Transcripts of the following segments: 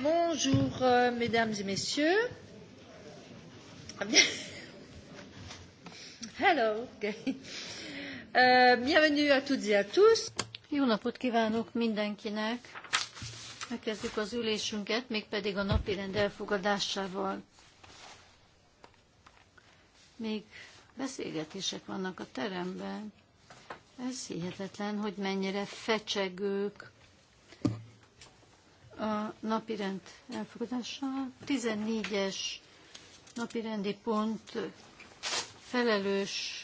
Bonjour, euh, mesdames et messieurs. Hello. Okay. Uh, bienvenue à toutes et à tous. Jó napot kívánok mindenkinek! Megkezdjük az ülésünket, mégpedig a napi rend elfogadásával. Még beszélgetések vannak a teremben. Ez hihetetlen, hogy mennyire fecsegők a napirend elfogadása. 14-es napirendi pont felelős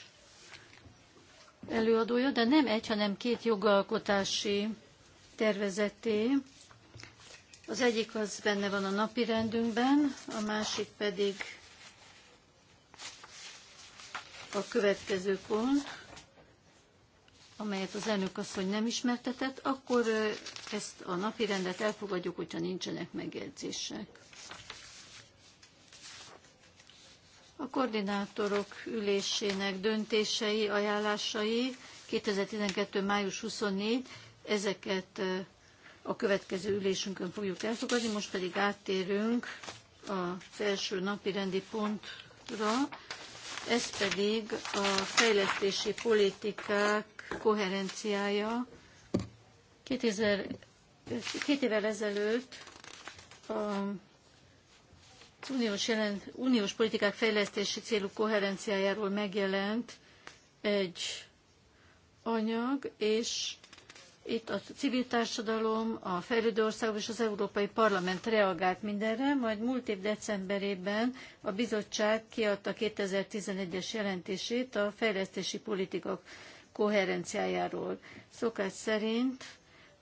előadója, de nem egy, hanem két jogalkotási tervezeté. Az egyik az benne van a napi rendünkben, a másik pedig a következő pont amelyet az elnök asszony nem ismertetett, akkor ezt a napi rendet elfogadjuk, hogyha nincsenek megjegyzések. A koordinátorok ülésének döntései, ajánlásai 2012. május 24, ezeket a következő ülésünkön fogjuk elfogadni, most pedig áttérünk a felső napi rendi pontra, ez pedig a fejlesztési politikák koherenciája. 2000, két évvel ezelőtt a az uniós, jelent, uniós politikák fejlesztési célú koherenciájáról megjelent egy anyag, és itt a civil társadalom, a fejlődő országok és az Európai Parlament reagált mindenre, majd múlt év decemberében a bizottság kiadta 2011-es jelentését a fejlesztési politikák koherenciájáról. Szokás szerint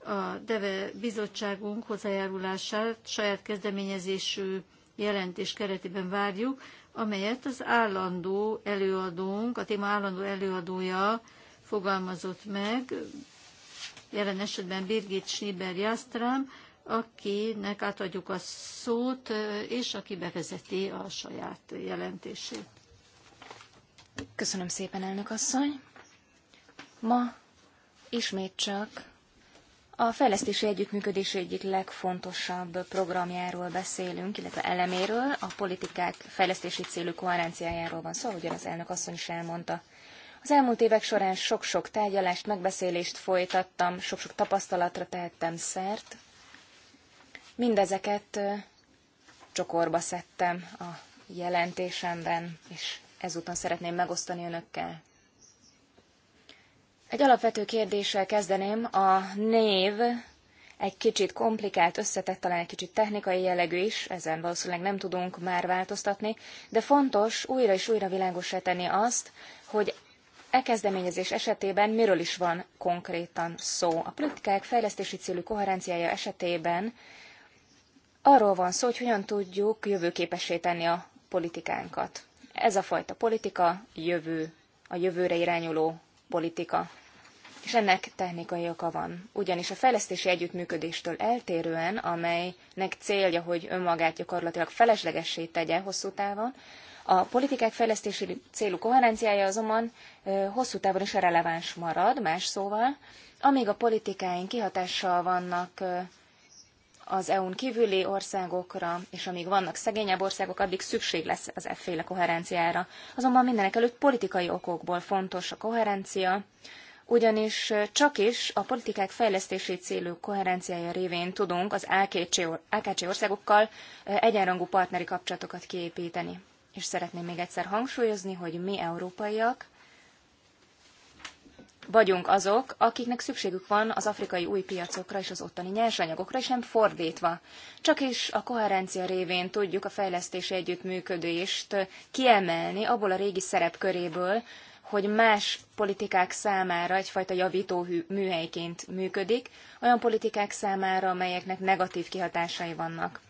a DEVE bizottságunk hozzájárulását saját kezdeményezésű jelentés keretében várjuk, amelyet az állandó előadónk, a téma állandó előadója fogalmazott meg, jelen esetben Birgit Schnieber Jastram, akinek átadjuk a szót, és aki bevezeti a saját jelentését. Köszönöm szépen, elnök asszony! Ma ismét csak a fejlesztési együttműködés egyik legfontosabb programjáról beszélünk, illetve eleméről, a politikák fejlesztési célú koherenciájáról van szó, ugyan az elnök asszony is elmondta. Az elmúlt évek során sok-sok tárgyalást, megbeszélést folytattam, sok-sok tapasztalatra tehettem szert. Mindezeket csokorba szedtem a jelentésemben, és ezúton szeretném megosztani önökkel. Egy alapvető kérdéssel kezdeném. A név egy kicsit komplikált, összetett, talán egy kicsit technikai jellegű is, ezen valószínűleg nem tudunk már változtatni, de fontos újra és újra világosra tenni azt, hogy e kezdeményezés esetében miről is van konkrétan szó. A politikák fejlesztési célú koherenciája esetében arról van szó, hogy hogyan tudjuk jövőképessé tenni a politikánkat. Ez a fajta politika jövő, a jövőre irányuló politika és ennek technikai oka van. Ugyanis a fejlesztési együttműködéstől eltérően, amelynek célja, hogy önmagát gyakorlatilag feleslegessé tegye hosszú távon, a politikák fejlesztési célú koherenciája azonban hosszú távon is releváns marad, más szóval, amíg a politikáink kihatással vannak az EU-n kívüli országokra, és amíg vannak szegényebb országok, addig szükség lesz az efféle koherenciára. Azonban mindenek előtt politikai okokból fontos a koherencia, ugyanis csak is a politikák fejlesztési célú koherenciája révén tudunk az AKC országokkal eh, egyenrangú partneri kapcsolatokat kiépíteni. És szeretném még egyszer hangsúlyozni, hogy mi európaiak vagyunk azok, akiknek szükségük van az afrikai új piacokra és az ottani nyersanyagokra, és nem fordítva. Csak is a koherencia révén tudjuk a fejlesztési együttműködést kiemelni abból a régi szerepköréből, hogy más politikák számára egyfajta javító műhelyként működik, olyan politikák számára, amelyeknek negatív kihatásai vannak.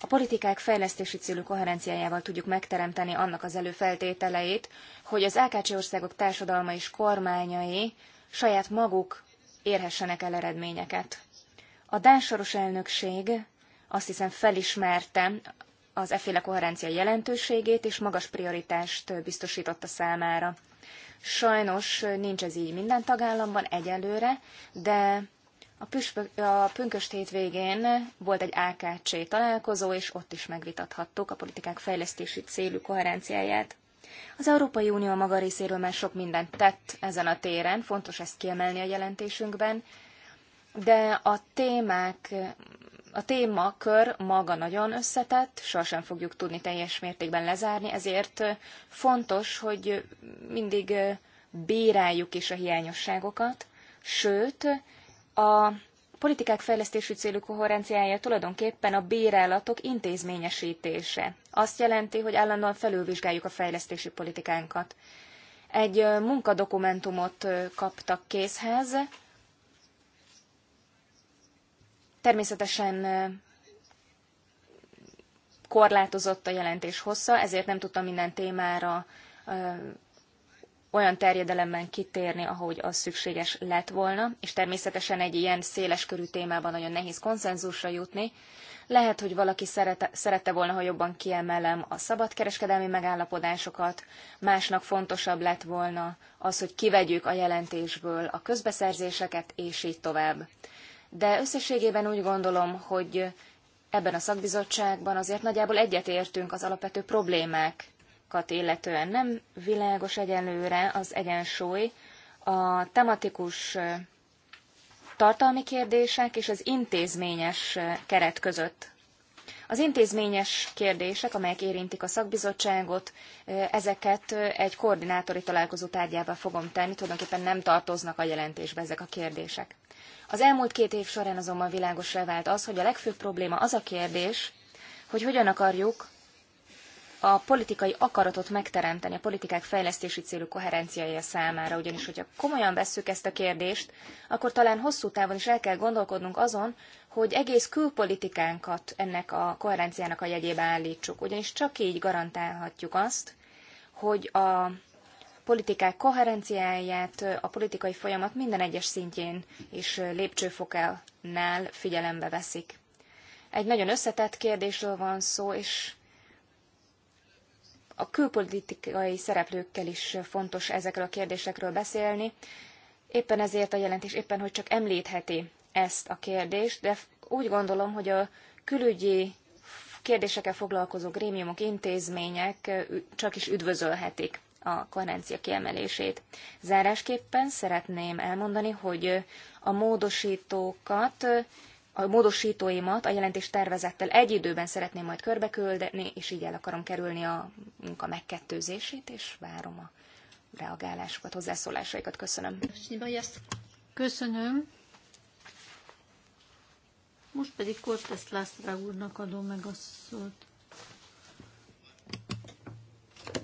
A politikák fejlesztési célú koherenciájával tudjuk megteremteni annak az előfeltételeit, hogy az AKC országok társadalma és kormányai saját maguk érhessenek el eredményeket. A dánsoros elnökség azt hiszem felismerte az efféle koherencia jelentőségét és magas prioritást biztosította számára. Sajnos nincs ez így minden tagállamban egyelőre, de a, püspök, a pünköst hétvégén volt egy AKC találkozó, és ott is megvitathattuk a politikák fejlesztési célú koherenciáját. Az Európai Unió a maga részéről már sok mindent tett ezen a téren, fontos ezt kiemelni a jelentésünkben, de a témák a témakör maga nagyon összetett, sosem fogjuk tudni teljes mértékben lezárni, ezért fontos, hogy mindig bíráljuk is a hiányosságokat, sőt, a politikák fejlesztésű célú koherenciája tulajdonképpen a bírálatok intézményesítése. Azt jelenti, hogy állandóan felülvizsgáljuk a fejlesztési politikánkat. Egy munkadokumentumot kaptak készhez, Természetesen korlátozott a jelentés hossza, ezért nem tudtam minden témára olyan terjedelemben kitérni, ahogy az szükséges lett volna, és természetesen egy ilyen széles körű témában nagyon nehéz konszenzusra jutni. Lehet, hogy valaki szerete, szerette volna, ha jobban kiemelem a szabadkereskedelmi megállapodásokat, másnak fontosabb lett volna az, hogy kivegyük a jelentésből a közbeszerzéseket, és így tovább de összességében úgy gondolom, hogy ebben a szakbizottságban azért nagyjából egyetértünk az alapvető problémákat illetően. Nem világos egyenlőre az egyensúly a tematikus tartalmi kérdések és az intézményes keret között. Az intézményes kérdések, amelyek érintik a szakbizottságot, ezeket egy koordinátori találkozó tárgyává fogom tenni, tulajdonképpen nem tartoznak a jelentésbe ezek a kérdések. Az elmúlt két év során azonban világosra vált az, hogy a legfőbb probléma az a kérdés, hogy hogyan akarjuk a politikai akaratot megteremteni a politikák fejlesztési célú koherenciája számára, ugyanis hogyha komolyan vesszük ezt a kérdést, akkor talán hosszú távon is el kell gondolkodnunk azon, hogy egész külpolitikánkat ennek a koherenciának a jegyébe állítsuk, ugyanis csak így garantálhatjuk azt, hogy a politikák koherenciáját a politikai folyamat minden egyes szintjén és lépcsőfokánál figyelembe veszik. Egy nagyon összetett kérdésről van szó, és a külpolitikai szereplőkkel is fontos ezekről a kérdésekről beszélni. Éppen ezért a jelentés éppen, hogy csak említheti ezt a kérdést, de úgy gondolom, hogy a külügyi kérdésekkel foglalkozó grémiumok, intézmények csak is üdvözölhetik a konvencia kiemelését. Zárásképpen szeretném elmondani, hogy a módosítókat, a módosítóimat a jelentés tervezettel egy időben szeretném majd körbeküldeni, és így el akarom kerülni a munka megkettőzését, és várom a reagálásokat, hozzászólásaikat. Köszönöm. Köszönöm. Most pedig Kortesz Lászlá úrnak adom meg a szót.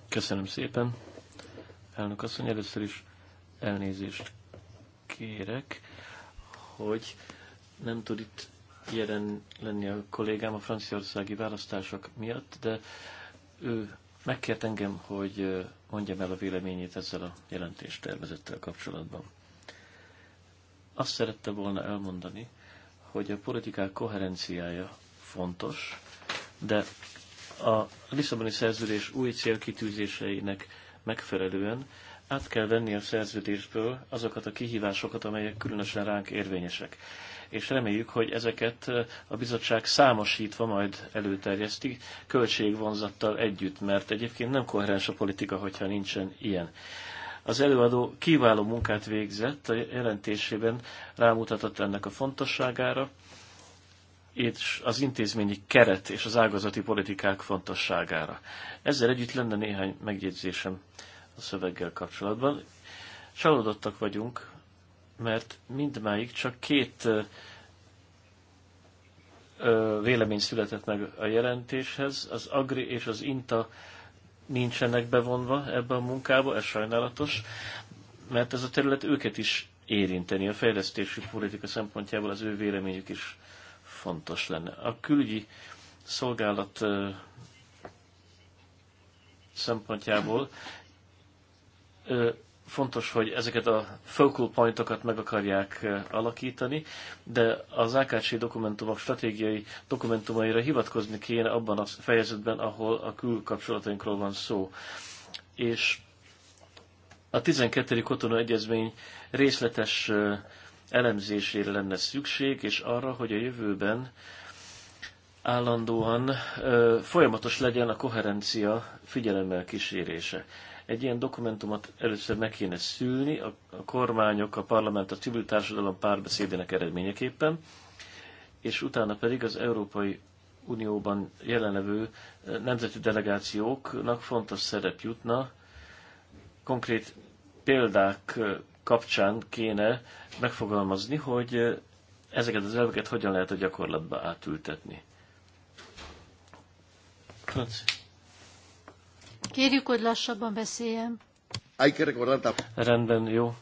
Köszönöm szépen elnök asszony. Először is elnézést kérek, hogy nem tud itt jelen lenni a kollégám a franciaországi választások miatt, de ő megkért engem, hogy mondjam el a véleményét ezzel a jelentéstervezettel kapcsolatban. Azt szerette volna elmondani, hogy a politikák koherenciája fontos, de a Lisszaboni szerződés új célkitűzéseinek megfelelően át kell venni a szerződésből azokat a kihívásokat, amelyek különösen ránk érvényesek. És reméljük, hogy ezeket a bizottság számosítva majd előterjeszti, költségvonzattal együtt, mert egyébként nem koherens a politika, hogyha nincsen ilyen. Az előadó kiváló munkát végzett, a jelentésében rámutatott ennek a fontosságára, és az intézményi keret és az ágazati politikák fontosságára. Ezzel együtt lenne néhány megjegyzésem a szöveggel kapcsolatban. Csalódottak vagyunk, mert mindmáig csak két vélemény született meg a jelentéshez. Az Agri és az INTA nincsenek bevonva ebbe a munkába, ez sajnálatos, mert ez a terület őket is érinteni. A fejlesztési politika szempontjából az ő véleményük is fontos lenne. A külügyi szolgálat szempontjából fontos, hogy ezeket a focal pointokat meg akarják alakítani, de az AKC dokumentumok stratégiai dokumentumaira hivatkozni kéne abban a fejezetben, ahol a külkapcsolatainkról van szó. És a 12. Kotonó Egyezmény részletes elemzésére lenne szükség, és arra, hogy a jövőben állandóan ö, folyamatos legyen a koherencia figyelemmel kísérése. Egy ilyen dokumentumot először meg kéne szülni a, a kormányok, a parlament, a civil társadalom párbeszédének eredményeképpen, és utána pedig az Európai Unióban jelenlevő nemzeti delegációknak fontos szerep jutna, konkrét példák kapcsán kéne megfogalmazni, hogy ezeket az elveket hogyan lehet a gyakorlatba átültetni. Kérjük, hogy lassabban beszéljem. Rendben, jó.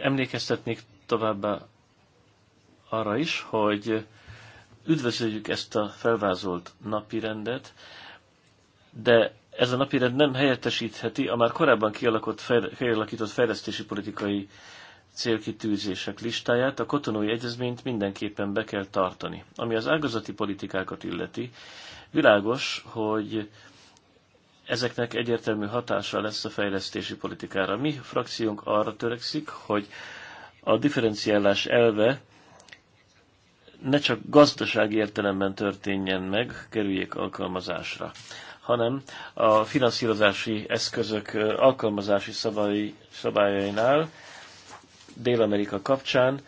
Emlékeztetnék továbbá arra is, hogy üdvözöljük ezt a felvázolt napi rendet, de ez a napirend nem helyettesítheti a már korábban kialakított fejlesztési politikai célkitűzések listáját, a kotonói egyezményt mindenképpen be kell tartani. Ami az ágazati politikákat illeti, világos, hogy ezeknek egyértelmű hatása lesz a fejlesztési politikára. Mi frakciónk arra törekszik, hogy a differenciálás elve ne csak gazdasági értelemben történjen meg, kerüljék alkalmazásra hanem a finanszírozási eszközök alkalmazási szabály, szabályainál Dél-Amerika kapcsán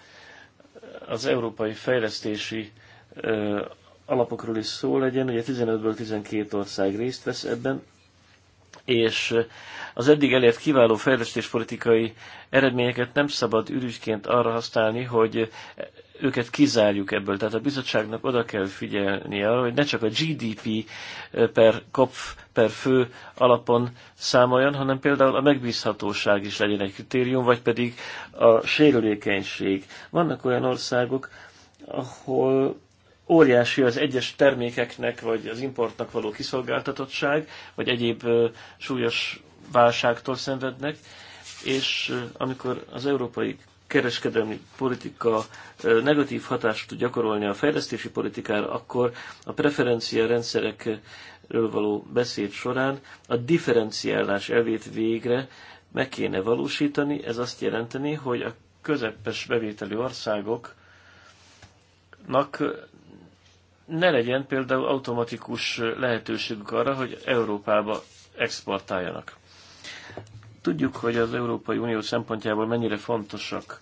az európai fejlesztési ö, alapokról is szó legyen, ugye 15-ből 12 ország részt vesz ebben, és az eddig elért kiváló fejlesztéspolitikai eredményeket nem szabad ürügyként arra használni, hogy őket kizárjuk ebből. Tehát a bizottságnak oda kell figyelnie arra, hogy ne csak a GDP eh, per kopf per fő alapon számoljon, hanem például a megbízhatóság is legyen egy kritérium, vagy pedig a sérülékenység. Vannak olyan országok, ahol óriási az egyes termékeknek, vagy az importnak való kiszolgáltatottság, vagy egyéb eh, súlyos válságtól szenvednek, és eh, amikor az európai kereskedelmi politika negatív hatást tud gyakorolni a fejlesztési politikára, akkor a preferencia rendszerekről való beszéd során a differenciálás elvét végre meg kéne valósítani. Ez azt jelenteni, hogy a közepes bevételi országoknak ne legyen például automatikus lehetőségük arra, hogy Európába exportáljanak. Tudjuk, hogy az Európai Unió szempontjából mennyire fontosak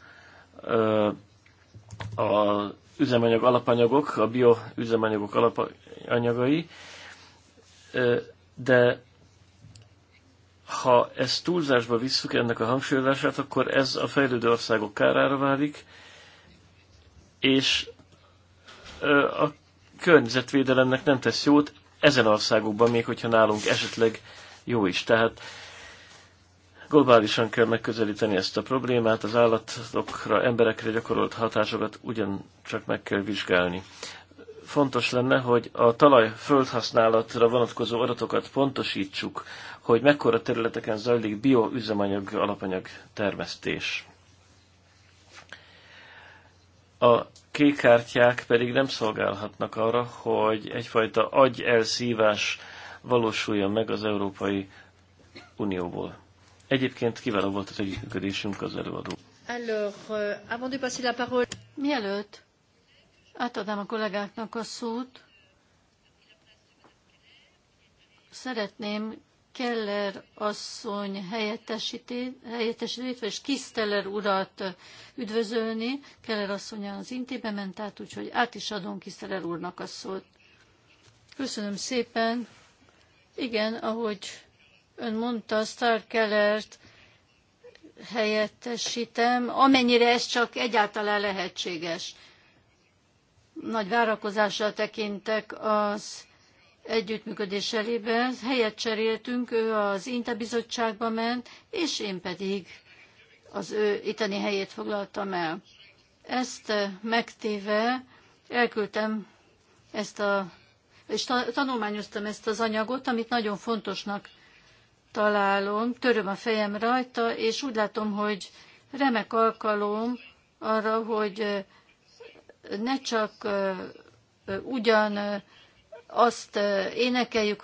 az üzemanyag alapanyagok, a bioüzemanyagok alapanyagai, de ha ezt túlzásba visszük ennek a hangsúlyozását, akkor ez a fejlődő országok kárára válik, és a környezetvédelemnek nem tesz jót ezen országokban, még hogyha nálunk esetleg jó is. Tehát Globálisan kell megközelíteni ezt a problémát, az állatokra, emberekre gyakorolt hatásokat ugyancsak meg kell vizsgálni. Fontos lenne, hogy a talaj földhasználatra vonatkozó adatokat pontosítsuk, hogy mekkora területeken zajlik bioüzemanyag alapanyag termesztés. A kékkártyák pedig nem szolgálhatnak arra, hogy egyfajta agyelszívás valósuljon meg az Európai Unióból. Egyébként kiváló volt az együttműködésünk az előadó. Alors, euh, avant de passer la parole... Mielőtt átadnám a kollégáknak a szót, szeretném Keller asszony helyettesítőjét, és Kiszteller urat üdvözölni. Keller asszony az intébe ment át, úgyhogy át is adom Kiszteller úrnak a szót. Köszönöm szépen. Igen, ahogy Ön mondta, Star Kellert helyettesítem, amennyire ez csak egyáltalán lehetséges. Nagy várakozással tekintek az együttműködés elébe. Helyet cseréltünk, ő az INTA bizottságba ment, és én pedig az ő itteni helyét foglaltam el. Ezt megtéve elküldtem ezt a, és tanulmányoztam ezt az anyagot, amit nagyon fontosnak találom, töröm a fejem rajta, és úgy látom, hogy remek alkalom arra, hogy ne csak ugyan azt énekeljük,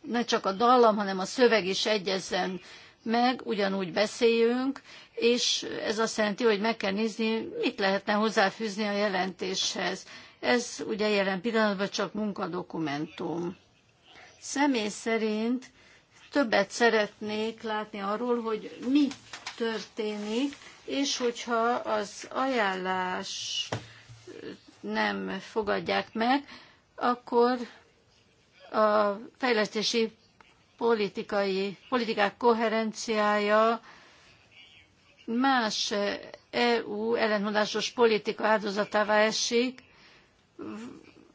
ne csak a dallam, hanem a szöveg is egyezzen meg, ugyanúgy beszéljünk, és ez azt jelenti, hogy meg kell nézni, mit lehetne hozzáfűzni a jelentéshez. Ez ugye jelen pillanatban csak munkadokumentum. Személy szerint többet szeretnék látni arról, hogy mi történik, és hogyha az ajánlás nem fogadják meg, akkor a fejlesztési politikai, politikák koherenciája más EU ellentmondásos politika áldozatává esik,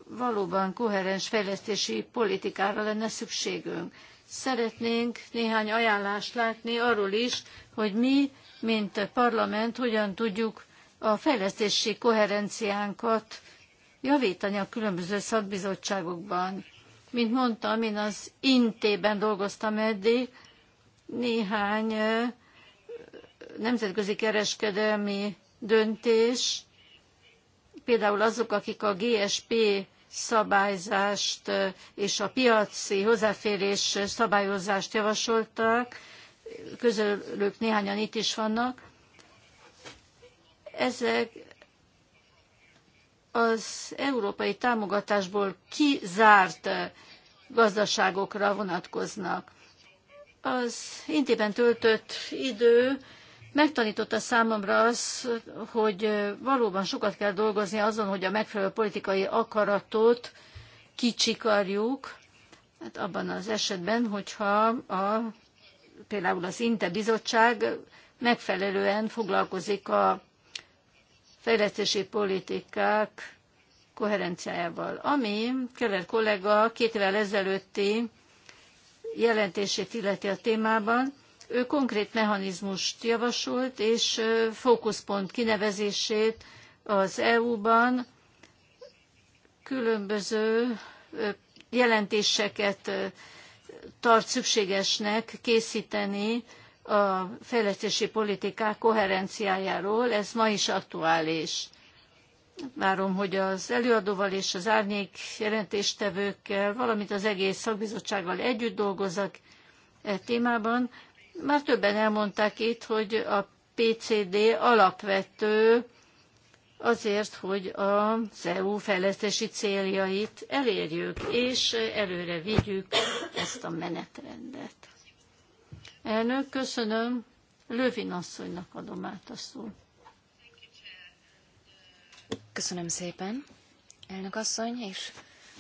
valóban koherens fejlesztési politikára lenne szükségünk szeretnénk néhány ajánlást látni arról is, hogy mi, mint parlament, hogyan tudjuk a fejlesztési koherenciánkat javítani a különböző szakbizottságokban. Mint mondtam, én az Intében dolgoztam eddig, néhány nemzetközi kereskedelmi döntés, például azok, akik a GSP szabályzást és a piaci hozzáférés szabályozást javasoltak, közülük néhányan itt is vannak. Ezek az európai támogatásból kizárt gazdaságokra vonatkoznak. Az Intében töltött idő megtanította számomra az, hogy valóban sokat kell dolgozni azon, hogy a megfelelő politikai akaratot kicsikarjuk, hát abban az esetben, hogyha a, például az INTE bizottság megfelelően foglalkozik a fejlesztési politikák koherenciájával. Ami Keller kollega két évvel ezelőtti jelentését illeti a témában, ő konkrét mechanizmust javasolt, és fókuszpont kinevezését az EU-ban különböző jelentéseket tart szükségesnek készíteni a fejlesztési politikák koherenciájáról. Ez ma is aktuális. Várom, hogy az előadóval és az árnyék jelentéstevőkkel, valamint az egész szakbizottsággal együtt dolgozzak e témában, már többen elmondták itt, hogy a PCD alapvető azért, hogy az EU fejlesztési céljait elérjük, és előre vigyük ezt a menetrendet. Elnök, köszönöm. Lövin asszonynak adom át a szót. Köszönöm szépen, elnök asszony, és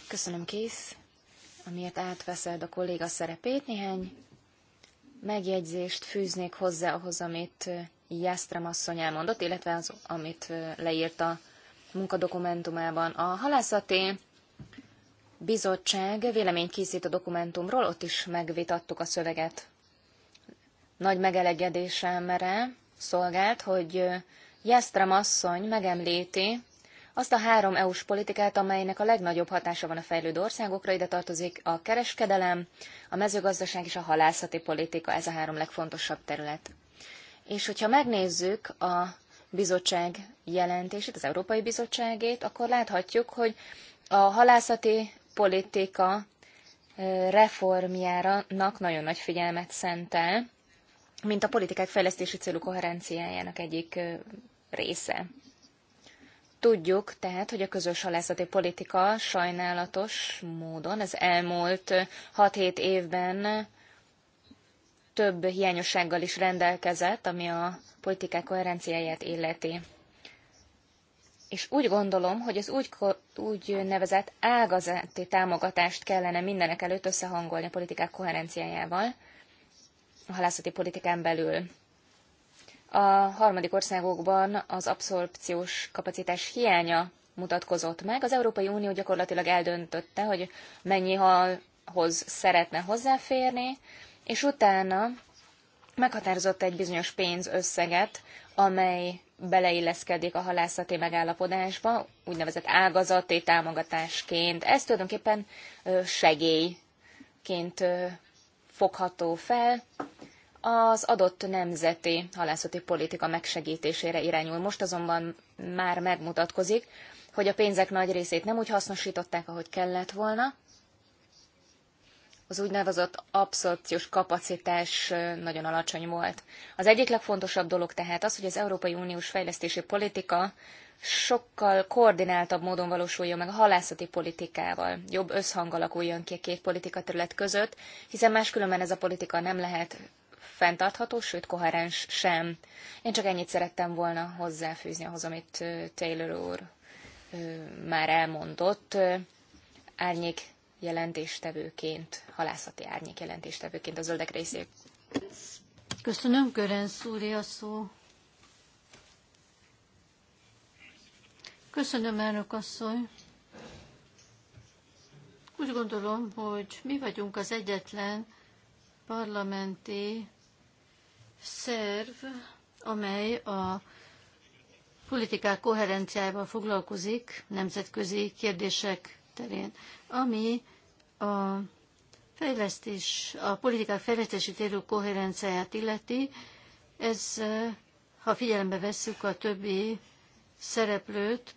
köszönöm kész, amiért átveszed a kolléga szerepét. Néhány megjegyzést fűznék hozzá ahhoz, amit Jásztrem asszony elmondott, illetve az, amit leírt a munkadokumentumában. A halászati bizottság véleményt készít a dokumentumról, ott is megvitattuk a szöveget. Nagy megelegedésemre szolgált, hogy Jásztrem asszony megemlíti azt a három EU-s politikát, amelynek a legnagyobb hatása van a fejlődő országokra, ide tartozik a kereskedelem, a mezőgazdaság és a halászati politika, ez a három legfontosabb terület. És hogyha megnézzük a bizottság jelentését, az Európai Bizottságét, akkor láthatjuk, hogy a halászati politika reformjának nagyon nagy figyelmet szentel, mint a politikák fejlesztési célú koherenciájának egyik része, Tudjuk tehát, hogy a közös halászati politika sajnálatos módon az elmúlt 6-7 évben több hiányossággal is rendelkezett, ami a politikák koherenciáját illeti. És úgy gondolom, hogy az úgy, úgy nevezett ágazati támogatást kellene mindenek előtt összehangolni a politikák koherenciájával a halászati politikán belül a harmadik országokban az abszorpciós kapacitás hiánya mutatkozott meg. Az Európai Unió gyakorlatilag eldöntötte, hogy mennyi halhoz szeretne hozzáférni, és utána meghatározott egy bizonyos pénzösszeget, amely beleilleszkedik a halászati megállapodásba, úgynevezett ágazati támogatásként. Ez tulajdonképpen segélyként fogható fel, az adott nemzeti halászati politika megsegítésére irányul. Most azonban már megmutatkozik, hogy a pénzek nagy részét nem úgy hasznosították, ahogy kellett volna. Az úgynevezett abszorpciós kapacitás nagyon alacsony volt. Az egyik legfontosabb dolog tehát az, hogy az Európai Uniós fejlesztési politika sokkal koordináltabb módon valósuljon meg a halászati politikával. Jobb összhang alakuljon ki a két politika terület között, hiszen máskülönben ez a politika nem lehet fenntartható, sőt koherens sem. Én csak ennyit szerettem volna hozzáfűzni ahhoz, amit Taylor úr már elmondott. Árnyék jelentéstevőként, halászati árnyék jelentéstevőként a zöldek részét. Köszönöm, Görenc úri a szó. Köszönöm, elnök asszony. Úgy gondolom, hogy mi vagyunk az egyetlen parlamenti szerv, amely a politikák koherenciával foglalkozik nemzetközi kérdések terén, ami a fejlesztés, a politikák fejlesztési térő koherenciáját illeti. Ez, ha figyelembe vesszük a többi szereplőt,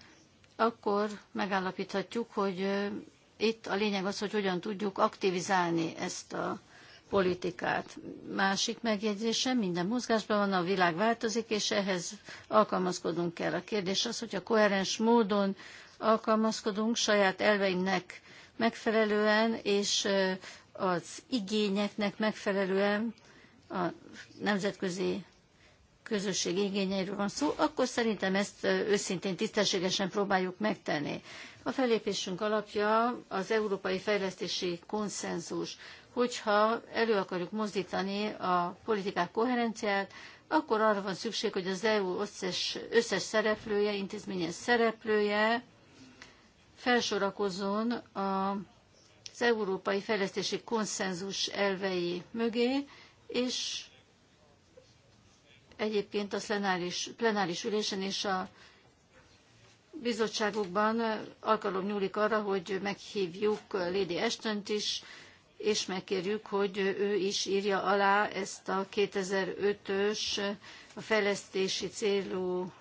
akkor megállapíthatjuk, hogy itt a lényeg az, hogy hogyan tudjuk aktivizálni ezt a politikát. Másik megjegyzésem, minden mozgásban van, a világ változik, és ehhez alkalmazkodnunk kell. A kérdés az, hogy a koherens módon alkalmazkodunk saját elveinknek megfelelően, és az igényeknek megfelelően a nemzetközi közösség igényeiről van szó, akkor szerintem ezt őszintén, tisztességesen próbáljuk megtenni. A felépésünk alapja az Európai Fejlesztési Konszenzus hogyha elő akarjuk mozdítani a politikák koherenciát, akkor arra van szükség, hogy az EU összes, összes szereplője, intézményes szereplője felsorakozzon a az európai fejlesztési konszenzus elvei mögé, és egyébként a plenáris, plenáris ülésen és a bizottságokban alkalom nyúlik arra, hogy meghívjuk Lady Ashton-t is, és megkérjük, hogy ő is írja alá ezt a 2005-ös a fejlesztési célú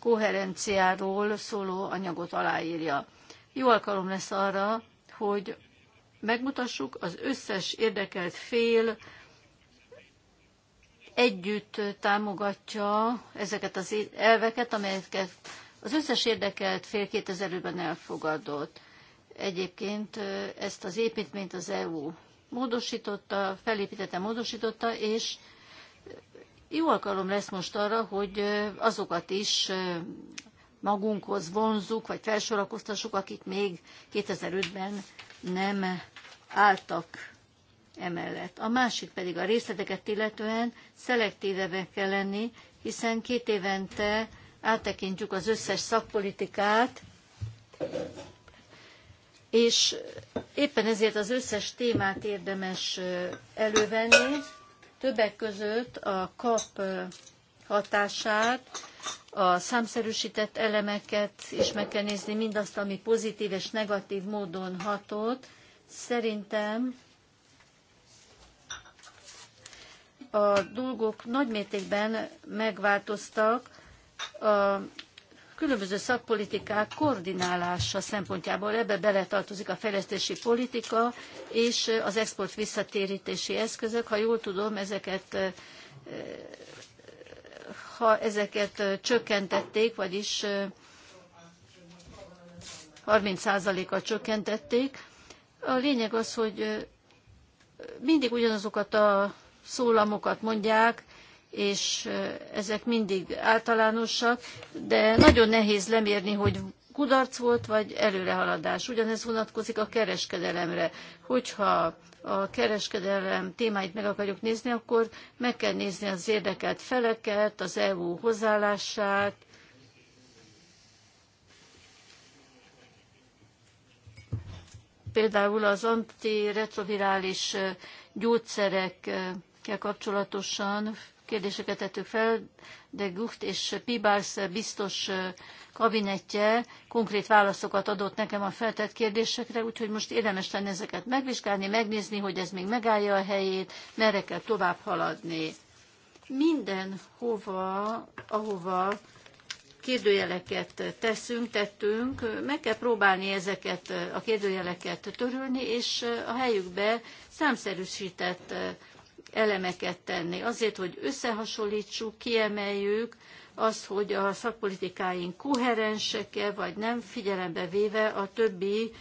koherenciáról szóló anyagot aláírja. Jó alkalom lesz arra, hogy megmutassuk az összes érdekelt fél együtt támogatja ezeket az elveket, amelyeket az összes érdekelt fél 2005-ben elfogadott egyébként ezt az építményt az EU módosította, felépítette, módosította, és jó alkalom lesz most arra, hogy azokat is magunkhoz vonzuk, vagy felsorakoztassuk, akik még 2005-ben nem álltak emellett. A másik pedig a részleteket illetően szelektívebbek kell lenni, hiszen két évente áttekintjük az összes szakpolitikát, és éppen ezért az összes témát érdemes elővenni, többek között a kap hatását, a számszerűsített elemeket is meg kell nézni, mindazt, ami pozitív és negatív módon hatott. Szerintem a dolgok nagymértékben megváltoztak a különböző szakpolitikák koordinálása szempontjából ebbe beletartozik a fejlesztési politika és az export visszatérítési eszközök. Ha jól tudom, ezeket eh, ha ezeket eh, csökkentették, vagyis 30%-kal eh, csökkentették. A lényeg az, hogy mindig ugyanazokat a szólamokat mondják, és ezek mindig általánosak, de nagyon nehéz lemérni, hogy kudarc volt, vagy előrehaladás. Ugyanez vonatkozik a kereskedelemre. Hogyha a kereskedelem témáit meg akarjuk nézni, akkor meg kell nézni az érdekelt feleket, az EU hozzáállását, például az antiretrovirális gyógyszerekkel kapcsolatosan kérdéseket tettük fel, de Gucht és Pibárs biztos kabinetje konkrét válaszokat adott nekem a feltett kérdésekre, úgyhogy most érdemes lenne ezeket megvizsgálni, megnézni, hogy ez még megállja a helyét, merre kell tovább haladni. hova, ahova kérdőjeleket teszünk, tettünk, meg kell próbálni ezeket a kérdőjeleket törölni, és a helyükbe számszerűsített elemeket tenni. Azért, hogy összehasonlítsuk, kiemeljük azt, hogy a szakpolitikáink koherensek-e, vagy nem, figyelembe véve a többi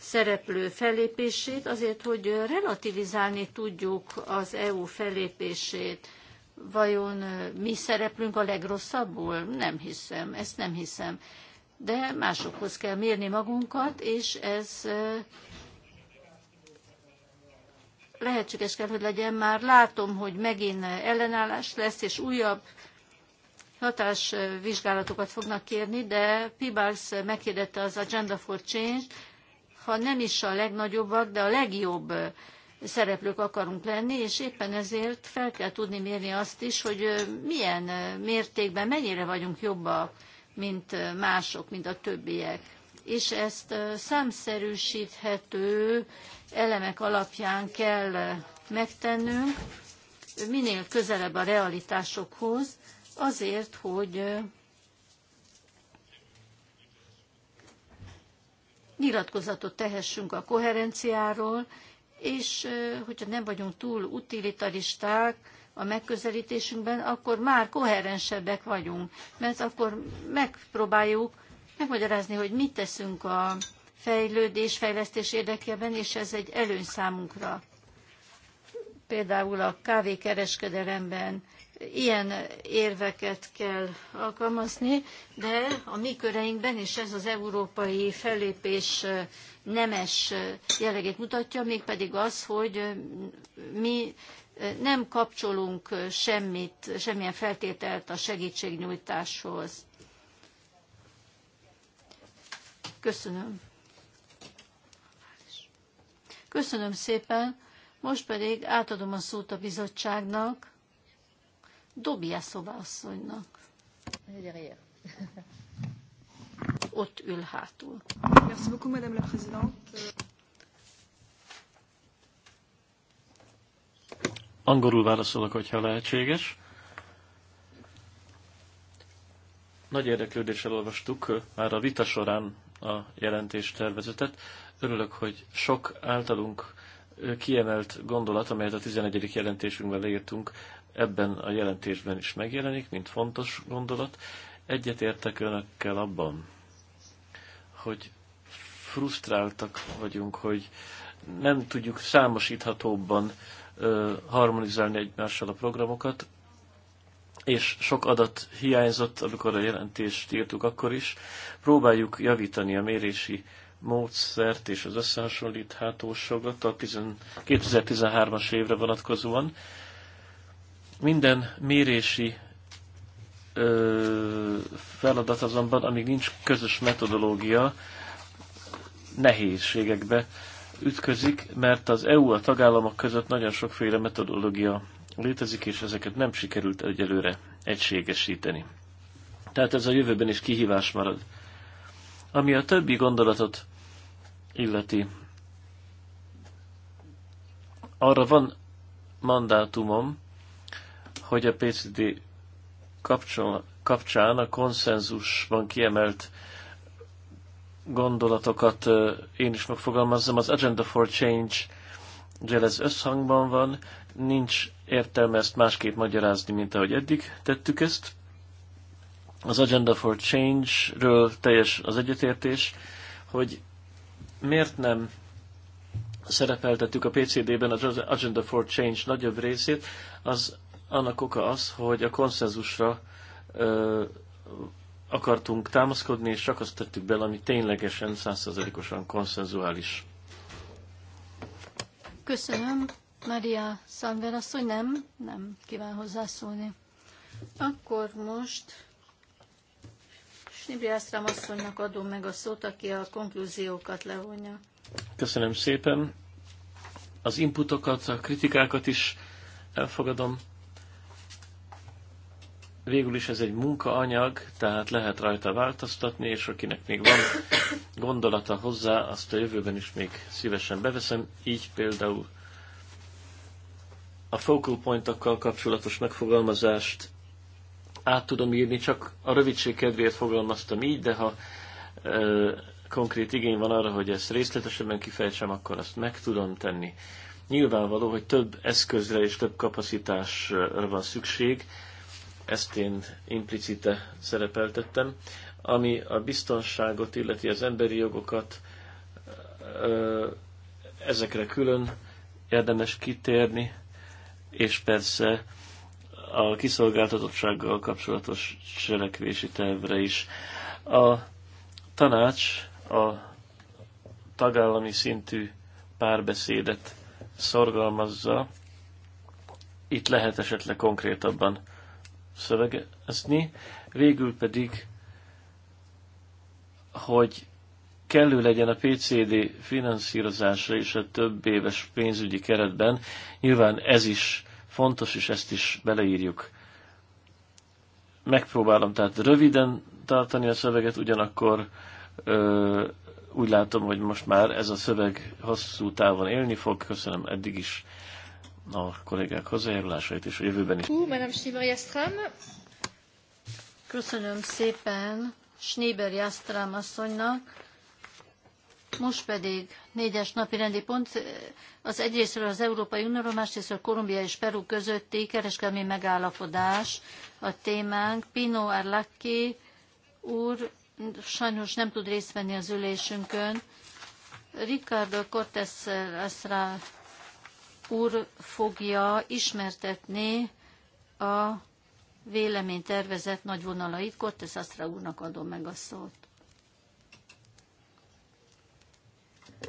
szereplő fellépését, azért, hogy relativizálni tudjuk az EU fellépését. Vajon mi szereplünk a legrosszabbul? Nem hiszem, ezt nem hiszem. De másokhoz kell mérni magunkat, és ez lehetséges kell, hogy legyen. Már látom, hogy megint ellenállás lesz, és újabb hatásvizsgálatokat fognak kérni, de Pibars megkérdette az Agenda for Change, ha nem is a legnagyobbak, de a legjobb szereplők akarunk lenni, és éppen ezért fel kell tudni mérni azt is, hogy milyen mértékben, mennyire vagyunk jobbak, mint mások, mint a többiek és ezt számszerűsíthető elemek alapján kell megtennünk, minél közelebb a realitásokhoz, azért, hogy nyilatkozatot tehessünk a koherenciáról, és hogyha nem vagyunk túl utilitaristák a megközelítésünkben, akkor már koherensebbek vagyunk, mert akkor megpróbáljuk megmagyarázni, hogy mit teszünk a fejlődés, fejlesztés érdekében, és ez egy előny számunkra. Például a kávékereskedelemben ilyen érveket kell alkalmazni, de a mi köreinkben, is ez az európai fellépés nemes jellegét mutatja, mégpedig az, hogy mi nem kapcsolunk semmit, semmilyen feltételt a segítségnyújtáshoz. Köszönöm. Köszönöm szépen. Most pedig átadom a szót a bizottságnak, szoba asszonynak. Ott ül hátul. Merci beaucoup, Madame la Présidente. Angolul válaszolok, hogyha lehetséges. Nagy érdeklődéssel olvastuk már a vita során a jelentés tervezetet. Örülök, hogy sok általunk kiemelt gondolat, amelyet a 11. jelentésünkben leírtunk, ebben a jelentésben is megjelenik, mint fontos gondolat. Egyetértek önökkel abban, hogy frusztráltak vagyunk, hogy nem tudjuk számosíthatóbban harmonizálni egymással a programokat, és sok adat hiányzott, amikor a jelentést írtuk akkor is. Próbáljuk javítani a mérési módszert és az összehasonlíthatóságot a 2013-as évre vonatkozóan. Minden mérési ö, feladat azonban, amíg nincs közös metodológia, nehézségekbe ütközik, mert az EU a tagállamok között nagyon sokféle metodológia létezik, és ezeket nem sikerült egyelőre egységesíteni. Tehát ez a jövőben is kihívás marad. Ami a többi gondolatot illeti, arra van mandátumom, hogy a PCD kapcsán a konszenzusban kiemelt gondolatokat én is megfogalmazzam. Az Agenda for Change ugye ez összhangban van, nincs értelme ezt másképp magyarázni, mint ahogy eddig tettük ezt. Az Agenda for Change-ről teljes az egyetértés, hogy miért nem szerepeltettük a PCD-ben az Agenda for Change nagyobb részét, az annak oka az, hogy a konszenzusra ö, akartunk támaszkodni, és csak azt tettük bele, ami ténylegesen, százszerzelékosan konszenzuális. Köszönöm. Maria Szanver asszony nem, nem kíván hozzászólni. Akkor most Ásztrám asszonynak adom meg a szót, aki a konklúziókat levonja. Köszönöm szépen. Az inputokat, a kritikákat is elfogadom. Végül is ez egy munkaanyag, tehát lehet rajta változtatni, és akinek még van gondolata hozzá, azt a jövőben is még szívesen beveszem. Így például a focal pointokkal kapcsolatos megfogalmazást át tudom írni, csak a rövidség kedvéért fogalmaztam így, de ha ö, konkrét igény van arra, hogy ezt részletesebben kifejtsem, akkor azt meg tudom tenni. Nyilvánvaló, hogy több eszközre és több kapacitásra van szükség, ezt én implicite szerepeltettem, ami a biztonságot, illeti az emberi jogokat, ö, ezekre külön érdemes kitérni, és persze a kiszolgáltatottsággal kapcsolatos cselekvési tervre is. A tanács a tagállami szintű párbeszédet szorgalmazza. Itt lehet esetleg konkrétabban szövegezni. Végül pedig, hogy kellő legyen a PCD finanszírozásra és a több éves pénzügyi keretben. Nyilván ez is fontos, és ezt is beleírjuk. Megpróbálom tehát röviden tartani a szöveget, ugyanakkor ö, úgy látom, hogy most már ez a szöveg hosszú távon élni fog. Köszönöm eddig is a kollégák hozzájárulásait, és a jövőben is. Köszönöm szépen Schneeber Jastram asszonynak most pedig négyes napi rendi pont az egyrésztről az Európai Unió, másrésztről Kolumbia és Peru közötti kereskedelmi megállapodás a témánk. Pino Arlaki úr sajnos nem tud részt venni az ülésünkön. Ricardo Cortes Asra úr fogja ismertetni a véleménytervezet nagy vonalait. Cortes Asra úrnak adom meg a szót.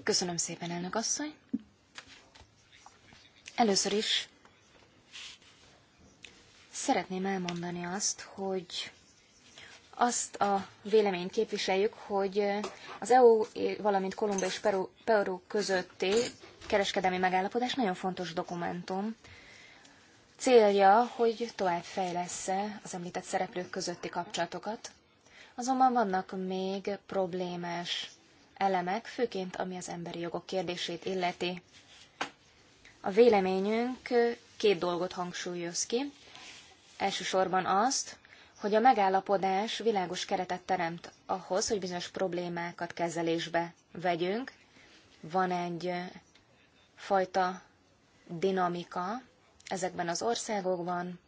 Köszönöm szépen, elnök asszony. Először is szeretném elmondani azt, hogy azt a véleményt képviseljük, hogy az EU, valamint Kolumbia és Peru, Peru közötti kereskedelmi megállapodás nagyon fontos dokumentum. Célja, hogy tovább fejlessze az említett szereplők közötti kapcsolatokat. Azonban vannak még problémás elemek, főként ami az emberi jogok kérdését illeti. A véleményünk két dolgot hangsúlyoz ki. Elsősorban azt, hogy a megállapodás világos keretet teremt ahhoz, hogy bizonyos problémákat kezelésbe vegyünk. Van egy fajta dinamika ezekben az országokban,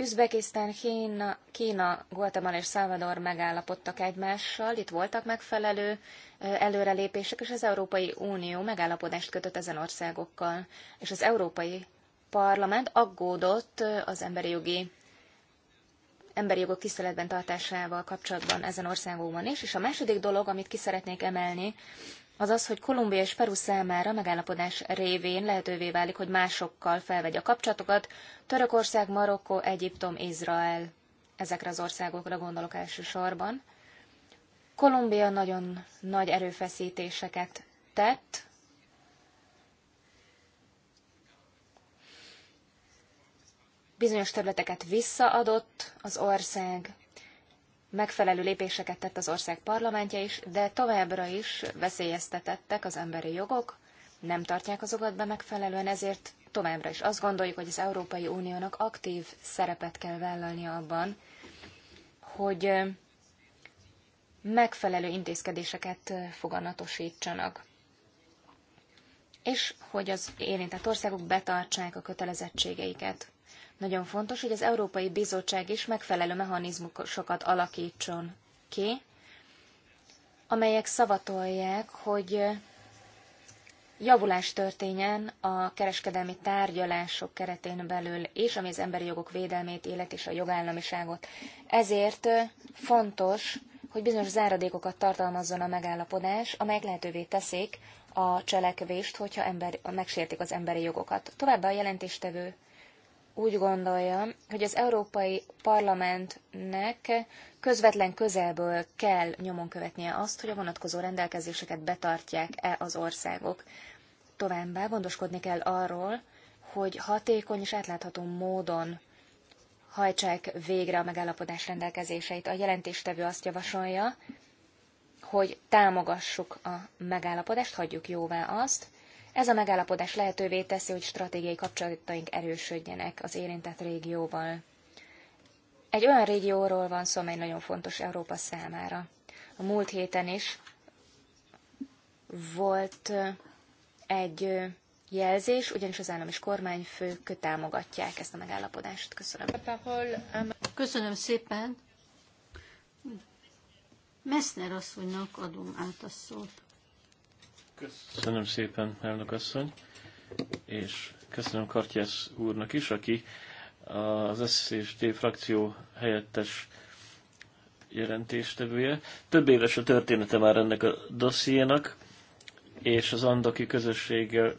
Üzbekisztán, Kína, Kína, Guatemala és Salvador megállapodtak egymással, itt voltak megfelelő előrelépések, és az Európai Unió megállapodást kötött ezen országokkal. És az Európai Parlament aggódott az emberi jogi emberi jogok tiszteletben tartásával kapcsolatban ezen országokban is. És a második dolog, amit ki szeretnék emelni, az az, hogy Kolumbia és Peru számára megállapodás révén lehetővé válik, hogy másokkal felvegye a kapcsolatokat. Törökország, Marokkó, Egyiptom, Izrael. Ezekre az országokra gondolok elsősorban. Kolumbia nagyon nagy erőfeszítéseket tett, bizonyos területeket visszaadott az ország megfelelő lépéseket tett az ország parlamentje is, de továbbra is veszélyeztetettek az emberi jogok, nem tartják azokat be megfelelően, ezért továbbra is azt gondoljuk, hogy az Európai Uniónak aktív szerepet kell vállalnia abban, hogy megfelelő intézkedéseket foganatosítsanak, és hogy az érintett országok betartsák a kötelezettségeiket. Nagyon fontos, hogy az Európai Bizottság is megfelelő mechanizmusokat alakítson ki, amelyek szavatolják, hogy javulás történjen a kereskedelmi tárgyalások keretén belül és ami az emberi jogok védelmét, élet és a jogállamiságot. Ezért fontos, hogy bizonyos záradékokat tartalmazzon a megállapodás, amelyek lehetővé teszik a cselekvést, hogyha ember, megsértik az emberi jogokat. Továbbá a jelentéstevő úgy gondolja, hogy az Európai Parlamentnek közvetlen közelből kell nyomon követnie azt, hogy a vonatkozó rendelkezéseket betartják-e az országok. Továbbá gondoskodni kell arról, hogy hatékony és átlátható módon hajtsák végre a megállapodás rendelkezéseit. A jelentéstevő azt javasolja, hogy támogassuk a megállapodást, hagyjuk jóvá azt, ez a megállapodás lehetővé teszi, hogy stratégiai kapcsolataink erősödjenek az érintett régióval. Egy olyan régióról van szó, amely nagyon fontos Európa számára. A múlt héten is volt egy jelzés, ugyanis az állam és kormányfők támogatják ezt a megállapodást. Köszönöm. Köszönöm szépen. Messner asszonynak adom át a szót. Köszönöm szépen, elnök asszony, és köszönöm Kartyász úrnak is, aki az SZST frakció helyettes jelentéstevője. Több éves a története már ennek a dossziénak, és az andoki közösséggel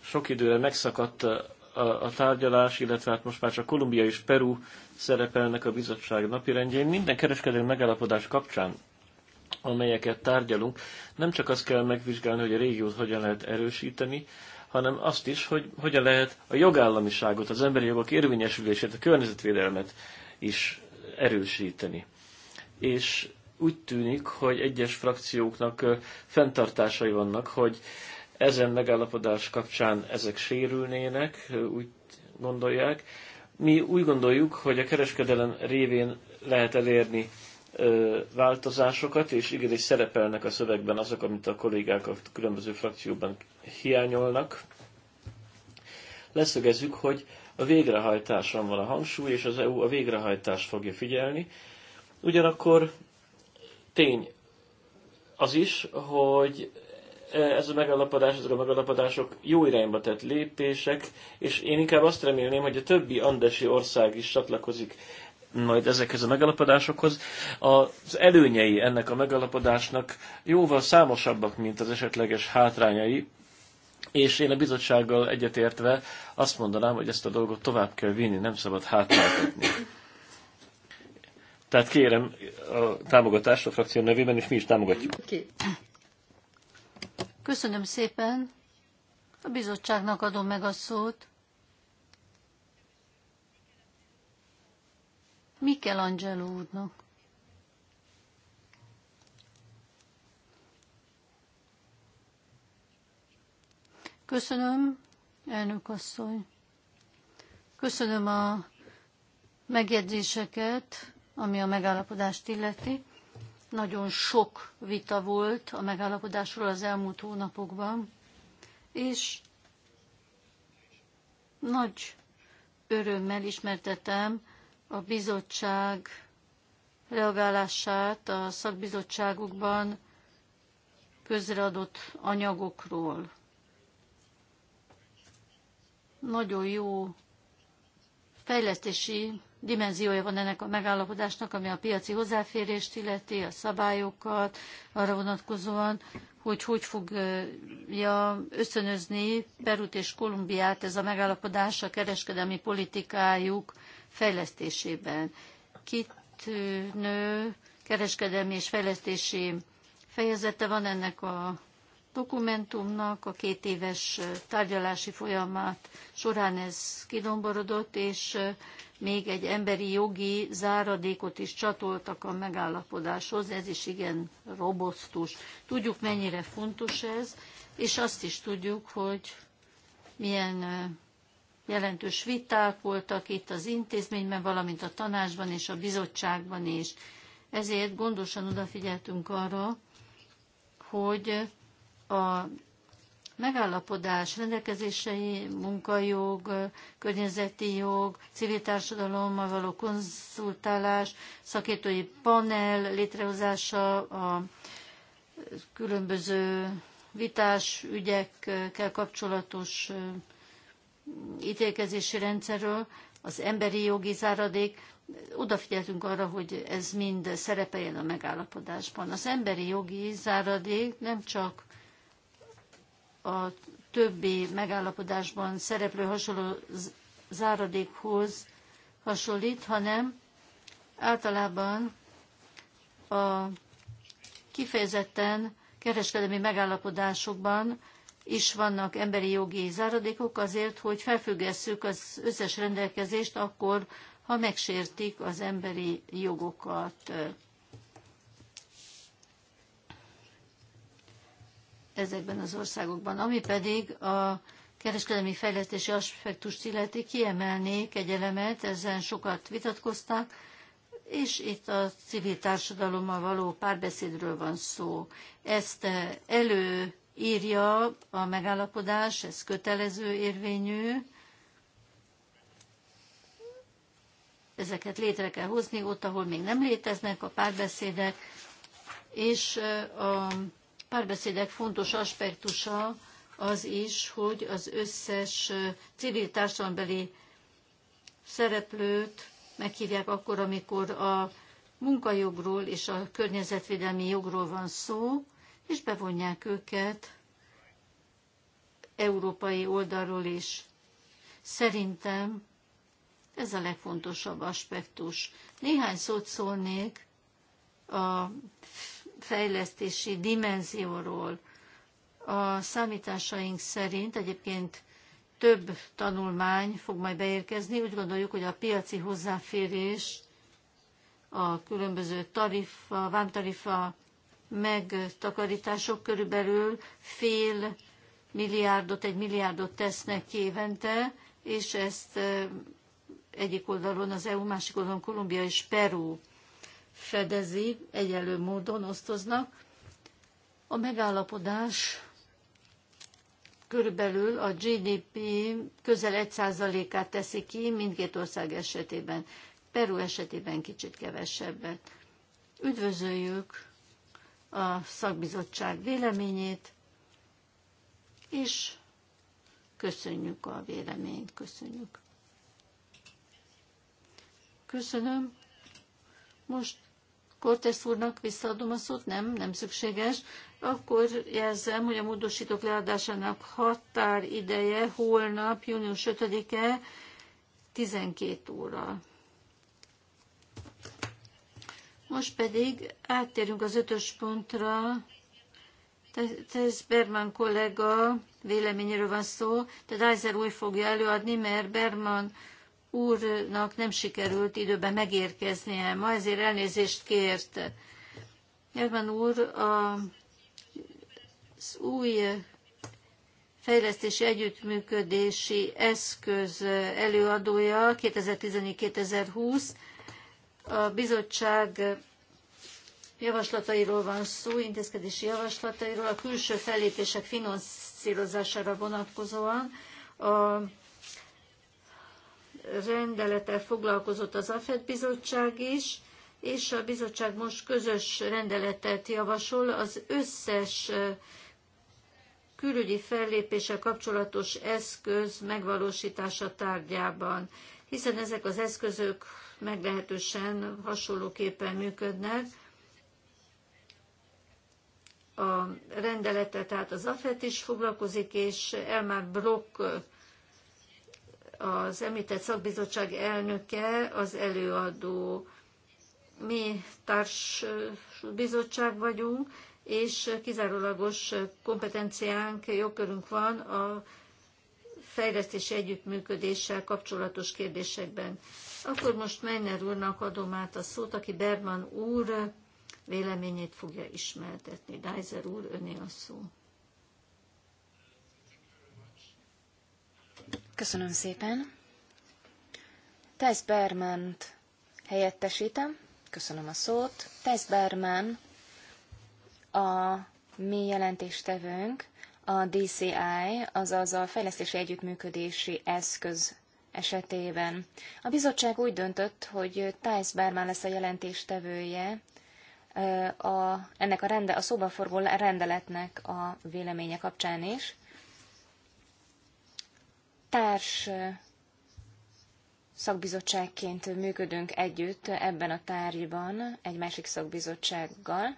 sok időre megszakadt a, a tárgyalás, illetve hát most már csak Kolumbia és Peru szerepelnek a bizottság napirendjén. Minden kereskedelmi megállapodás kapcsán amelyeket tárgyalunk, nem csak azt kell megvizsgálni, hogy a régiót hogyan lehet erősíteni, hanem azt is, hogy hogyan lehet a jogállamiságot, az emberi jogok érvényesülését, a környezetvédelmet is erősíteni. És úgy tűnik, hogy egyes frakcióknak fenntartásai vannak, hogy ezen megállapodás kapcsán ezek sérülnének, úgy gondolják. Mi úgy gondoljuk, hogy a kereskedelem révén lehet elérni változásokat, és igenis szerepelnek a szövegben azok, amit a kollégák a különböző frakcióban hiányolnak. Leszögezzük, hogy a végrehajtáson van a hangsúly, és az EU a végrehajtást fogja figyelni. Ugyanakkor tény az is, hogy ez a megalapodás, ezek a megalapodások jó irányba tett lépések, és én inkább azt remélném, hogy a többi andesi ország is csatlakozik majd ezekhez a megalapodásokhoz. Az előnyei ennek a megalapodásnak jóval számosabbak, mint az esetleges hátrányai, és én a bizottsággal egyetértve azt mondanám, hogy ezt a dolgot tovább kell vinni, nem szabad hátráltatni. Tehát kérem a támogatást a frakció nevében, és mi is támogatjuk. Okay. Köszönöm szépen. A bizottságnak adom meg a szót. Michelangelo úrnak. Köszönöm, elnök asszony. Köszönöm a megjegyzéseket, ami a megállapodást illeti. Nagyon sok vita volt a megállapodásról az elmúlt hónapokban, és nagy örömmel ismertetem a bizottság reagálását a szakbizottságukban közreadott anyagokról. Nagyon jó fejlesztési dimenziója van ennek a megállapodásnak, ami a piaci hozzáférést illeti, a szabályokat, arra vonatkozóan, hogy hogy fogja ösztönözni Perut és Kolumbiát ez a megállapodás a kereskedelmi politikájuk fejlesztésében. Kitűnő kereskedelmi és fejlesztési fejezete van ennek a dokumentumnak, a két éves tárgyalási folyamat során ez kidomborodott, és még egy emberi jogi záradékot is csatoltak a megállapodáshoz, ez is igen robosztus. Tudjuk, mennyire fontos ez, és azt is tudjuk, hogy milyen jelentős viták voltak itt az intézményben, valamint a tanácsban és a bizottságban is. Ezért gondosan odafigyeltünk arra, hogy a megállapodás rendelkezései, munkajog, környezeti jog, civil társadalommal való konzultálás, szakértői panel létrehozása, a különböző vitás ügyekkel kapcsolatos ítélkezési rendszerről, az emberi jogi záradék, odafigyeltünk arra, hogy ez mind szerepeljen a megállapodásban. Az emberi jogi záradék nem csak a többi megállapodásban szereplő hasonló záradékhoz hasonlít, hanem általában a kifejezetten kereskedelmi megállapodásokban is vannak emberi jogi záradékok azért, hogy felfüggesszük az összes rendelkezést akkor, ha megsértik az emberi jogokat. ezekben az országokban. Ami pedig a kereskedelmi fejlesztési aspektus illeti, kiemelnék egy elemet, ezen sokat vitatkozták, és itt a civil társadalommal való párbeszédről van szó. Ezt eh, elő írja a megállapodás, ez kötelező érvényű, ezeket létre kell hozni ott, ahol még nem léteznek a párbeszédek, és a párbeszédek fontos aspektusa az is, hogy az összes civil társadalombeli szereplőt meghívják akkor, amikor a munkajogról és a környezetvédelmi jogról van szó, és bevonják őket európai oldalról is. Szerintem ez a legfontosabb aspektus. Néhány szót szólnék a fejlesztési dimenzióról. A számításaink szerint egyébként több tanulmány fog majd beérkezni. Úgy gondoljuk, hogy a piaci hozzáférés, a különböző tarifa, vámtarifa megtakarítások körülbelül fél milliárdot, egy milliárdot tesznek ki évente, és ezt egyik oldalon az EU, másik oldalon Kolumbia és Peru fedezi, egyelő módon osztoznak. A megállapodás körülbelül a GDP közel 1%-át teszi ki mindkét ország esetében. Peru esetében kicsit kevesebbet. Üdvözöljük a szakbizottság véleményét, és köszönjük a véleményt, köszönjük. Köszönöm. Most Kortesz úrnak visszaadom a szót, nem, nem szükséges. Akkor jelzem, hogy a módosítók leadásának határideje holnap, június 5-e, 12 óra. Most pedig áttérünk az ötös pontra. Tehát Berman kollega véleményéről van szó, tehát Eiser új fogja előadni, mert Berman úrnak nem sikerült időben megérkeznie ma, ezért elnézést kért. Berman úr a, az új fejlesztési együttműködési eszköz előadója 2014-2020, a bizottság javaslatairól van szó, intézkedési javaslatairól, a külső fellépések finanszírozására vonatkozóan. A rendelettel foglalkozott az AFED bizottság is, és a bizottság most közös rendeletet javasol az összes külügyi fellépése kapcsolatos eszköz megvalósítása tárgyában, hiszen ezek az eszközök meglehetősen hasonlóképpen működnek. A rendelete, tehát az AFET is foglalkozik, és Elmar Brock az említett szakbizottság elnöke, az előadó. Mi társbizottság vagyunk, és kizárólagos kompetenciánk, jogkörünk van a fejlesztési együttműködéssel kapcsolatos kérdésekben. Akkor most Meiner úrnak adom át a szót, aki Berman úr véleményét fogja ismertetni. Dajzer úr, öné a szó. Köszönöm szépen. Tess berman helyettesítem. Köszönöm a szót. Tess Berman a mi jelentéstevőnk, a DCI, azaz a Fejlesztési Együttműködési Eszköz esetében. A bizottság úgy döntött, hogy Thijs Bármán lesz a jelentéstevője a, ennek a, rende, a szobaforgó rendeletnek a véleménye kapcsán is. Társ szakbizottságként működünk együtt ebben a tárgyban egy másik szakbizottsággal.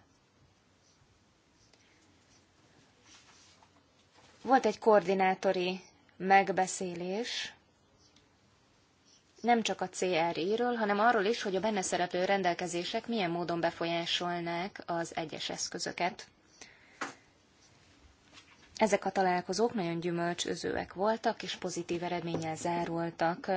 Volt egy koordinátori megbeszélés nem csak a CRI-ről, hanem arról is, hogy a benne szereplő rendelkezések milyen módon befolyásolnák az egyes eszközöket. Ezek a találkozók nagyon gyümölcsözőek voltak, és pozitív eredménnyel zárultak.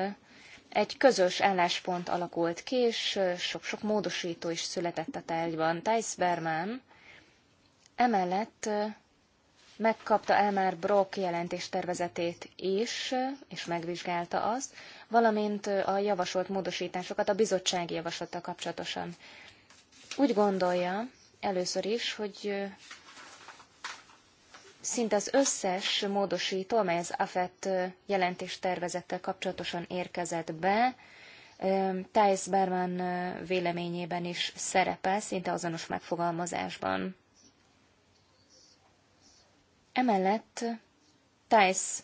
Egy közös álláspont alakult ki, és sok-sok módosító is született a tárgyban. Thijs Berman emellett megkapta Elmar Brock jelentéstervezetét is, és megvizsgálta azt, valamint a javasolt módosításokat a bizottsági javaslattal kapcsolatosan. Úgy gondolja először is, hogy szinte az összes módosító, amely az AFET jelentés tervezettel kapcsolatosan érkezett be, Thijs Berman véleményében is szerepel, szinte azonos megfogalmazásban. Emellett Thijs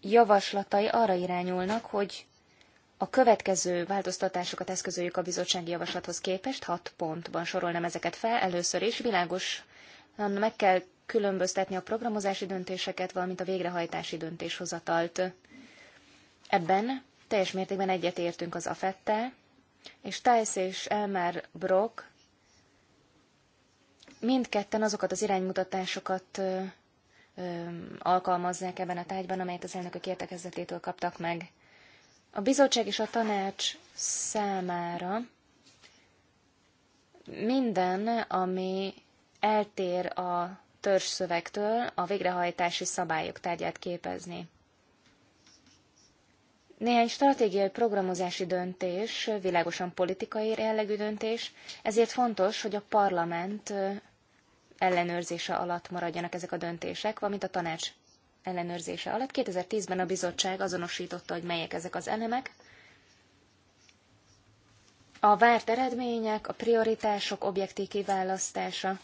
javaslatai arra irányulnak, hogy a következő változtatásokat eszközöljük a bizottsági javaslathoz képest, hat pontban sorolnám ezeket fel. Először is világos meg kell különböztetni a programozási döntéseket, valamint a végrehajtási döntéshozatalt. Ebben teljes mértékben egyetértünk az AFET-tel, és Tice és Elmer Brock mindketten azokat az iránymutatásokat alkalmazzák ebben a tárgyban, amelyet az elnökök értekezletétől kaptak meg. A bizottság és a tanács számára minden, ami eltér a törzsszövegtől, a végrehajtási szabályok tárgyát képezni. Néhány stratégiai programozási döntés, világosan politikai jellegű döntés, ezért fontos, hogy a parlament ellenőrzése alatt maradjanak ezek a döntések, valamint a tanács ellenőrzése alatt. 2010-ben a bizottság azonosította, hogy melyek ezek az elemek. A várt eredmények, a prioritások objektív kiválasztása,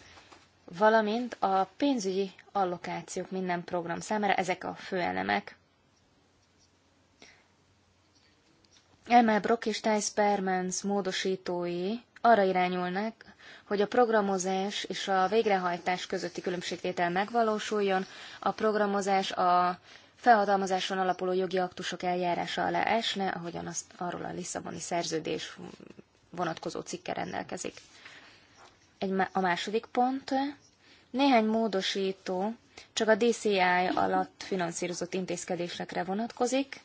valamint a pénzügyi allokációk minden program számára, ezek a fő elemek. Elmer Brock és Thijs Permans módosítói arra irányulnak, hogy a programozás és a végrehajtás közötti különbségtétel megvalósuljon, a programozás a felhatalmazáson alapuló jogi aktusok eljárása alá esne, ahogyan azt arról a Lisszaboni szerződés vonatkozó cikke rendelkezik. Egy, a második pont, néhány módosító csak a DCI alatt finanszírozott intézkedésekre vonatkozik,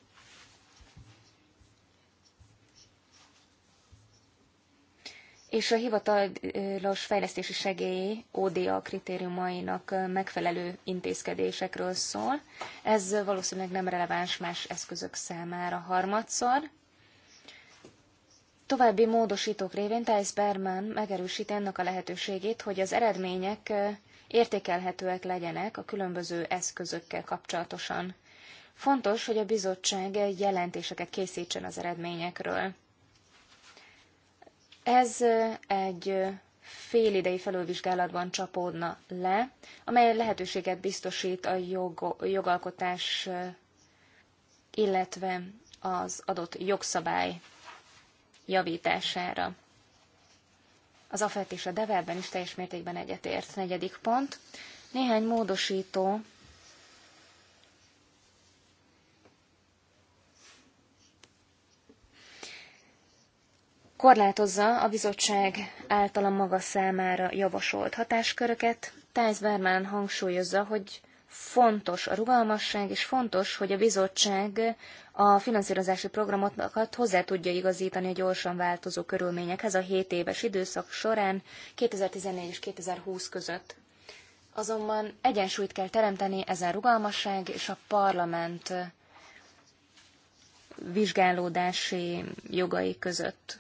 és a hivatalos fejlesztési segély ODA kritériumainak megfelelő intézkedésekről szól. Ez valószínűleg nem releváns más eszközök számára harmadszor. További módosítók révén Thijs Berman megerősíti ennek a lehetőségét, hogy az eredmények értékelhetőek legyenek a különböző eszközökkel kapcsolatosan. Fontos, hogy a bizottság jelentéseket készítsen az eredményekről. Ez egy félidei felülvizsgálatban csapódna le, amely lehetőséget biztosít a jog, jogalkotás, illetve az adott jogszabály javítására. Az AFET és a DEVEL-ben is teljes mértékben egyetért. Negyedik pont. Néhány módosító korlátozza a bizottság által a maga számára javasolt hatásköröket. Tájsz Berman hangsúlyozza, hogy fontos a rugalmasság, és fontos, hogy a bizottság a finanszírozási programokat hozzá tudja igazítani a gyorsan változó körülményekhez a 7 éves időszak során 2014 és 2020 között. Azonban egyensúlyt kell teremteni ezen rugalmasság és a parlament vizsgálódási jogai között.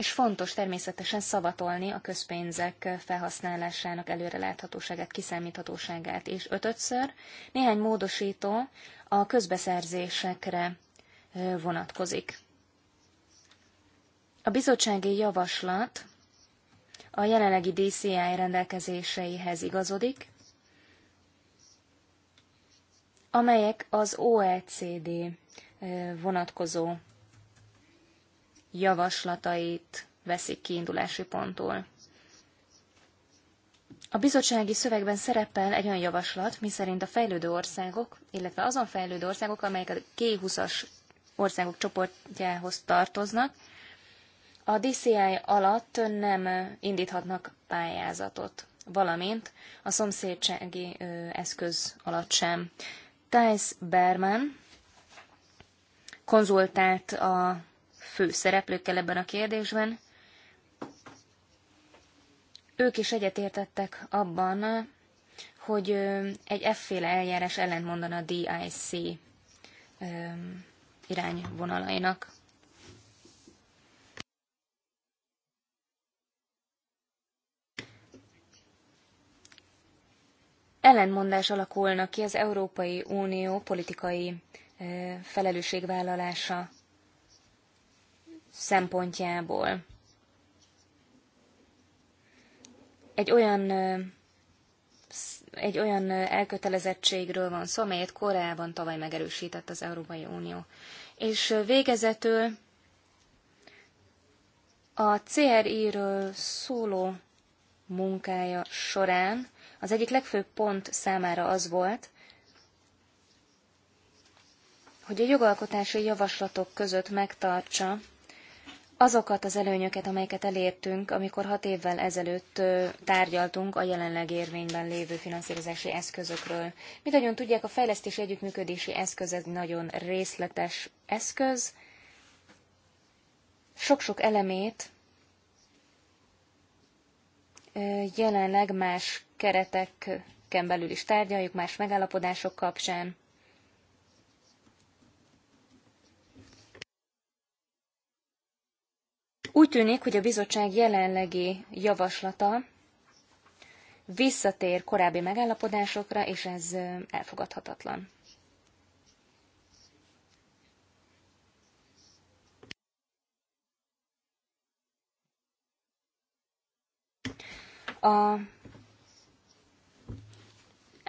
és fontos természetesen szavatolni a közpénzek felhasználásának előreláthatóságát, kiszámíthatóságát. És ötödször néhány módosító a közbeszerzésekre vonatkozik. A bizottsági javaslat a jelenlegi DCI rendelkezéseihez igazodik, amelyek az OECD vonatkozó javaslatait veszik kiindulási ponttól. A bizottsági szövegben szerepel egy olyan javaslat, miszerint a fejlődő országok, illetve azon fejlődő országok, amelyek a G20-as országok csoportjához tartoznak, a DCI alatt nem indíthatnak pályázatot, valamint a szomszédsági eszköz alatt sem. Thijs Berman konzultált a fő szereplőkkel ebben a kérdésben. Ők is egyetértettek abban, hogy egy efféle eljárás ellentmondana a DIC irányvonalainak. Ellentmondás alakulna ki az Európai Unió politikai felelősségvállalása szempontjából. Egy olyan egy olyan elkötelezettségről van szó, amelyet Koreában tavaly megerősített az Európai Unió. És végezetül a CRI-ről szóló munkája során az egyik legfőbb pont számára az volt, hogy a jogalkotási javaslatok között megtartsa azokat az előnyöket, amelyeket elértünk, amikor hat évvel ezelőtt tárgyaltunk a jelenleg érvényben lévő finanszírozási eszközökről. mit nagyon tudják, a fejlesztési együttműködési eszköz egy nagyon részletes eszköz. Sok-sok elemét jelenleg más kereteken belül is tárgyaljuk, más megállapodások kapcsán. Úgy tűnik, hogy a bizottság jelenlegi javaslata visszatér korábbi megállapodásokra, és ez elfogadhatatlan. A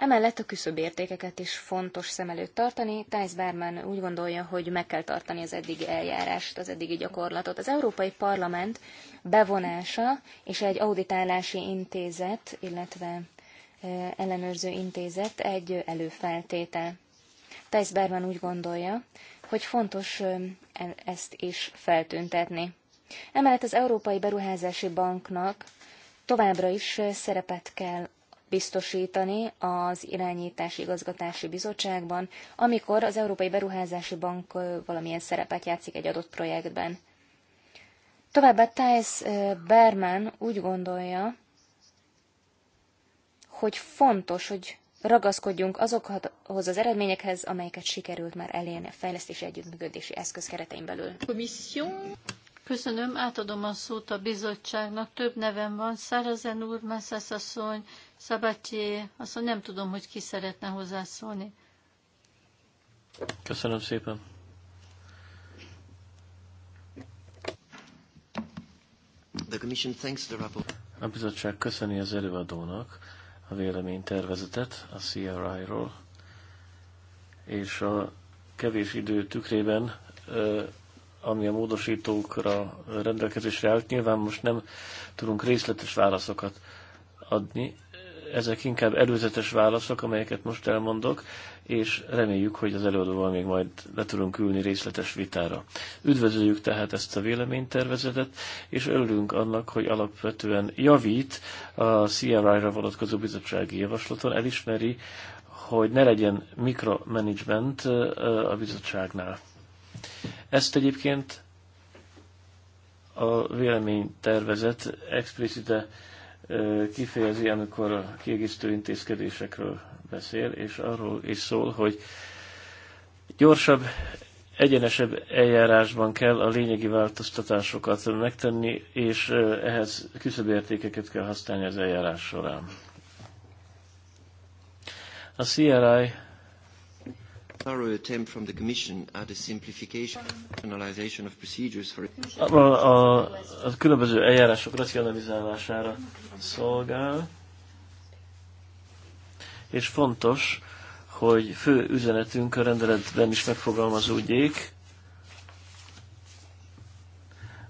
Emellett a küszöbértékeket is fontos szem előtt tartani. Thijs Bármán úgy gondolja, hogy meg kell tartani az eddigi eljárást, az eddigi gyakorlatot. Az Európai Parlament bevonása és egy auditálási intézet, illetve ellenőrző intézet egy előfeltétel. Thijs Bármán úgy gondolja, hogy fontos e-, ezt is feltüntetni. Emellett az Európai Beruházási Banknak továbbra is szerepet kell biztosítani az irányítási igazgatási bizottságban, amikor az Európai Beruházási Bank valamilyen szerepet játszik egy adott projektben. Továbbá Thijs Berman úgy gondolja, hogy fontos, hogy ragaszkodjunk azokhoz az eredményekhez, amelyeket sikerült már elérni a fejlesztési együttműködési eszköz keretein belül. Köszönöm, átadom a szót a bizottságnak. Több nevem van, Szárazen úr, Messzász asszony, Szabatyé, asszony, nem tudom, hogy ki szeretne hozzászólni. Köszönöm szépen. The commission thanks the rapport. A bizottság köszöni az előadónak a véleménytervezetet a CRI-ról, és a kevés idő tükrében ami a módosítókra rendelkezésre állt. Nyilván most nem tudunk részletes válaszokat adni, ezek inkább előzetes válaszok, amelyeket most elmondok, és reméljük, hogy az előadóval még majd le tudunk ülni részletes vitára. Üdvözöljük tehát ezt a véleménytervezetet, és örülünk annak, hogy alapvetően javít a CRI-ra vonatkozó bizottsági javaslaton, elismeri, hogy ne legyen mikromanagement a bizottságnál. Ezt egyébként a véleménytervezet explicite kifejezi, amikor a kiegészítő intézkedésekről beszél, és arról is szól, hogy gyorsabb, egyenesebb eljárásban kell a lényegi változtatásokat megtenni, és ehhez küszöbértékeket kell használni az eljárás során. A CRI thorough attempt from the Commission at A, a, a különböző eljárások racionalizálására szolgál, és fontos, hogy fő üzenetünk a rendeletben is megfogalmazódjék,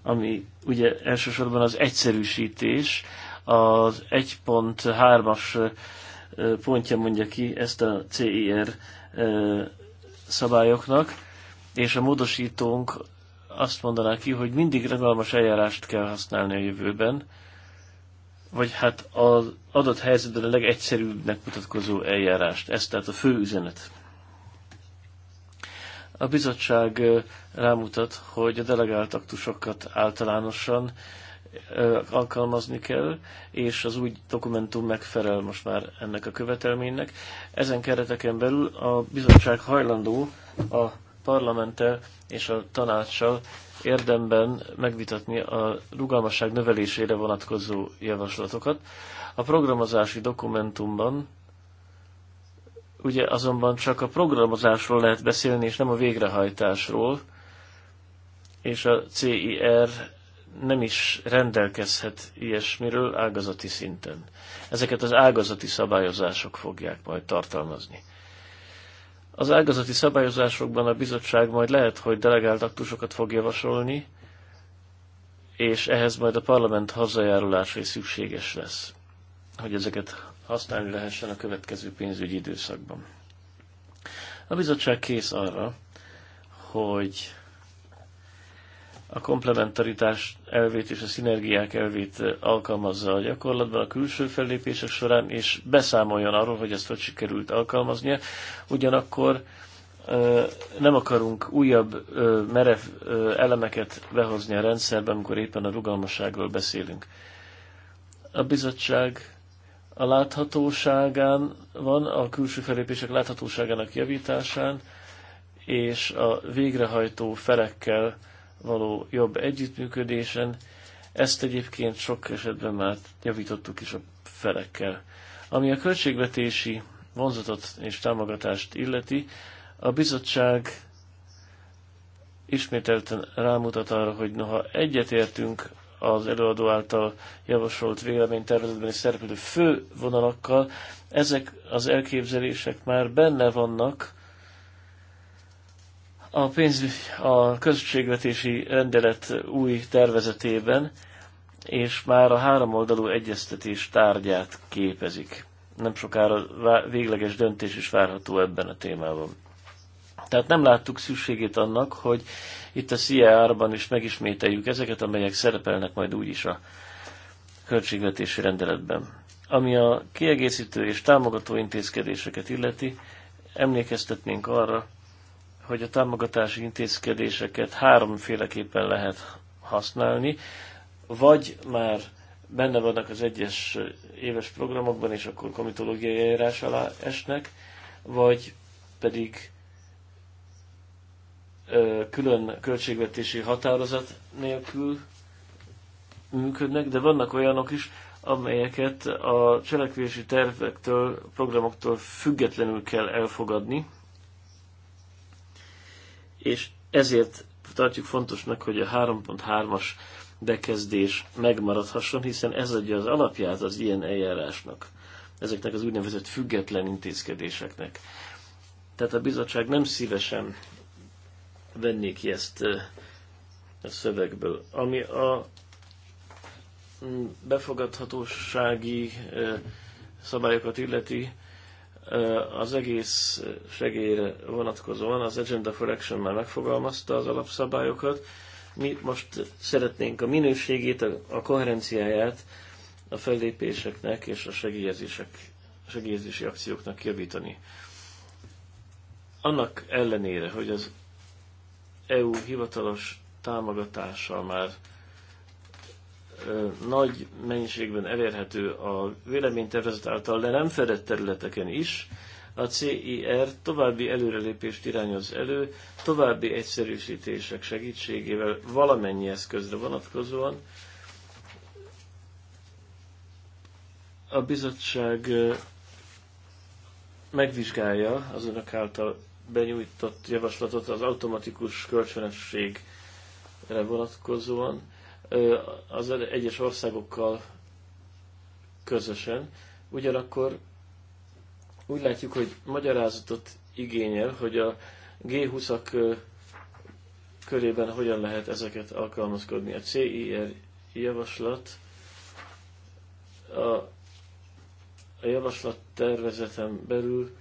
ami ugye elsősorban az egyszerűsítés, az 1.3-as pontja mondja ki ezt a CIR szabályoknak, és a módosítónk azt mondaná ki, hogy mindig rugalmas eljárást kell használni a jövőben, vagy hát az adott helyzetben a legegyszerűbbnek mutatkozó eljárást. Ez tehát a fő üzenet. A bizottság rámutat, hogy a delegált aktusokat általánosan alkalmazni kell, és az új dokumentum megfelel most már ennek a követelménynek. Ezen kereteken belül a bizottság hajlandó a parlamenttel és a tanácssal érdemben megvitatni a rugalmasság növelésére vonatkozó javaslatokat. A programozási dokumentumban ugye azonban csak a programozásról lehet beszélni, és nem a végrehajtásról, és a CIR nem is rendelkezhet ilyesmiről ágazati szinten. Ezeket az ágazati szabályozások fogják majd tartalmazni. Az ágazati szabályozásokban a bizottság majd lehet, hogy delegált aktusokat fog javasolni, és ehhez majd a parlament hazajárulása is szükséges lesz, hogy ezeket használni lehessen a következő pénzügyi időszakban. A bizottság kész arra, hogy a komplementaritás elvét és a szinergiák elvét eh, alkalmazza a gyakorlatban a külső fellépések során, és beszámoljon arról, hogy ezt hogy sikerült alkalmaznia. Ugyanakkor eh, nem akarunk újabb eh, merev elemeket behozni a rendszerbe, amikor éppen a rugalmasságról beszélünk. A bizottság a láthatóságán van, a külső felépések láthatóságának javításán, és a végrehajtó felekkel való jobb együttműködésen. Ezt egyébként sok esetben már javítottuk is a felekkel. Ami a költségvetési vonzatot és támogatást illeti, a bizottság ismételten rámutat arra, hogy noha egyetértünk az előadó által javasolt véleménytervezetben is szereplő fő vonalakkal, ezek az elképzelések már benne vannak a pénz a közösségvetési rendelet új tervezetében és már a háromoldalú egyeztetés tárgyát képezik. Nem sokára végleges döntés is várható ebben a témában. Tehát nem láttuk szükségét annak, hogy itt a cia ban is megismételjük ezeket, amelyek szerepelnek majd úgyis a költségvetési rendeletben. Ami a kiegészítő és támogató intézkedéseket illeti, emlékeztetnénk arra, hogy a támogatási intézkedéseket háromféleképpen lehet használni, vagy már benne vannak az egyes éves programokban, és akkor komitológiai eljárás alá esnek, vagy pedig külön költségvetési határozat nélkül működnek, de vannak olyanok is, amelyeket a cselekvési tervektől, programoktól függetlenül kell elfogadni, és ezért tartjuk fontosnak, hogy a 3.3-as bekezdés megmaradhasson, hiszen ez adja az alapját az ilyen eljárásnak, ezeknek az úgynevezett független intézkedéseknek. Tehát a bizottság nem szívesen venné ki ezt a szövegből. Ami a befogadhatósági szabályokat illeti, az egész segélyre vonatkozóan az Agenda for Action már megfogalmazta az alapszabályokat. Mi most szeretnénk a minőségét, a koherenciáját a fellépéseknek és a segélyezések, segélyezési akcióknak javítani. Annak ellenére, hogy az EU hivatalos támogatása már nagy mennyiségben elérhető a véleménytervezet által, de nem fedett területeken is, a CIR további előrelépést irányoz elő, további egyszerűsítések segítségével valamennyi eszközre vonatkozóan. A bizottság megvizsgálja az önök által benyújtott javaslatot az automatikus kölcsönösségre vonatkozóan, az egyes országokkal közösen. Ugyanakkor úgy látjuk, hogy magyarázatot igényel, hogy a G20-ak körében hogyan lehet ezeket alkalmazkodni. A CIR javaslat a, a javaslat tervezeten belül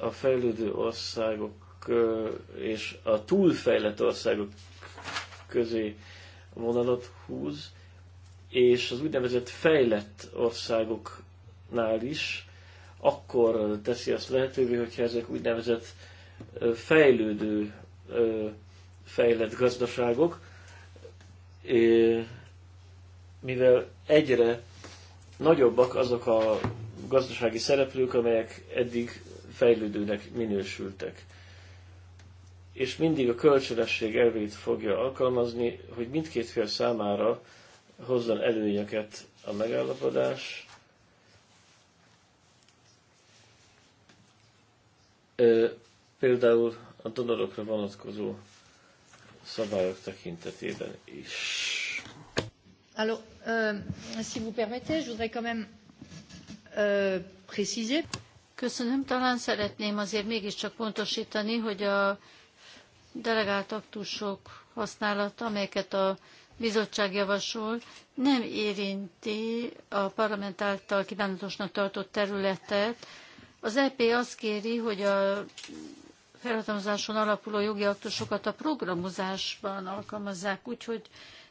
a fejlődő országok és a túlfejlett országok közé vonalat húz, és az úgynevezett fejlett országoknál is akkor teszi azt lehetővé, hogyha ezek úgynevezett fejlődő, fejlett gazdaságok, mivel egyre nagyobbak azok a gazdasági szereplők, amelyek eddig fejlődőnek minősültek és mindig a kölcsönösség elvét fogja alkalmazni, hogy mindkét fél számára hozzon előnyöket a megállapodás, például a donorokra vonatkozó szabályok tekintetében is. Alors, euh, si vous permettez, je voudrais quand même euh, préciser. Köszönöm, talán szeretném azért mégiscsak pontosítani, hogy a delegált aktusok használata, amelyeket a bizottság javasol, nem érinti a parlament által kívánatosnak tartott területet. Az EP azt kéri, hogy a felhatalmazáson alapuló jogi aktusokat a programozásban alkalmazzák, úgyhogy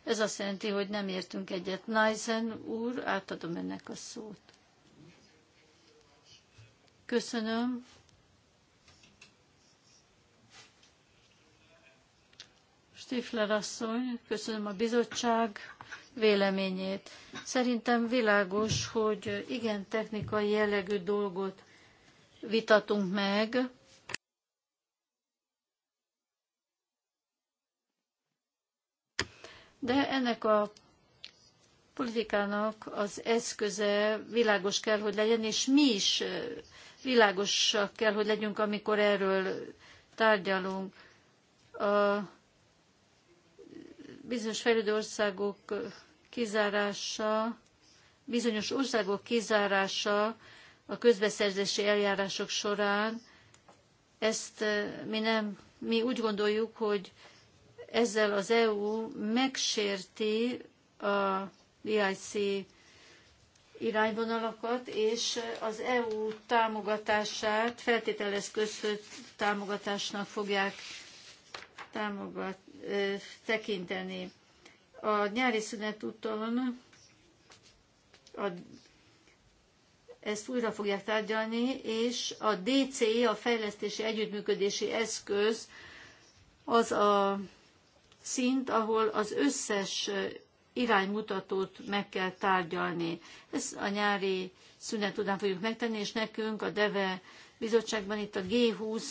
ez azt jelenti, hogy nem értünk egyet. Naisen úr, átadom ennek a szót. Köszönöm. Stifler asszony, köszönöm a bizottság véleményét. Szerintem világos, hogy igen technikai jellegű dolgot vitatunk meg, de ennek a politikának az eszköze világos kell, hogy legyen, és mi is világosak kell, hogy legyünk, amikor erről tárgyalunk. A bizonyos fejlődő országok kizárása, bizonyos országok kizárása a közbeszerzési eljárások során, ezt mi nem, mi úgy gondoljuk, hogy ezzel az EU megsérti a DIC e irányvonalakat, és az EU támogatását feltételez közfő támogatásnak fogják támogat, tekinteni. A nyári szünet után a, ezt újra fogják tárgyalni, és a DC, a Fejlesztési Együttműködési Eszköz, az a szint, ahol az összes iránymutatót meg kell tárgyalni. Ezt a nyári szünet után fogjuk megtenni, és nekünk a DEVE bizottságban itt a G20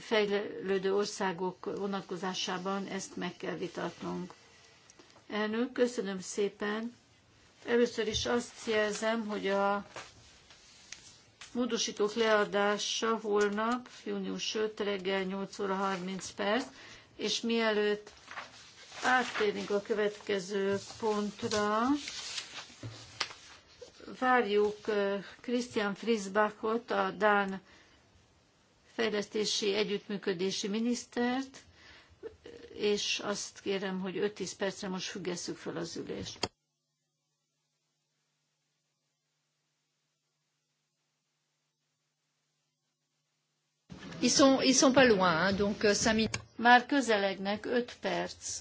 fejlődő országok vonatkozásában ezt meg kell vitatnunk. Elnök, köszönöm szépen. Először is azt jelzem, hogy a módosítók leadása holnap, június 5 reggel 8 óra 30 perc, és mielőtt áttérünk a következő pontra, várjuk eh, Christian Frisbachot, a Dán fejlesztési együttműködési minisztert, és azt kérem, hogy 5-10 percre most függesszük fel az ülést. Ils sont, ils sont pas loin, hein, donc 5 euh, minutes. Már közelegnek 5 perc.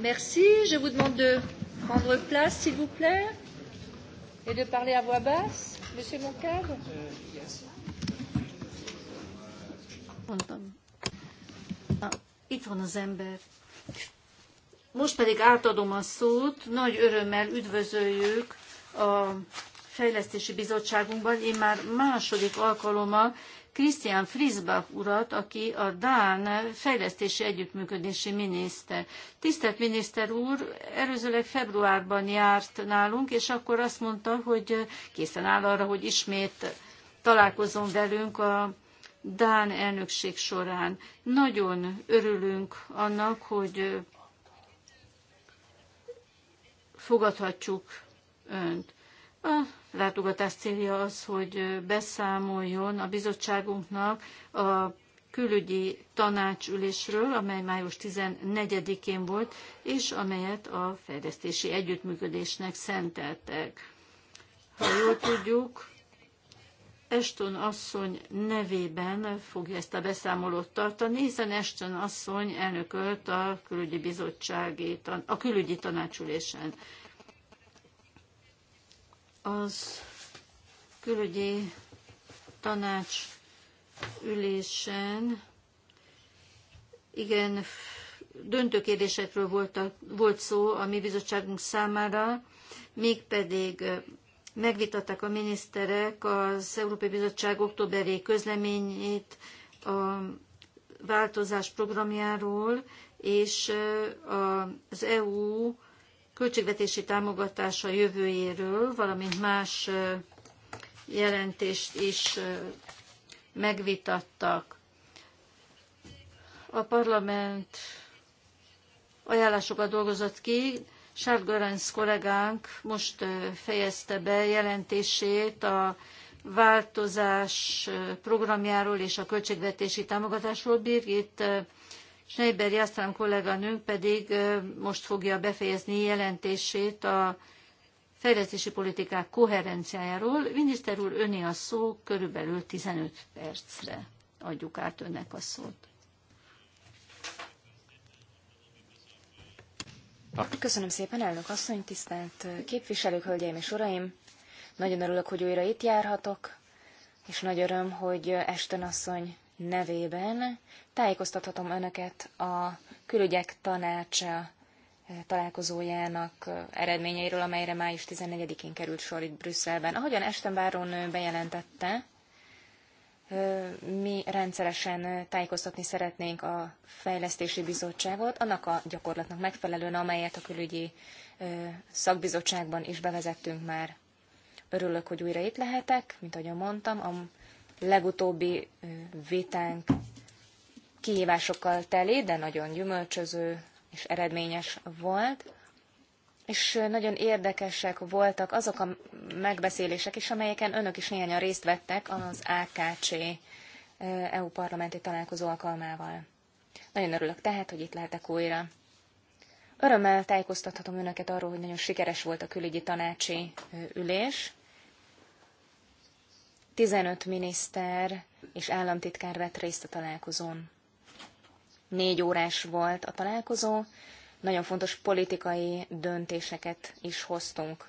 Merci. Je vous demande de prendre place, s'il vous plaît, et de parler à voix basse. Monsieur Moncade. itt van az ember. Most pedig átadom a szót, nagy örömmel üdvözöljük a Fejlesztési Bizottságunkban. Én már második alkalommal Christian Frisbach urat, aki a Dán fejlesztési együttműködési miniszter. Tisztelt miniszter úr, előzőleg februárban járt nálunk, és akkor azt mondta, hogy készen áll arra, hogy ismét találkozom velünk a Dán elnökség során. Nagyon örülünk annak, hogy fogadhatjuk önt. A látogatás célja az, hogy beszámoljon a bizottságunknak a külügyi tanácsülésről, amely május 14-én volt, és amelyet a fejlesztési együttműködésnek szenteltek. Ha jól tudjuk, Eston asszony nevében fogja ezt a beszámolót tartani, hiszen Eston asszony elnökölt a külügyi, bizottsági, a külügyi tanácsülésen az külügyi tanács ülésen igen döntő kérdésekről volt, a, volt szó a mi bizottságunk számára, mégpedig megvitatták a miniszterek az Európai Bizottság októberi közleményét a változás programjáról, és az EU költségvetési támogatása jövőjéről, valamint más jelentést is megvitattak. A parlament ajánlásokat dolgozott ki, Sárt Garenc kollégánk most fejezte be jelentését a változás programjáról és a költségvetési támogatásról. Birgit Schneider Jasztran kolléganőnk pedig most fogja befejezni jelentését a fejlesztési politikák koherenciájáról. Miniszter úr, öné a szó, körülbelül 15 percre adjuk át önnek a szót. Köszönöm szépen, elnök asszony, tisztelt képviselők, hölgyeim és uraim! Nagyon örülök, hogy újra itt járhatok, és nagy öröm, hogy Esten asszony nevében tájékoztathatom önöket a külügyek tanácsa eh, találkozójának eh, eredményeiről, amelyre május 14-én került sor itt Brüsszelben. Ahogyan Estenbáron eh, bejelentette, mi rendszeresen tájékoztatni szeretnénk a fejlesztési bizottságot annak a gyakorlatnak megfelelően, amelyet a külügyi szakbizottságban is bevezettünk már. Örülök, hogy újra itt lehetek, mint ahogy mondtam, a legutóbbi vitánk kihívásokkal teli, de nagyon gyümölcsöző és eredményes volt, és nagyon érdekesek voltak azok a megbeszélések is, amelyeken önök is néhányan részt vettek az AKC EU parlamenti találkozó alkalmával. Nagyon örülök tehát, hogy itt lehetek újra. Örömmel tájékoztathatom önöket arról, hogy nagyon sikeres volt a külügyi tanácsi ülés. 15 miniszter és államtitkár vett részt a találkozón. Négy órás volt a találkozó, nagyon fontos politikai döntéseket is hoztunk.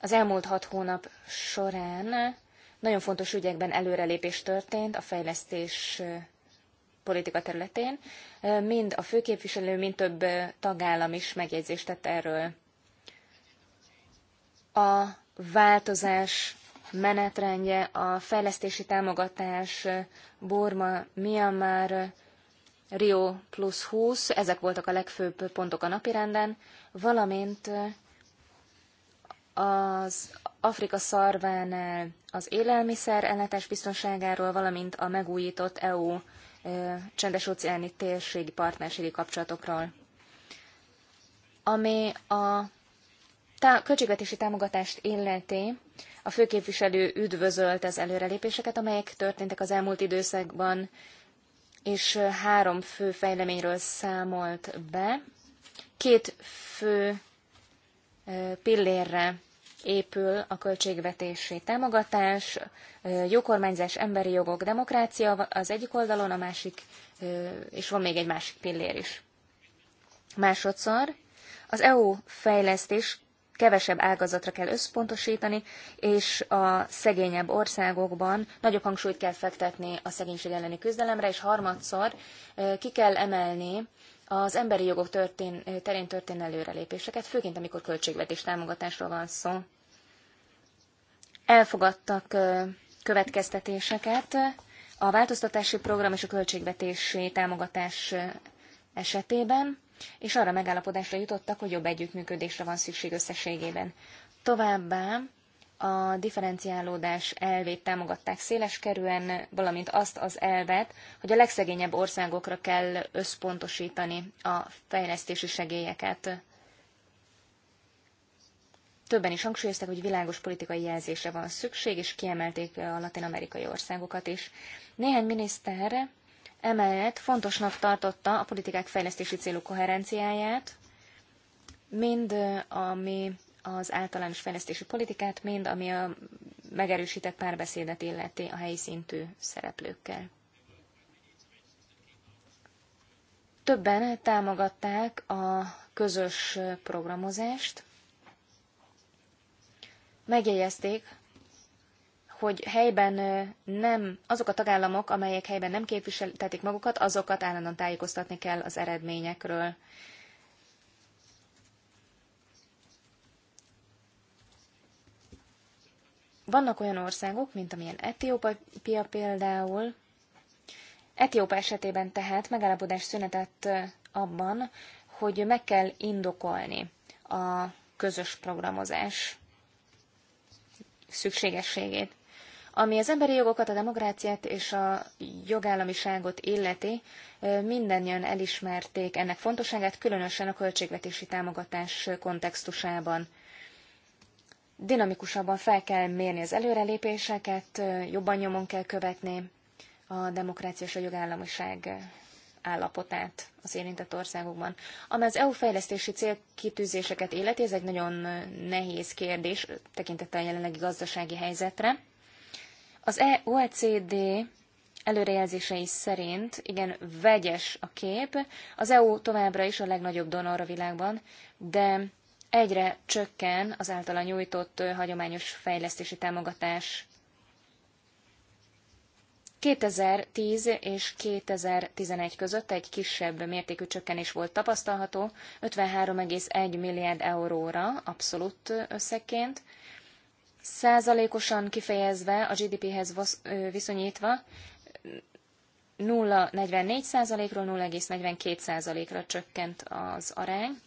Az elmúlt hat hónap során nagyon fontos ügyekben előrelépés történt a fejlesztés politika területén. Mind a főképviselő, mind több tagállam is megjegyzést tett erről. A változás menetrendje, a fejlesztési támogatás, Burma, Myanmar, Rio plusz 20, ezek voltak a legfőbb pontok a napirenden, valamint az Afrika szarvánál az élelmiszer ellátás biztonságáról, valamint a megújított EU csendes óceáni térségi partnerségi kapcsolatokról. Ami a tá- költségvetési támogatást illeti, a főképviselő üdvözölt az előrelépéseket, amelyek történtek az elmúlt időszakban, és három fő fejleményről számolt be. Két fő pillérre épül a költségvetési támogatás, jókormányzás, emberi jogok, demokrácia az egyik oldalon, a másik, és van még egy másik pillér is. Másodszor az EU fejlesztés kevesebb ágazatra kell összpontosítani, és a szegényebb országokban nagyobb hangsúlyt kell fektetni a szegénység elleni küzdelemre, és harmadszor ki kell emelni az emberi jogok történ, terén történő előrelépéseket, főként amikor költségvetés támogatásról van szó. Elfogadtak következtetéseket a változtatási program és a költségvetési támogatás esetében és arra megállapodásra jutottak, hogy jobb együttműködésre van szükség összességében. Továbbá a differenciálódás elvét támogatták széleskerűen, valamint azt az elvet, hogy a legszegényebb országokra kell összpontosítani a fejlesztési segélyeket. Többen is hangsúlyozták, hogy világos politikai jelzésre van szükség, és kiemelték a latin-amerikai országokat is. Néhány miniszter Emellett fontosnak tartotta a politikák fejlesztési célú koherenciáját, mind ami az általános fejlesztési politikát, mind ami a megerősített párbeszédet illeti a helyi szintű szereplőkkel. Többen támogatták a közös programozást, megjegyezték, hogy helyben nem, azok a tagállamok, amelyek helyben nem képviseltetik magukat, azokat állandóan tájékoztatni kell az eredményekről. Vannak olyan országok, mint amilyen Etiópia például. Etiópia esetében tehát megállapodás szünetett abban, hogy meg kell indokolni a közös programozás szükségességét. Ami az emberi jogokat, a demokráciát és a jogállamiságot illeti, mindannyian elismerték ennek fontosságát, különösen a költségvetési támogatás kontextusában. Dinamikusabban fel kell mérni az előrelépéseket, jobban nyomon kell követni a demokrácia és a jogállamiság állapotát az érintett országokban. Ami az EU fejlesztési célkitűzéseket illeti, ez egy nagyon nehéz kérdés tekintettel a jelenlegi gazdasági helyzetre. Az e- OECD előrejelzései szerint igen vegyes a kép. Az EU továbbra is a legnagyobb donor a világban, de egyre csökken az általa nyújtott hagyományos fejlesztési támogatás. 2010 és 2011 között egy kisebb mértékű csökkenés volt tapasztalható, 53,1 milliárd euróra abszolút összeként, százalékosan kifejezve, a GDP-hez viszonyítva 0,44 százalékról 0,42 százalékra csökkent az arány.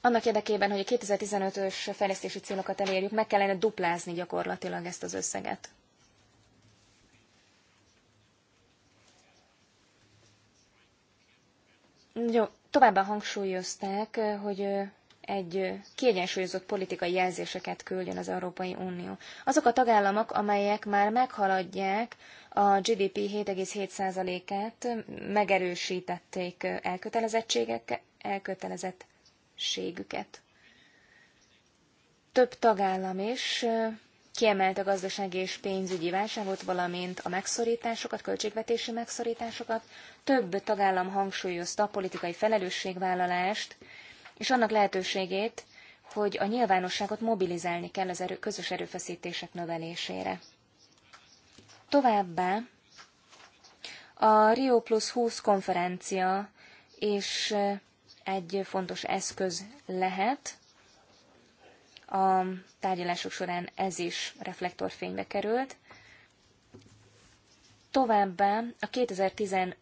Annak érdekében, hogy a 2015-ös fejlesztési célokat elérjük, meg kellene duplázni gyakorlatilag ezt az összeget. Jó, továbbá hangsúlyozták, hogy egy kiegyensúlyozott politikai jelzéseket küldjön az Európai Unió. Azok a tagállamok, amelyek már meghaladják a GDP 7,7%-át, megerősítették elkötelezettségüket. Több tagállam is kiemelt a gazdasági és pénzügyi válságot, valamint a megszorításokat, költségvetési megszorításokat. Több tagállam hangsúlyozta a politikai felelősségvállalást, és annak lehetőségét, hogy a nyilvánosságot mobilizálni kell az erő, közös erőfeszítések növelésére. Továbbá a Rio Plus 20 konferencia és egy fontos eszköz lehet. A tárgyalások során ez is reflektorfénybe került. Továbbá a 2015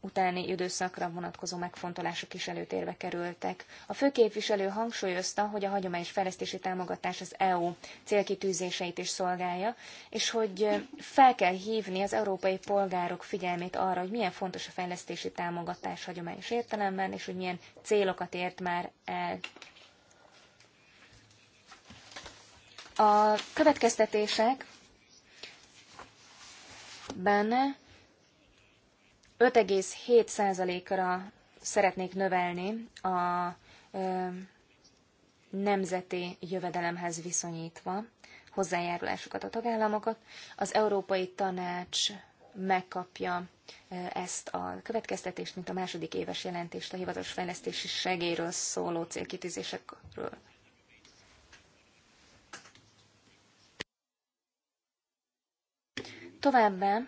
utáni időszakra vonatkozó megfontolások is előtérbe kerültek. A főképviselő hangsúlyozta, hogy a hagyományos fejlesztési támogatás az EU célkitűzéseit is szolgálja, és hogy fel kell hívni az európai polgárok figyelmét arra, hogy milyen fontos a fejlesztési támogatás hagyományos értelemben, és hogy milyen célokat ért már el. A következtetések 2015-ben 5,7%-ra szeretnék növelni a ö, nemzeti jövedelemhez viszonyítva hozzájárulásukat a tagállamokat. Az Európai Tanács megkapja ezt a következtetést, mint a második éves jelentést a hivatalos fejlesztési segélyről szóló célkitűzésekről Továbbá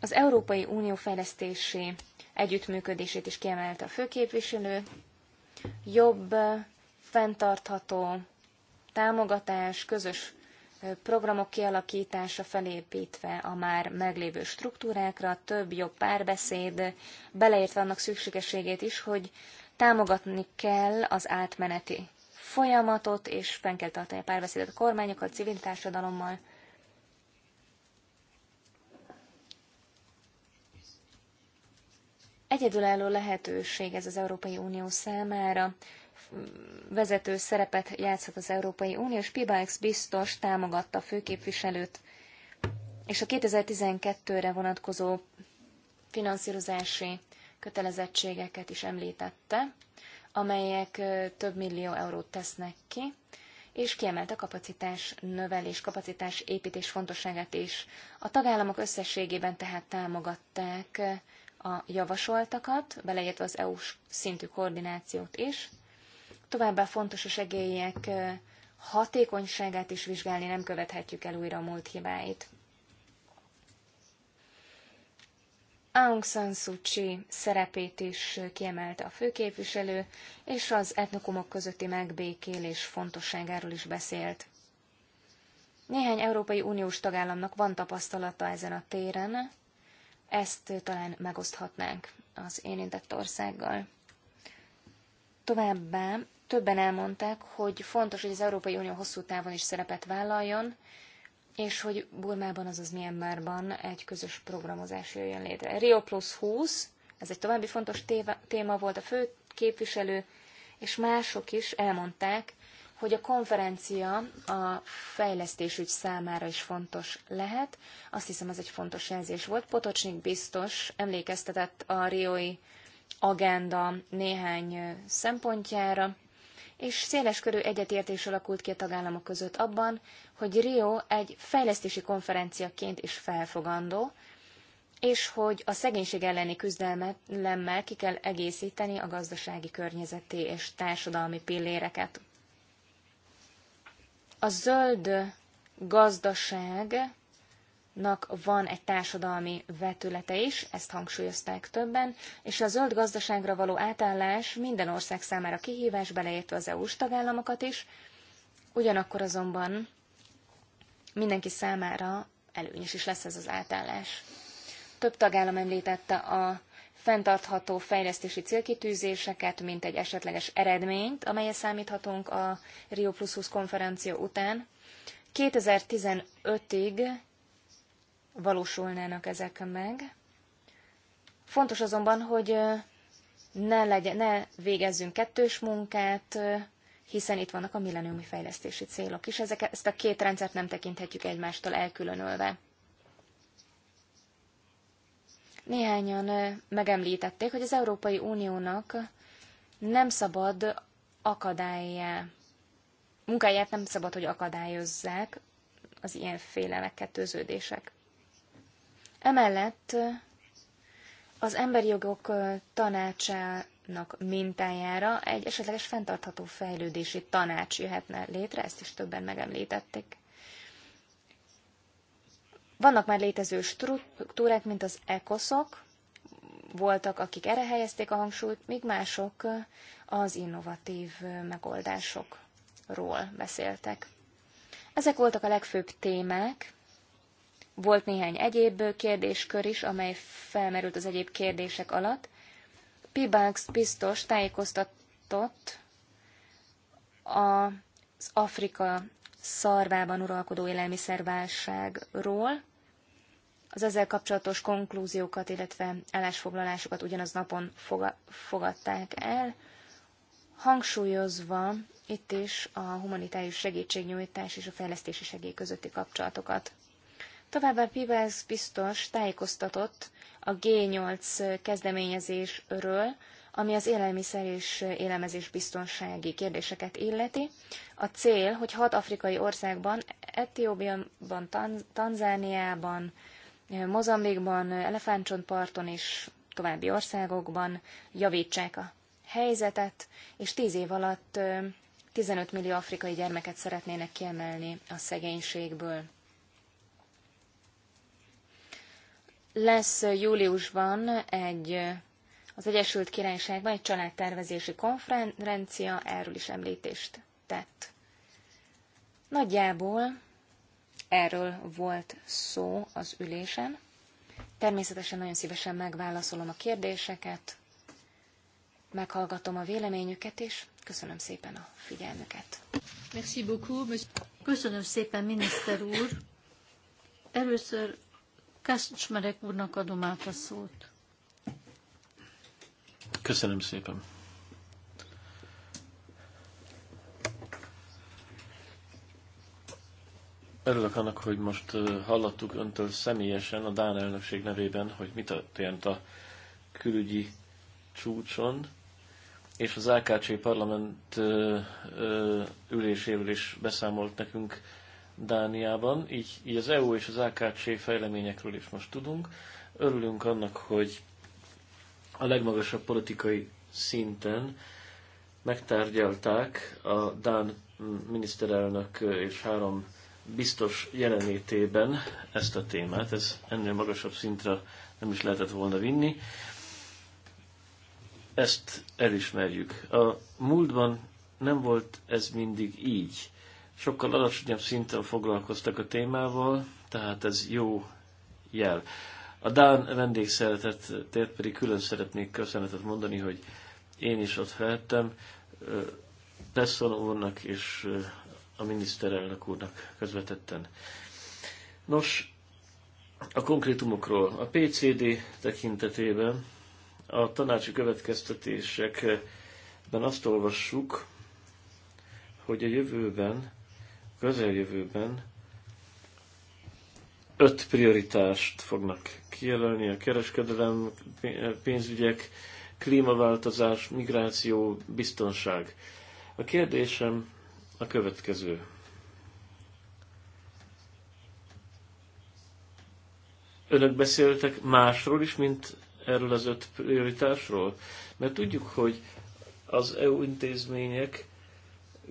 az Európai Unió fejlesztési együttműködését is kiemelte a főképviselő, jobb, fenntartható támogatás, közös programok kialakítása felépítve a már meglévő struktúrákra, több jobb párbeszéd, beleértve annak szükségességét is, hogy támogatni kell az átmeneti folyamatot, és fenn kell tartani a párbeszédet a kormányokkal, a civil társadalommal. Egyedülálló lehetőség ez az Európai Unió számára. Vezető szerepet játszhat az Európai Unió, és Pibax biztos támogatta a főképviselőt, és a 2012-re vonatkozó finanszírozási kötelezettségeket is említette amelyek több millió eurót tesznek ki, és kiemelte kapacitás növelés, kapacitás építés fontosságát is. A tagállamok összességében tehát támogatták a javasoltakat, beleértve az EU-s szintű koordinációt is. Továbbá fontos a segélyek hatékonyságát is vizsgálni, nem követhetjük el újra a múlt hibáit. Aung San Suu Kyi szerepét is kiemelte a főképviselő, és az etnokumok közötti megbékélés fontosságáról is beszélt. Néhány Európai Uniós tagállamnak van tapasztalata ezen a téren, ezt talán megoszthatnánk az érintett országgal. Továbbá többen elmondták, hogy fontos, hogy az Európai Unió hosszú távon is szerepet vállaljon, és hogy Burmában, azaz Myanmarban egy közös programozás jöjjön létre. Rio Plus 20, ez egy további fontos téva, téma volt a fő képviselő, és mások is elmondták, hogy a konferencia a fejlesztésügy számára is fontos lehet. Azt hiszem, ez egy fontos jelzés volt. Potocsnik biztos emlékeztetett a Rioi agenda néhány szempontjára, és széleskörű egyetértés alakult ki a tagállamok között abban, hogy Rio egy fejlesztési konferenciaként is felfogandó, és hogy a szegénység elleni küzdelemmel ki kell egészíteni a gazdasági környezeti és társadalmi pilléreket. A zöld gazdaság nak van egy társadalmi vetülete is, ezt hangsúlyozták többen, és a zöld gazdaságra való átállás minden ország számára kihívás, beleértve az EU-s tagállamokat is, ugyanakkor azonban mindenki számára előnyös is lesz ez az átállás. Több tagállam említette a fenntartható fejlesztési célkitűzéseket, mint egy esetleges eredményt, amelyet számíthatunk a Rio Plus 20 konferencia után. 2015-ig valósulnának ezek meg. Fontos azonban, hogy ne, legyen, ne végezzünk kettős munkát, hiszen itt vannak a milleniumi fejlesztési célok is. Ezek, ezt a két rendszert nem tekinthetjük egymástól elkülönölve. Néhányan megemlítették, hogy az Európai Uniónak nem szabad akadályá, munkáját nem szabad, hogy akadályozzák az ilyenféle megkettőződések. Emellett eh, az emberi jogok eh, tanácsának mintájára egy esetleges fenntartható fejlődési tanács jöhetne létre, ezt is többen megemlítették. Vannak már létező struktúrák, mint az ECOSZok, voltak, akik erre helyezték a hangsúlyt, míg mások eh, az innovatív megoldásokról beszéltek. Ezek voltak a legfőbb témák, volt néhány egyéb kérdéskör is, amely felmerült az egyéb kérdések alatt. Pibanks biztos tájékoztatott az Afrika szarvában uralkodó élelmiszerválságról, az ezzel kapcsolatos konklúziókat, illetve állásfoglalásokat ugyanaz napon fogadták el, hangsúlyozva itt is a humanitárius segítségnyújtás és a fejlesztési segély közötti kapcsolatokat. Továbbá Pibels biztos tájékoztatott a G8 kezdeményezésről, ami az élelmiszer és élelmezés biztonsági kérdéseket illeti. A cél, hogy hat afrikai országban, Etiópiában, Tanzániában, Mozambikban, Elefántcsontparton és további országokban javítsák a helyzetet, és tíz év alatt 15 millió afrikai gyermeket szeretnének kiemelni a szegénységből. Lesz júliusban egy az Egyesült Királyságban egy családtervezési konferencia, erről is említést tett. Nagyjából erről volt szó az ülésen. Természetesen nagyon szívesen megválaszolom a kérdéseket, meghallgatom a véleményüket, is. köszönöm szépen a figyelmüket. Merci beaucoup. Köszönöm szépen, miniszter úr. Először Kacsmerek úrnak adom át a szót. Köszönöm szépen. Örülök annak, hogy most hallottuk öntől személyesen a Dán elnökség nevében, hogy mit történt a külügyi csúcson, és az AKC parlament üléséről is beszámolt nekünk Dániában, így, így az EU és az AKC fejleményekről is most tudunk. Örülünk annak, hogy a legmagasabb politikai szinten megtárgyalták a Dán miniszterelnök és három biztos jelenlétében ezt a témát. Ez ennél magasabb szintre nem is lehetett volna vinni. Ezt elismerjük. A múltban nem volt ez mindig így sokkal alacsonyabb szinten foglalkoztak a témával, tehát ez jó jel. A Dán vendégszeretetért pedig külön szeretnék köszönetet mondani, hogy én is ott feltem, Tesson úrnak és a miniszterelnök úrnak közvetetten. Nos, a konkrétumokról. A PCD tekintetében a tanácsi következtetésekben azt olvassuk, hogy a jövőben közeljövőben öt prioritást fognak kijelölni a kereskedelem, pénzügyek, klímaváltozás, migráció, biztonság. A kérdésem a következő. Önök beszéltek másról is, mint erről az öt prioritásról? Mert tudjuk, hogy az EU intézmények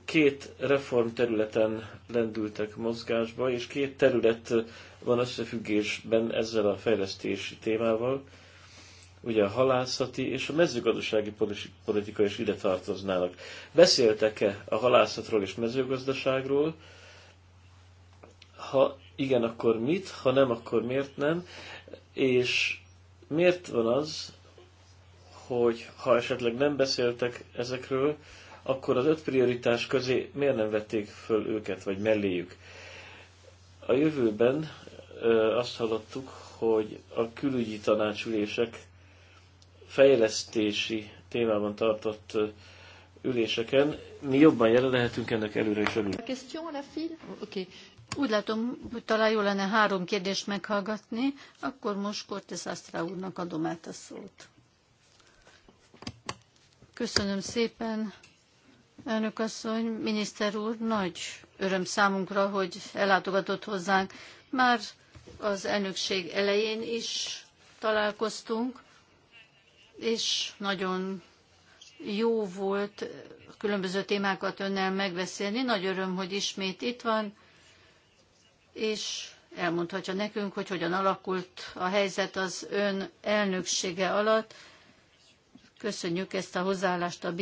két reform területen lendültek mozgásba, és két terület van összefüggésben ezzel a fejlesztési témával. Ugye a halászati és a mezőgazdasági politika is ide tartoznának. Beszéltek-e a halászatról és mezőgazdaságról? Ha igen, akkor mit? Ha nem, akkor miért nem? És miért van az, hogy ha esetleg nem beszéltek ezekről, akkor az öt prioritás közé miért nem vették föl őket, vagy melléjük? A jövőben azt hallottuk, hogy a külügyi tanácsülések fejlesztési témában tartott üléseken mi jobban jelen lehetünk ennek előre is örülünk. A question, la fille? Okay. Úgy látom, hogy talán jó lenne három kérdést meghallgatni, akkor most Cortez Astra úrnak adom át a szót. Köszönöm szépen, Elnök asszony, miniszter úr, nagy öröm számunkra, hogy ellátogatott hozzánk. Már az elnökség elején is találkoztunk, és nagyon jó volt különböző témákat önnel megbeszélni. Nagy öröm, hogy ismét itt van, és elmondhatja nekünk, hogy hogyan alakult a helyzet az ön elnöksége alatt, Köszönjük ezt a hozzáállást a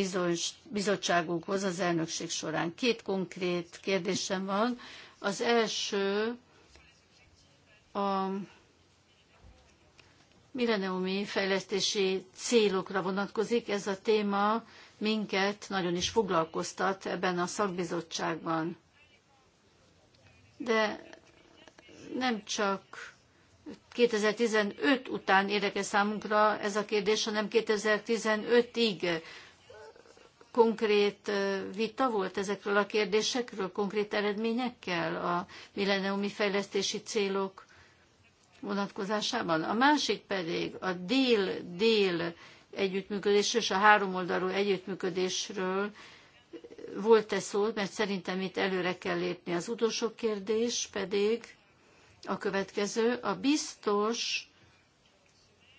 bizottságunkhoz az elnökség során. Két konkrét kérdésem van. Az első a milleniumi fejlesztési célokra vonatkozik. Ez a téma minket nagyon is foglalkoztat ebben a szakbizottságban. De nem csak 2015 után érdekes számunkra ez a kérdés, hanem 2015-ig konkrét vita volt ezekről a kérdésekről, konkrét eredményekkel a milleniumi fejlesztési célok vonatkozásában. A másik pedig a dél-dél együttműködésről és a háromoldalú együttműködésről volt-e szó, mert szerintem itt előre kell lépni. Az utolsó kérdés pedig a következő. A biztos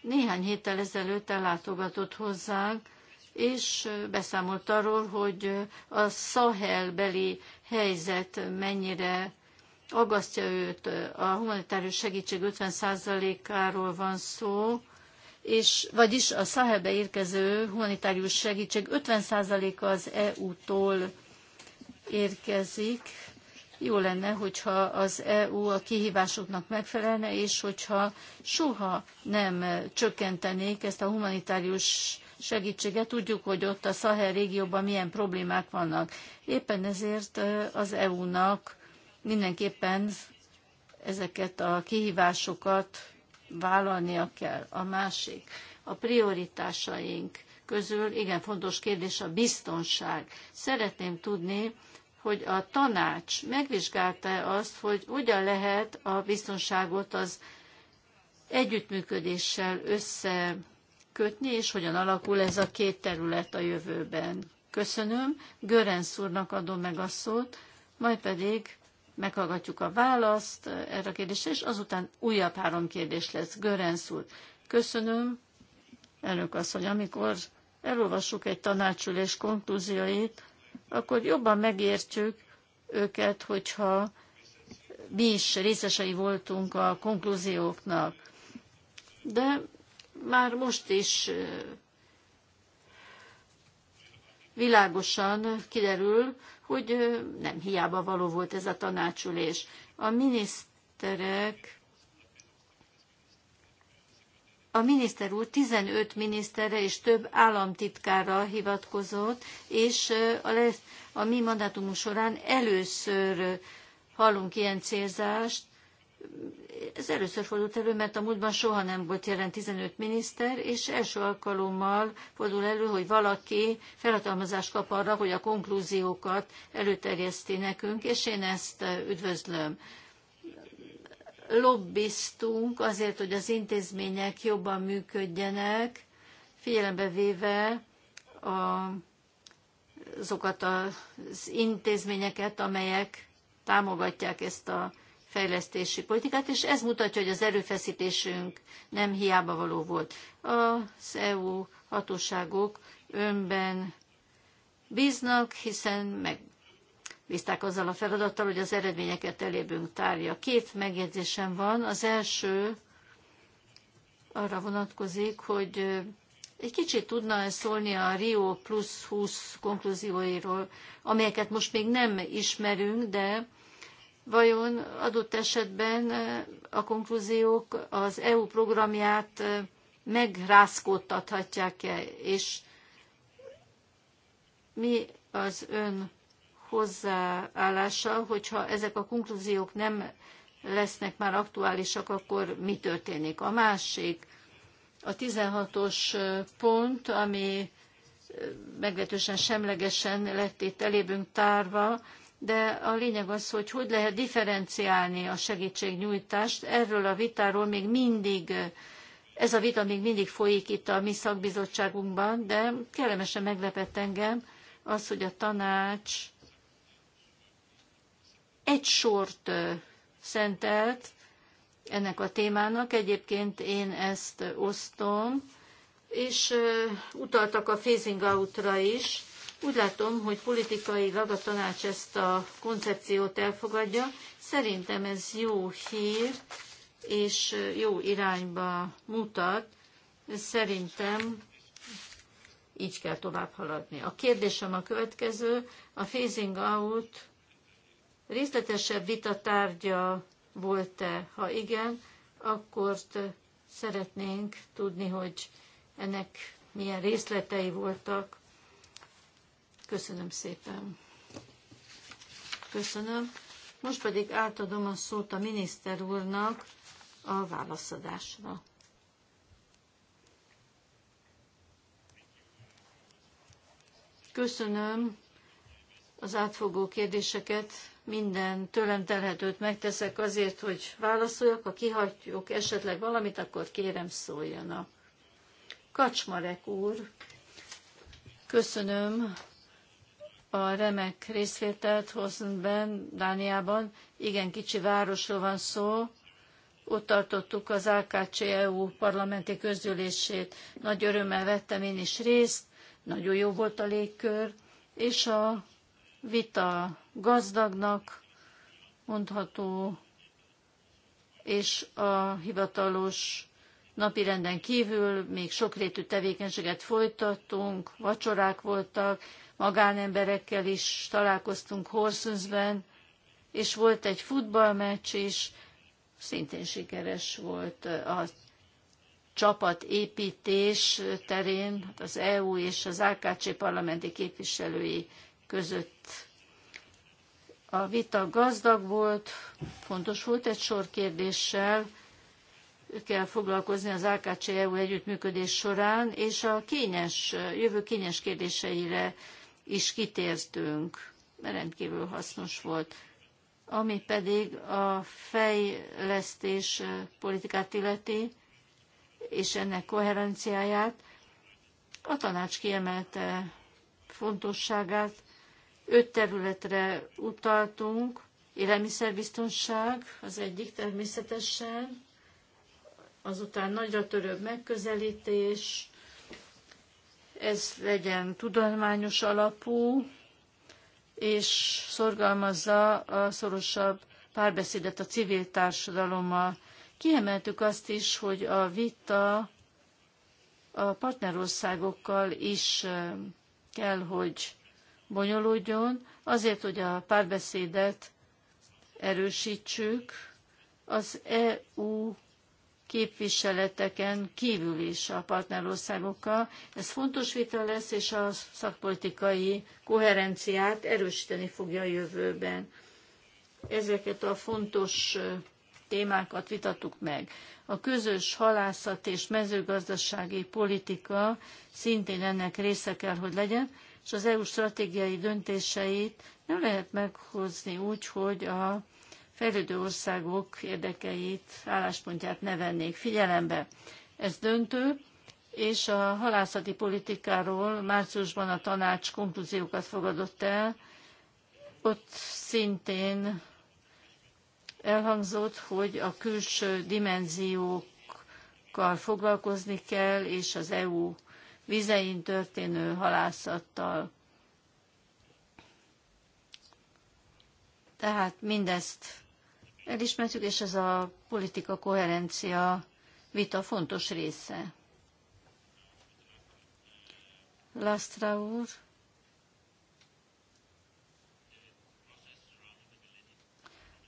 néhány héttel ezelőtt ellátogatott hozzánk, és beszámolt arról, hogy a Szahelbeli helyzet mennyire aggasztja őt. A humanitárius segítség 50%-áról van szó, és vagyis a Szahelbe érkező humanitárius segítség 50%-a az EU-tól érkezik, jó lenne, hogyha az EU a kihívásoknak megfelelne, és hogyha soha nem csökkentenék ezt a humanitárius segítséget. Tudjuk, hogy ott a Szahel régióban milyen problémák vannak. Éppen ezért az EU-nak mindenképpen ezeket a kihívásokat vállalnia kell. A másik, a prioritásaink közül igen fontos kérdés a biztonság. Szeretném tudni, hogy a tanács megvizsgálta azt, hogy hogyan lehet a biztonságot az együttműködéssel összekötni, és hogyan alakul ez a két terület a jövőben. Köszönöm, Görenc úrnak adom meg a szót, majd pedig meghallgatjuk a választ erre a kérdésre, és azután újabb három kérdés lesz. Görenc úr, köszönöm, elnök asszony, amikor elolvassuk egy tanácsülés konklúzióit, akkor jobban megértjük őket, hogyha mi is részesei voltunk a konklúzióknak. De már most is világosan kiderül, hogy nem hiába való volt ez a tanácsülés. A miniszterek a miniszter úr 15 miniszterre és több államtitkára hivatkozott, és a, lesz, a mi mandátumunk során először hallunk ilyen célzást. Ez először fordult elő, mert a múltban soha nem volt jelen 15 miniszter, és első alkalommal fordul elő, hogy valaki felhatalmazást kap arra, hogy a konklúziókat előterjeszti nekünk, és én ezt üdvözlöm lobbiztunk azért, hogy az intézmények jobban működjenek, figyelembe véve a, azokat az intézményeket, amelyek támogatják ezt a fejlesztési politikát, és ez mutatja, hogy az erőfeszítésünk nem hiába való volt. Az EU hatóságok önben bíznak, hiszen meg megbízták azzal a feladattal, hogy az eredményeket elébünk tárja. Két megjegyzésem van. Az első arra vonatkozik, hogy egy kicsit tudna szólni a Rio plusz 20 konklúzióiról, amelyeket most még nem ismerünk, de vajon adott esetben a konklúziók az EU programját megrázkódtathatják-e, és mi az ön hozzáállással, hogyha ezek a konklúziók nem lesznek már aktuálisak, akkor mi történik. A másik, a 16-os pont, ami meglehetősen semlegesen lett itt elébünk tárva, de a lényeg az, hogy hogy lehet differenciálni a segítségnyújtást. Erről a vitáról még mindig, ez a vita még mindig folyik itt a mi szakbizottságunkban, de kellemesen meglepett engem az, hogy a tanács egy sort szentelt ennek a témának. Egyébként én ezt osztom, és utaltak a phasing outra is. Úgy látom, hogy politikailag a tanács ezt a koncepciót elfogadja. Szerintem ez jó hír, és jó irányba mutat. Szerintem így kell tovább haladni. A kérdésem a következő, a phasing out részletesebb vita tárgya volt-e? Ha igen, akkor szeretnénk tudni, hogy ennek milyen részletei voltak. Köszönöm szépen. Köszönöm. Most pedig átadom a szót a miniszter úrnak a válaszadásra. Köszönöm az átfogó kérdéseket, minden tőlem telhetőt megteszek azért, hogy válaszoljak. Ha kihagyjuk esetleg valamit, akkor kérem szóljanak. Kacsmarek úr, köszönöm a remek részvételt Hozenben, Dániában. Igen, kicsi városról van szó. Ott tartottuk az AKC-EU parlamenti közgyűlését. Nagy örömmel vettem én is részt, nagyon jó volt a légkör, és a vita gazdagnak mondható, és a hivatalos napirenden kívül még sokrétű tevékenységet folytattunk, vacsorák voltak, magánemberekkel is találkoztunk Horszünzben, és volt egy futballmeccs is, szintén sikeres volt a csapatépítés terén, hát az EU és az AKC parlamenti képviselői között a vita gazdag volt, fontos volt egy sor kérdéssel, kell foglalkozni az AKC-EU együttműködés során, és a kényes, jövő kényes kérdéseire is kitértünk. Rendkívül hasznos volt. Ami pedig a fejlesztés politikát illeti, és ennek koherenciáját, a tanács kiemelte fontosságát, Öt területre utaltunk, élelmiszerbiztonság az egyik természetesen, azután nagyra törőbb megközelítés, ez legyen tudományos alapú, és szorgalmazza a szorosabb párbeszédet a civil társadalommal. Kiemeltük azt is, hogy a vita a partnerországokkal is kell, hogy bonyolódjon, azért, hogy a párbeszédet erősítsük az EU képviseleteken kívül is a partnerországokkal. Ez fontos vita lesz, és a szakpolitikai koherenciát erősíteni fogja a jövőben. Ezeket a fontos témákat vitattuk meg. A közös halászat és mezőgazdasági politika szintén ennek része kell, hogy legyen, és az EU stratégiai döntéseit nem lehet meghozni úgy, hogy a fejlődő országok érdekeit, álláspontját ne vennék figyelembe. Ez döntő, és a halászati politikáról márciusban a tanács konklúziókat fogadott el. Ott szintén elhangzott, hogy a külső dimenziókkal foglalkozni kell, és az EU vizein történő halászattal. Tehát mindezt elismertük, és ez a politika koherencia vita fontos része. Lastra úr.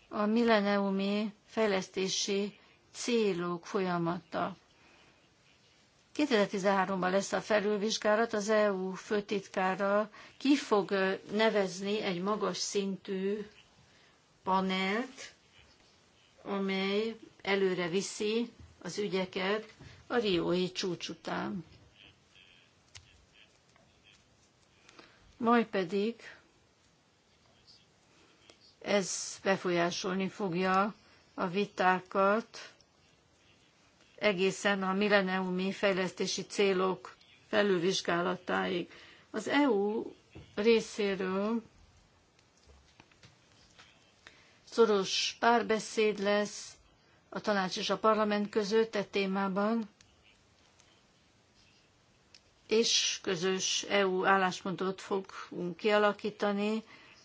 A milleniumi fejlesztési célok folyamata. 2013-ban lesz a felülvizsgálat, az EU főtitkára ki fog nevezni egy magas szintű panelt, amely előre viszi az ügyeket a riói csúcs után. Majd pedig ez befolyásolni fogja a vitákat egészen a milleniumi fejlesztési célok felülvizsgálatáig. Az EU részéről szoros párbeszéd lesz a tanács és a parlament között e témában, és közös EU álláspontot fogunk kialakítani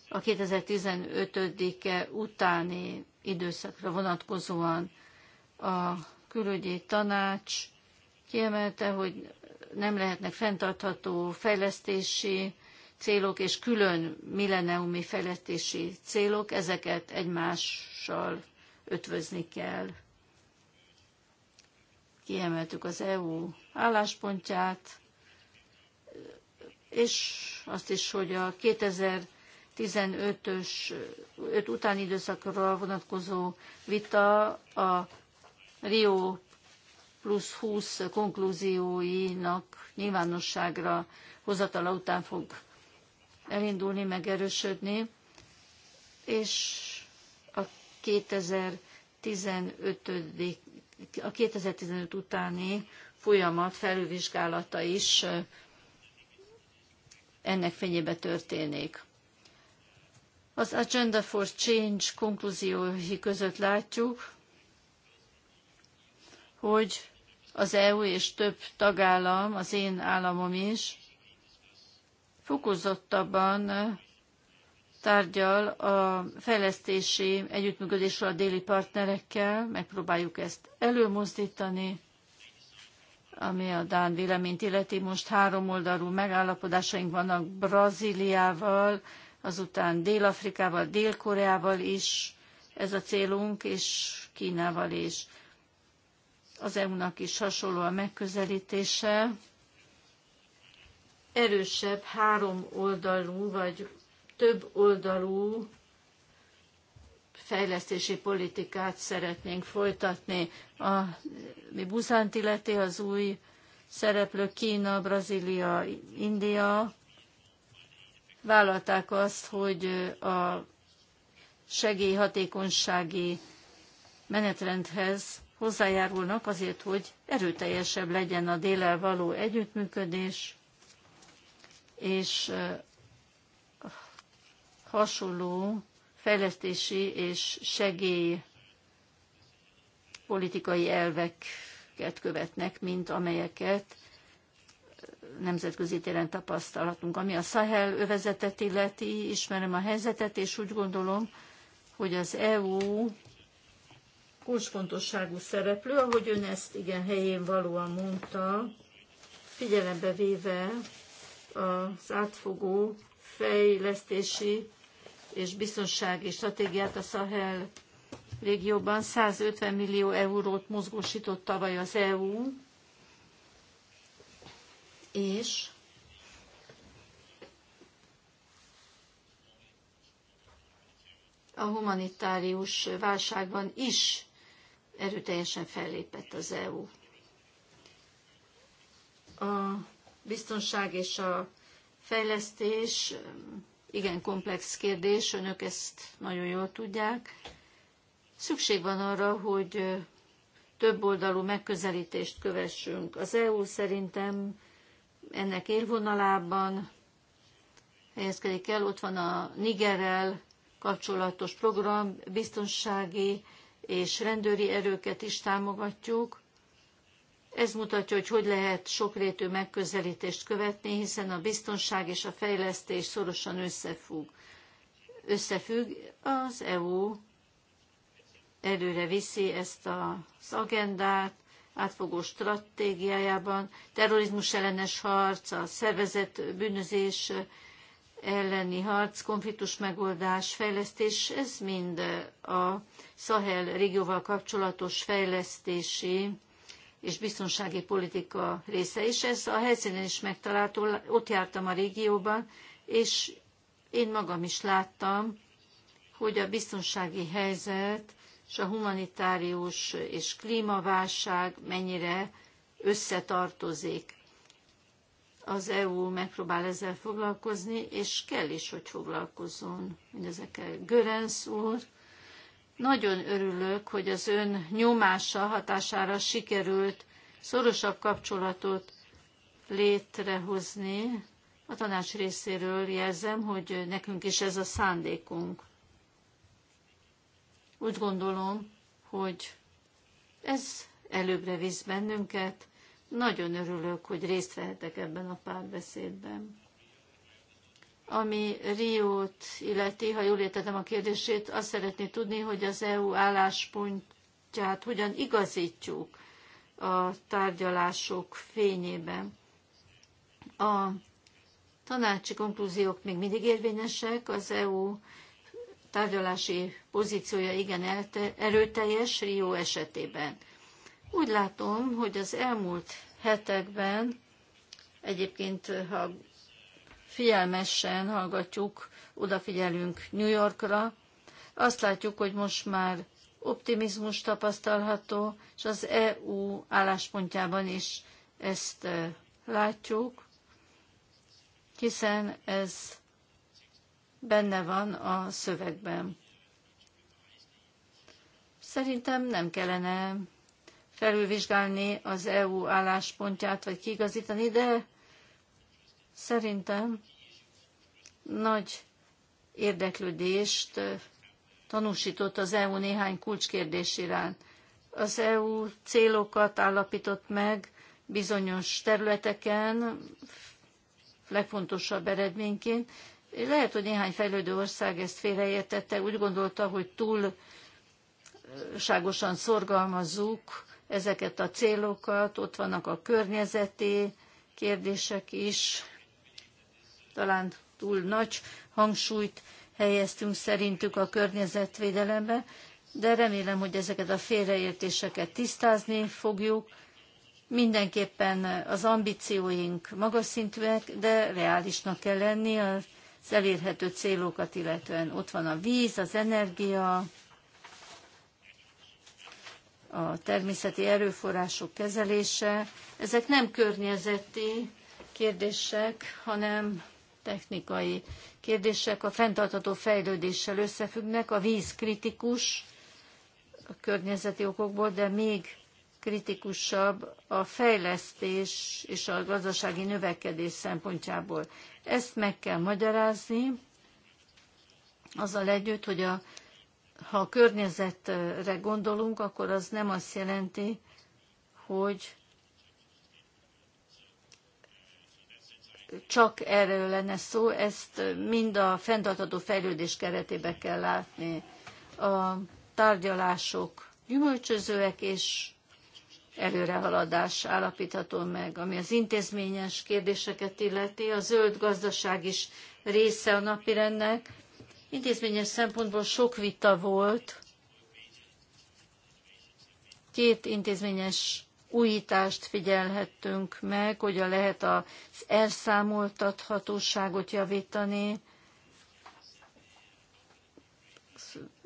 a 2015-e utáni időszakra vonatkozóan a külügyi tanács kiemelte, hogy nem lehetnek fenntartható fejlesztési célok és külön milleniumi fejlesztési célok, ezeket egymással ötvözni kell. Kiemeltük az EU álláspontját, és azt is, hogy a 2015-ös 5 utáni időszakra vonatkozó vita a Rio plusz 20 konklúzióinak nyilvánosságra hozatala után fog elindulni, megerősödni, és a 2015 a 2015 utáni folyamat felülvizsgálata is ennek fényébe történik. Az Agenda for Change konklúziói között látjuk, hogy az EU és több tagállam, az én államom is, fokozottabban tárgyal a fejlesztési együttműködésről a déli partnerekkel, megpróbáljuk ezt előmozdítani, ami a Dán véleményt illeti. Most három oldalú megállapodásaink vannak Brazíliával, azután Dél-Afrikával, Dél-Koreával is, ez a célunk, és Kínával is az EU-nak is hasonló a megközelítése. Erősebb három oldalú vagy több oldalú fejlesztési politikát szeretnénk folytatni. A, mi Buzánt illeti az új szereplő Kína, Brazília, India vállalták azt, hogy a segélyhatékonysági menetrendhez hozzájárulnak azért, hogy erőteljesebb legyen a délel való együttműködés, és eh, hasonló fejlesztési és segély politikai elveket követnek, mint amelyeket eh, nemzetközi téren tapasztalhatunk. Ami a Sahel övezetet illeti, ismerem a helyzetet, és úgy gondolom, hogy az EU kulcsfontosságú szereplő, ahogy ön ezt igen helyén valóan mondta, figyelembe véve az átfogó fejlesztési és biztonsági stratégiát a Sahel régióban 150 millió eurót mozgósított tavaly az EU, és a humanitárius válságban is erőteljesen fellépett az EU. A biztonság és a fejlesztés igen komplex kérdés, önök ezt nagyon jól tudják. Szükség van arra, hogy több oldalú megközelítést kövessünk. Az EU szerintem ennek élvonalában helyezkedik el, ott van a Nigerrel kapcsolatos program, biztonsági és rendőri erőket is támogatjuk. Ez mutatja, hogy hogy lehet sokrétű megközelítést követni, hiszen a biztonság és a fejlesztés szorosan összefügg. Összefügg az EU előre viszi ezt az agendát, átfogó stratégiájában, terrorizmus ellenes harc, a szervezet bűnözés elleni harc, konfliktus megoldás, fejlesztés, ez mind a Szahel régióval kapcsolatos fejlesztési és biztonsági politika része is. Ez a helyszínen is megtalálható, ott jártam a régióban, és én magam is láttam, hogy a biztonsági helyzet és a humanitárius és klímaválság mennyire összetartozik. Az EU megpróbál ezzel foglalkozni, és kell is, hogy foglalkozzon mindezekkel. Görenc úr, nagyon örülök, hogy az ön nyomása hatására sikerült szorosabb kapcsolatot létrehozni. A tanács részéről jelzem, hogy nekünk is ez a szándékunk. Úgy gondolom, hogy ez előbbre visz bennünket. Nagyon örülök, hogy részt vehetek ebben a párbeszédben. Ami Riót illeti, ha jól értettem a kérdését, azt szeretné tudni, hogy az EU álláspontját hogyan igazítjuk a tárgyalások fényében. A tanácsi konklúziók még mindig érvényesek, az EU tárgyalási pozíciója igen erőteljes Rio esetében. Úgy látom, hogy az elmúlt hetekben, egyébként ha figyelmesen hallgatjuk, odafigyelünk New Yorkra. Azt látjuk, hogy most már optimizmus tapasztalható, és az EU álláspontjában is ezt eh, látjuk, hiszen ez benne van a szövegben. Szerintem nem kellene felülvizsgálni az EU álláspontját, vagy kigazítani de Szerintem nagy érdeklődést tanúsított az EU néhány kulcskérdés iránt. Az EU célokat állapított meg bizonyos területeken, legfontosabb eredményként. Lehet, hogy néhány fejlődő ország ezt félreértette, úgy gondolta, hogy túlságosan szorgalmazzuk ezeket a célokat, ott vannak a környezeti kérdések is, talán túl nagy hangsúlyt helyeztünk szerintük a környezetvédelembe, de remélem, hogy ezeket a félreértéseket tisztázni fogjuk. Mindenképpen az ambícióink magas szintűek, de reálisnak kell lenni az elérhető célokat, illetően ott van a víz, az energia, a természeti erőforrások kezelése. Ezek nem környezeti kérdések, hanem technikai kérdések a fenntartható fejlődéssel összefüggnek. A víz kritikus a környezeti okokból, de még kritikusabb a fejlesztés és a gazdasági növekedés szempontjából. Ezt meg kell magyarázni, azzal együtt, hogy a, ha a környezetre gondolunk, akkor az nem azt jelenti, hogy csak erről lenne szó, ezt mind a fenntartható fejlődés keretébe kell látni. A tárgyalások gyümölcsözőek és előrehaladás állapítható meg. Ami az intézményes kérdéseket illeti, a zöld gazdaság is része a napirendnek. Intézményes szempontból sok vita volt. Két intézményes újítást figyelhettünk meg, hogy a lehet az elszámoltathatóságot javítani,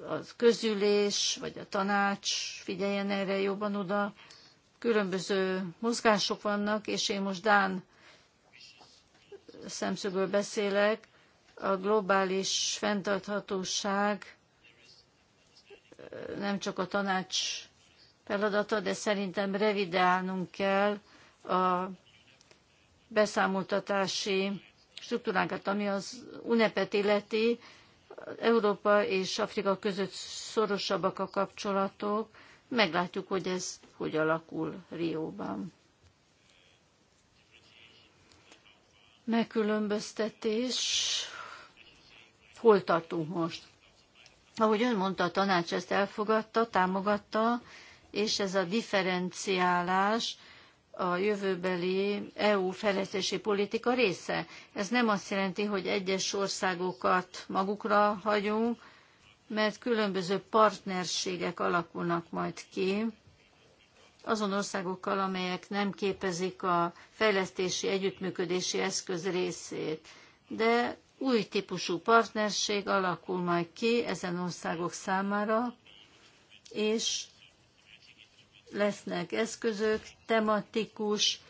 a közülés vagy a tanács figyeljen erre jobban oda. Különböző mozgások vannak, és én most Dán szemszögből beszélek. A globális fenntarthatóság nem csak a tanács feladata, de szerintem revidálnunk kell a beszámoltatási struktúránkat, ami az UNEP-et illeti, Európa és Afrika között szorosabbak a kapcsolatok. Meglátjuk, hogy ez hogy alakul Rióban. Megkülönböztetés. Hol tartunk most? Ahogy ön mondta, a tanács ezt elfogadta, támogatta, és ez a differenciálás a jövőbeli EU fejlesztési politika része. Ez nem azt jelenti, hogy egyes országokat magukra hagyunk, mert különböző partnerségek alakulnak majd ki azon országokkal, amelyek nem képezik a fejlesztési együttműködési eszköz részét. De új típusú partnerség alakul majd ki ezen országok számára, és lesznek eszközök, tematikus,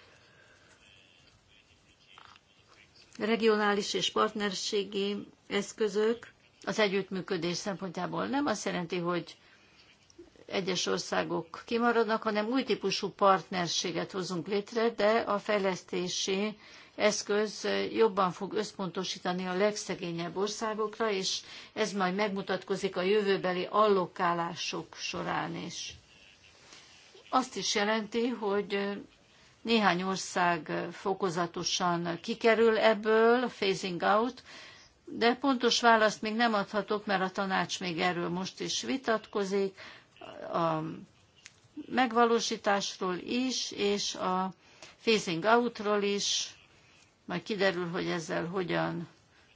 regionális és partnerségi eszközök az együttműködés szempontjából nem azt jelenti, hogy egyes országok kimaradnak, hanem új típusú partnerséget hozunk létre, de a fejlesztési eszköz jobban fog összpontosítani a legszegényebb országokra, és ez majd megmutatkozik a jövőbeli allokálások során is azt is jelenti, hogy néhány ország fokozatosan kikerül ebből, a phasing out, de pontos választ még nem adhatok, mert a tanács még erről most is vitatkozik, a megvalósításról is, és a phasing outról is, majd kiderül, hogy ezzel hogyan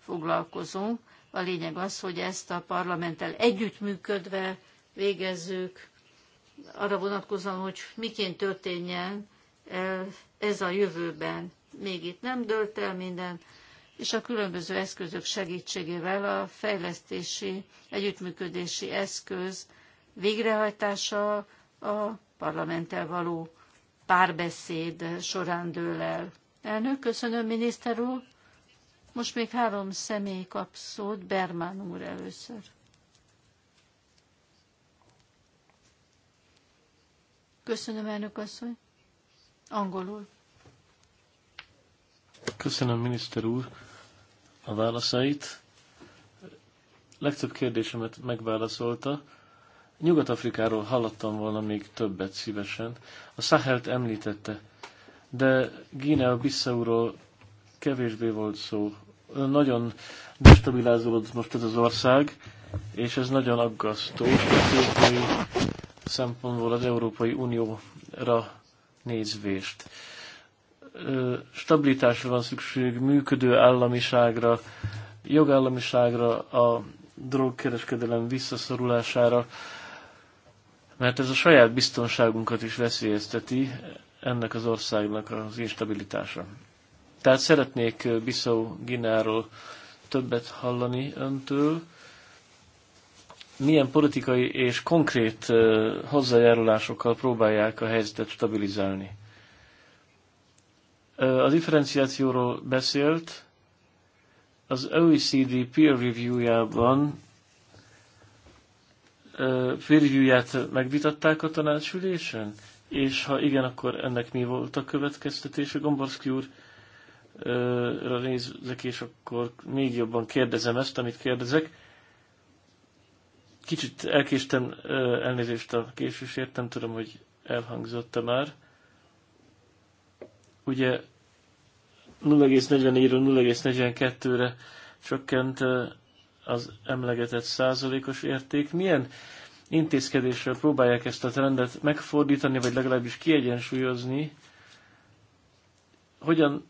foglalkozunk. A lényeg az, hogy ezt a parlamenttel együttműködve végezzük arra vonatkozóan, hogy miként történjen ez a jövőben. Még itt nem dölt el minden, és a különböző eszközök segítségével a fejlesztési, együttműködési eszköz végrehajtása a parlamenttel való párbeszéd során dől el. Elnök, köszönöm, miniszter úr. Most még három személy kap szót, Berman úr először. Köszönöm, elnök asszony. Angolul. Köszönöm, miniszter úr, a válaszait. Legtöbb kérdésemet megválaszolta. Nyugat-Afrikáról hallottam volna még többet szívesen. A Sahelt említette, de Gínea Bissauról kevésbé volt szó. Nagyon destabilizálódott most ez az ország, és ez nagyon aggasztó. Köszönöm szempontból az Európai Unióra nézvést. Stabilitásra van szükség, működő államiságra, jogállamiságra, a drogkereskedelem visszaszorulására, mert ez a saját biztonságunkat is veszélyezteti ennek az országnak az instabilitása. Tehát szeretnék Bissau Gináról többet hallani öntől, milyen politikai és konkrét hozzájárulásokkal próbálják a helyzetet stabilizálni. A differenciációról beszélt, az OECD peer review-jában peer review-ját megvitatták a tanácsülésen? És ha igen, akkor ennek mi volt a következtetése? Gomborszki úr nézzek, és akkor még jobban kérdezem ezt, amit kérdezek Kicsit elkéstem, elnézést a késősért, nem tudom, hogy elhangzott-e már. Ugye 0,44-ről 0,42-re csökkent az emlegetett százalékos érték. Milyen intézkedéssel próbálják ezt a trendet megfordítani, vagy legalábbis kiegyensúlyozni? Hogyan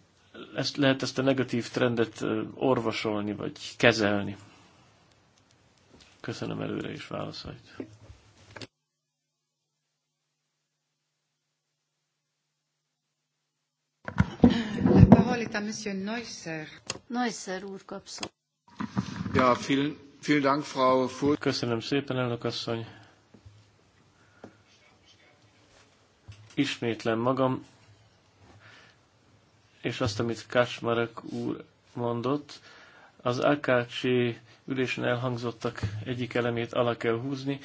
ezt, lehet ezt a negatív trendet orvosolni, vagy kezelni? Köszönöm előre is válaszait. La parole est à Monsieur Neusser. Neusser úr kap szó. Ja, vielen, vielen Dank, Frau Fuhr. Köszönöm szépen, elnök asszony. Ismétlem magam, és azt, amit Kacsmarek úr mondott, az Akácsi ülésen elhangzottak egyik elemét alá kell húzni.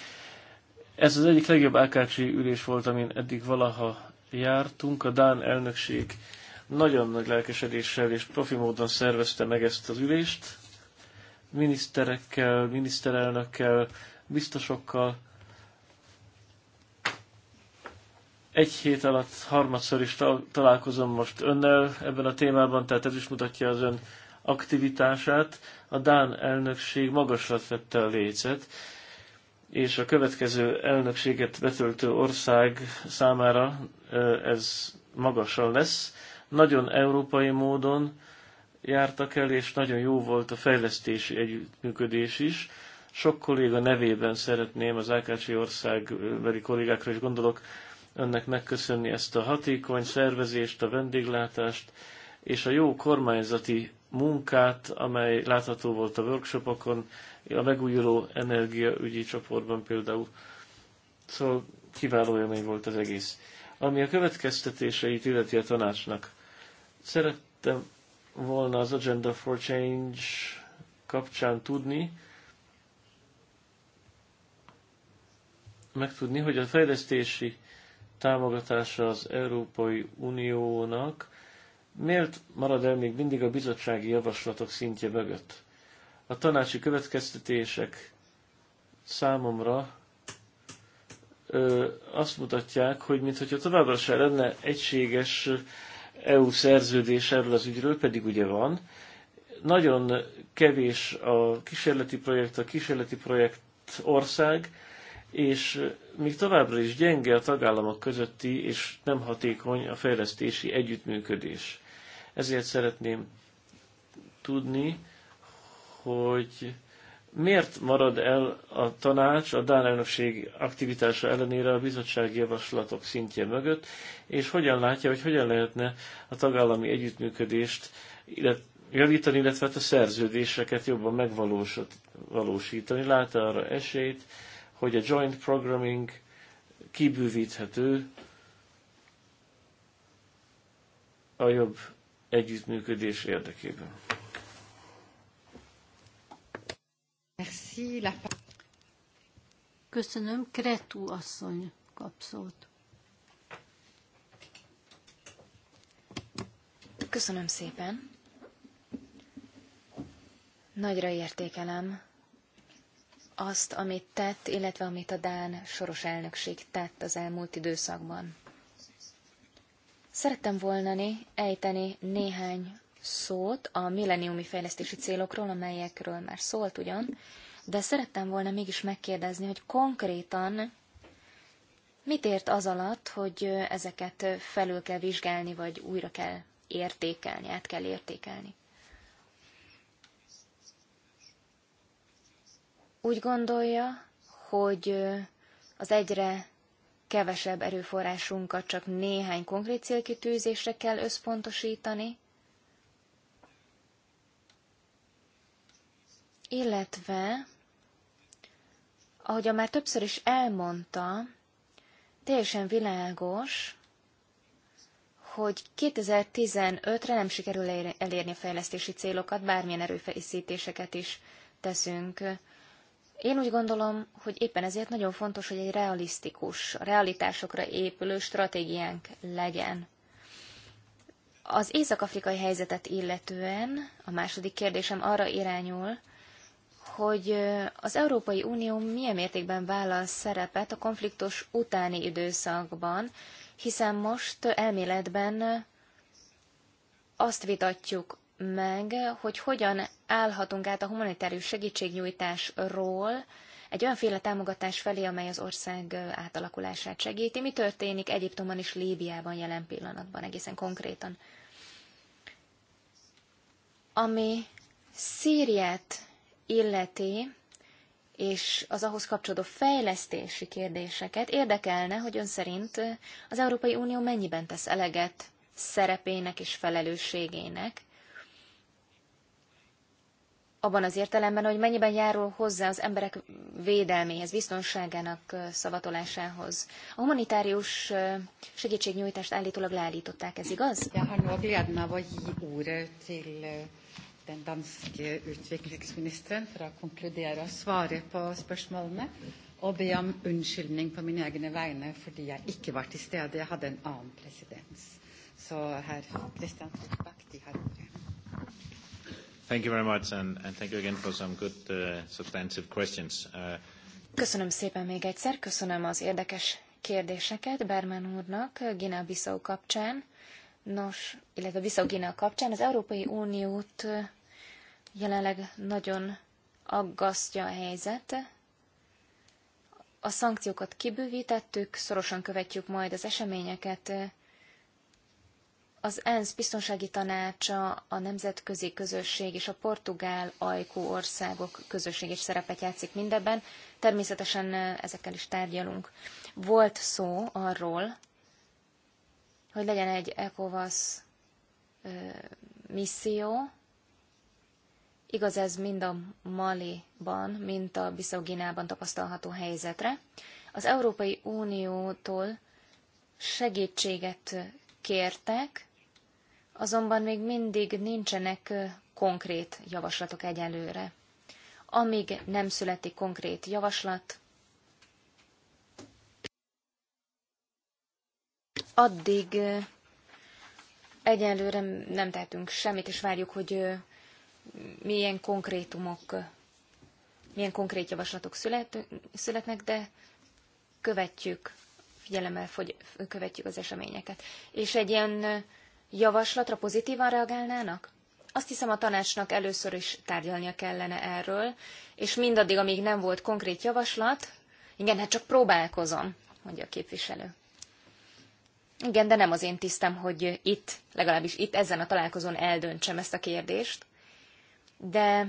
Ez az egyik legjobb Akácsi ülés volt, amin eddig valaha jártunk. A Dán elnökség nagyon nagy lelkesedéssel és profi módon szervezte meg ezt az ülést. Miniszterekkel, miniszterelnökkel, biztosokkal. Egy hét alatt harmadszor is találkozom most önnel ebben a témában, tehát ez is mutatja az ön aktivitását a Dán elnökség magasra tette a lécet, és a következő elnökséget betöltő ország számára ez magasan lesz. Nagyon európai módon jártak el, és nagyon jó volt a fejlesztési együttműködés is. Sok kolléga nevében szeretném, az Ákácsi országbeli kollégákra is gondolok, önnek megköszönni ezt a hatékony szervezést, a vendéglátást és a jó kormányzati munkát, amely látható volt a workshopokon, a megújuló energiaügyi csoportban például. Szóval kiváló élmény volt az egész. Ami a következtetéseit illeti a tanácsnak, szerettem volna az Agenda for Change kapcsán tudni, megtudni, hogy a fejlesztési támogatása az Európai Uniónak miért marad el még mindig a bizottsági javaslatok szintje mögött? A tanácsi következtetések számomra ö, azt mutatják, hogy mintha továbbra sem lenne egységes EU szerződés erről az ügyről, pedig ugye van. Nagyon kevés a kísérleti projekt, a kísérleti projekt ország, és még továbbra is gyenge a tagállamok közötti, és nem hatékony a fejlesztési együttműködés. Ezért szeretném tudni, hogy miért marad el a tanács a Dán elnökség aktivitása ellenére a bizottsági javaslatok szintje mögött, és hogyan látja, hogy hogyan lehetne a tagállami együttműködést illet, javítani, illetve hát a szerződéseket jobban megvalósítani. Lát arra esélyt, hogy a joint programming kibővíthető a jobb együttműködés érdekében. Köszönöm, Kretú asszony kapszót. Köszönöm szépen. Nagyra értékelem azt, amit tett, illetve amit a Dán soros elnökség tett az elmúlt időszakban. Szerettem volna ejteni néhány szót a milleniumi fejlesztési célokról, amelyekről már szólt ugyan, de szerettem volna mégis megkérdezni, hogy konkrétan mit ért az alatt, hogy ezeket felül kell vizsgálni, vagy újra kell értékelni, át kell értékelni. Úgy gondolja, hogy az egyre kevesebb erőforrásunkat csak néhány konkrét célkitűzésre kell összpontosítani, illetve, ahogy már többször is elmondta, teljesen világos, hogy 2015-re nem sikerül elérni a fejlesztési célokat, bármilyen erőfeszítéseket is teszünk. Én úgy gondolom, hogy éppen ezért nagyon fontos, hogy egy realisztikus, realitásokra épülő stratégiánk legyen. Az észak-afrikai helyzetet illetően a második kérdésem arra irányul, hogy az Európai Unió milyen mértékben vállal szerepet a konfliktus utáni időszakban, hiszen most elméletben azt vitatjuk meg, hogy hogyan állhatunk át a humanitárius segítségnyújtásról egy olyanféle támogatás felé, amely az ország átalakulását segíti. Mi történik Egyiptomban és Líbiában jelen pillanatban egészen konkrétan? Ami Szíriát illeti, és az ahhoz kapcsolódó fejlesztési kérdéseket érdekelne, hogy ön szerint az Európai Unió mennyiben tesz eleget szerepének és felelősségének abban az értelemben, hogy mennyiben járul hozzá az emberek védelméhez, biztonságának szavatolásához. A humanitárius segítségnyújtást állítólag leállították, ez igaz? Ja, har nog glädjen av att ge den danske utviklingsministern för att konkludera och svara på spörsmålen och be om undskyldning på mina egna vägnar för att jag inte var till stede. Jag hade en annan presidens. Så herr Christian Torpback, de har ordet. Thank you very much, and, and thank you again for some good uh, substantive questions. Uh... Köszönöm szépen még egyszer, köszönöm az érdekes kérdéseket Berman úrnak uh, Guinea-Bissau kapcsán. Nos, illetve Bissau Guinea kapcsán az Európai Uniót uh, jelenleg nagyon aggasztja a helyzet. A szankciókat kibővítettük, szorosan követjük majd az eseményeket uh, az ENSZ biztonsági tanácsa, a nemzetközi közösség és a portugál ajkú országok közösség is szerepet játszik mindebben. Természetesen ezekkel is tárgyalunk. Volt szó arról, hogy legyen egy ECOWAS misszió. Igaz ez mind a Maliban, mint a Bissau-Ginában tapasztalható helyzetre. Az Európai Uniótól segítséget kértek, azonban még mindig nincsenek konkrét javaslatok egyelőre. Amíg nem születik konkrét javaslat, addig egyelőre nem tehetünk semmit, és várjuk, hogy milyen konkrétumok, milyen konkrét javaslatok születnek, de követjük, figyelemmel fogy, követjük az eseményeket. És egy ilyen javaslatra pozitívan reagálnának? Azt hiszem a tanácsnak először is tárgyalnia kellene erről, és mindaddig, amíg nem volt konkrét javaslat, igen, hát csak próbálkozom, mondja a képviselő. Igen, de nem az én tisztem, hogy itt, legalábbis itt ezen a találkozón eldöntsem ezt a kérdést. De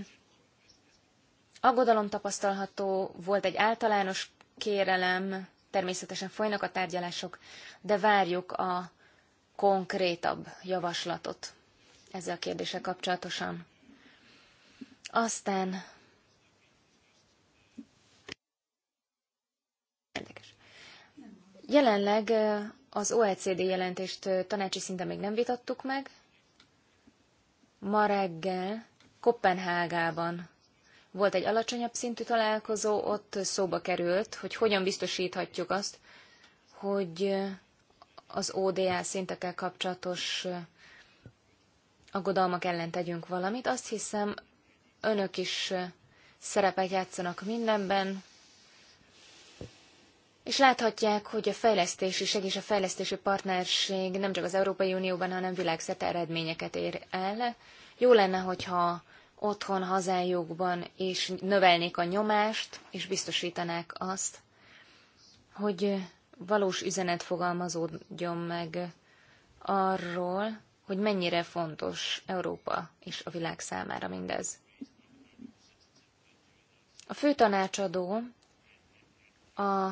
aggodalom tapasztalható, volt egy általános kérelem, természetesen folynak a tárgyalások, de várjuk a konkrétabb javaslatot ezzel a kérdéssel kapcsolatosan. Aztán Érdekes. Jelenleg az OECD jelentést tanácsi szinten még nem vitattuk meg. Ma reggel Kopenhágában volt egy alacsonyabb szintű találkozó, ott szóba került, hogy hogyan biztosíthatjuk azt, hogy az ODL szintekkel kapcsolatos aggodalmak ellen tegyünk valamit. Azt hiszem, önök is szerepet játszanak mindenben, és láthatják, hogy a fejlesztési seg és a fejlesztési partnerség nem csak az Európai Unióban, hanem világszerte eredményeket ér el. Jó lenne, hogyha otthon, hazájukban is növelnék a nyomást, és biztosítanák azt, hogy valós üzenet fogalmazódjon meg arról, hogy mennyire fontos Európa és a világ számára mindez. A fő tanácsadó a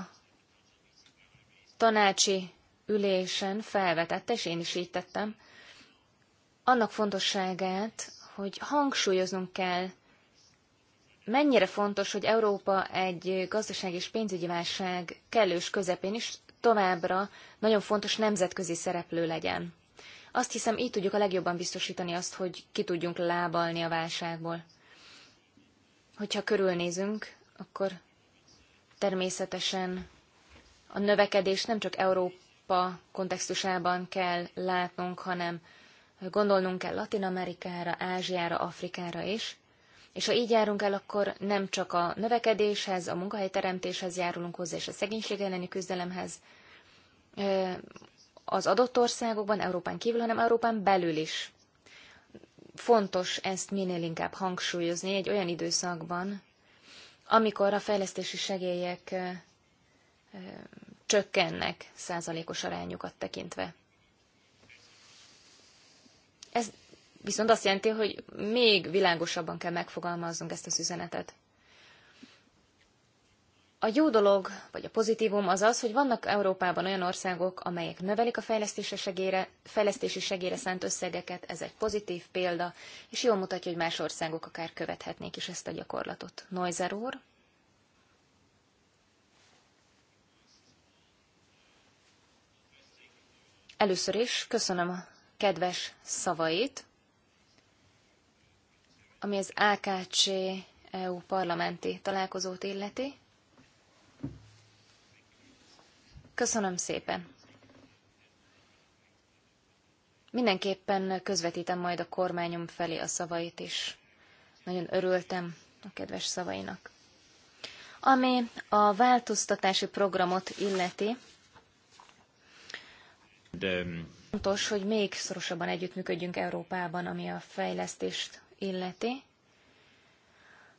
tanácsi ülésen felvetette, és én is így tettem, annak fontosságát, hogy hangsúlyoznunk kell mennyire fontos, hogy Európa egy gazdaság és pénzügyi válság kellős közepén is továbbra nagyon fontos nemzetközi szereplő legyen. Azt hiszem, így tudjuk a legjobban biztosítani azt, hogy ki tudjunk lábalni a válságból. Hogyha körülnézünk, akkor természetesen a növekedés nem csak Európa kontextusában kell látnunk, hanem gondolnunk kell Latin Amerikára, Ázsiára, Afrikára is. És ha így járunk el, akkor nem csak a növekedéshez, a munkahelyteremtéshez járulunk hozzá, és a szegénység elleni küzdelemhez az adott országokban, Európán kívül, hanem Európán belül is. Fontos ezt minél inkább hangsúlyozni egy olyan időszakban, amikor a fejlesztési segélyek csökkennek százalékos arányukat tekintve. Ez viszont azt jelenti, hogy még világosabban kell megfogalmaznunk ezt az üzenetet. A jó dolog, vagy a pozitívum az az, hogy vannak Európában olyan országok, amelyek növelik a fejlesztési segélyre, fejlesztési segélyre szánt összegeket, ez egy pozitív példa, és jól mutatja, hogy más országok akár követhetnék is ezt a gyakorlatot. Noizer úr? Először is köszönöm a kedves szavait ami az AKC EU parlamenti találkozót illeti. Köszönöm szépen! Mindenképpen közvetítem majd a kormányom felé a szavait is. Nagyon örültem a kedves szavainak. Ami a változtatási programot illeti, De... Um, fontos, hogy még szorosabban együttműködjünk Európában, ami a fejlesztést illeti.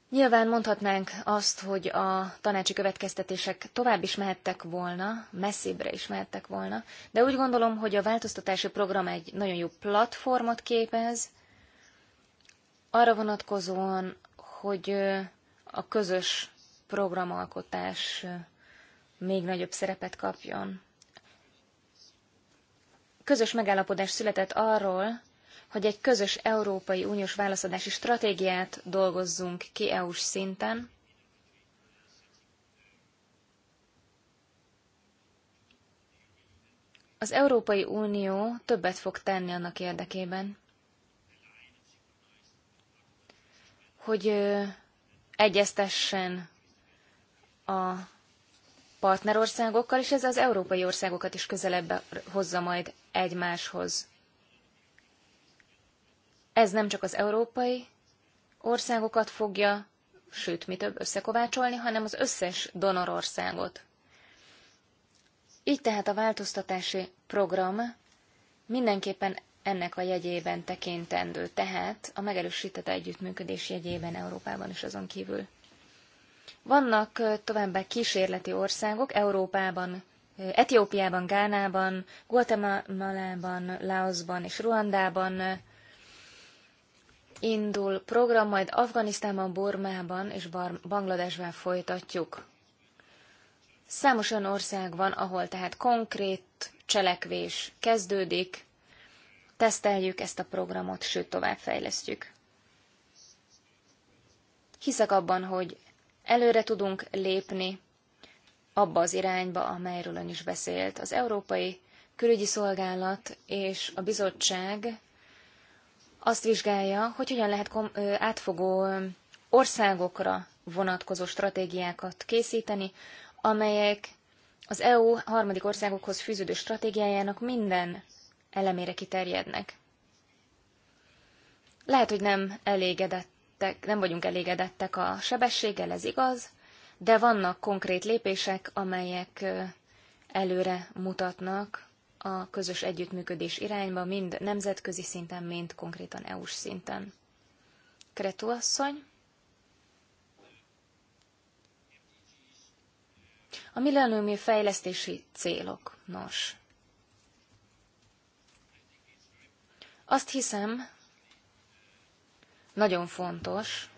Nyilván mondhatnánk azt, hogy a tanácsi következtetések tovább is mehettek volna, messzibbre is mehettek volna, de úgy gondolom, hogy a változtatási program egy nagyon jó platformot képez, arra vonatkozóan, hogy a közös programalkotás még nagyobb szerepet kapjon. Közös megállapodás született arról, hogy egy közös Európai Uniós válaszadási stratégiát dolgozzunk ki EU-s szinten, Az Európai Unió többet fog tenni annak érdekében, hogy egyeztessen a partnerországokkal, és ez az európai országokat is közelebb hozza majd egymáshoz. Ez nem csak az európai országokat fogja, sőt, mi több összekovácsolni, hanem az összes donorországot. Így tehát a változtatási program mindenképpen ennek a jegyében tekintendő, tehát a megerősített együttműködés jegyében Európában is azon kívül. Vannak továbbá kísérleti országok Európában, Etiópiában, Gánában, Guatemalában, Laosban és Ruandában, indul program, majd Afganisztánban, Burmában és Bangladesben folytatjuk. Számos olyan ország van, ahol tehát konkrét cselekvés kezdődik, teszteljük ezt a programot, sőt továbbfejlesztjük. Hiszek abban, hogy előre tudunk lépni abba az irányba, amelyről ön is beszélt. Az Európai Külügyi Szolgálat és a Bizottság azt vizsgálja, hogy hogyan lehet átfogó országokra vonatkozó stratégiákat készíteni, amelyek az EU harmadik országokhoz fűződő stratégiájának minden elemére kiterjednek. Lehet, hogy nem elégedettek, nem vagyunk elégedettek a sebességgel, ez igaz, de vannak konkrét lépések, amelyek előre mutatnak a közös együttműködés irányba, mind nemzetközi szinten, mind konkrétan EU-s szinten. Kretó asszony. A millenniumi fejlesztési célok. Nos. Azt hiszem, nagyon fontos,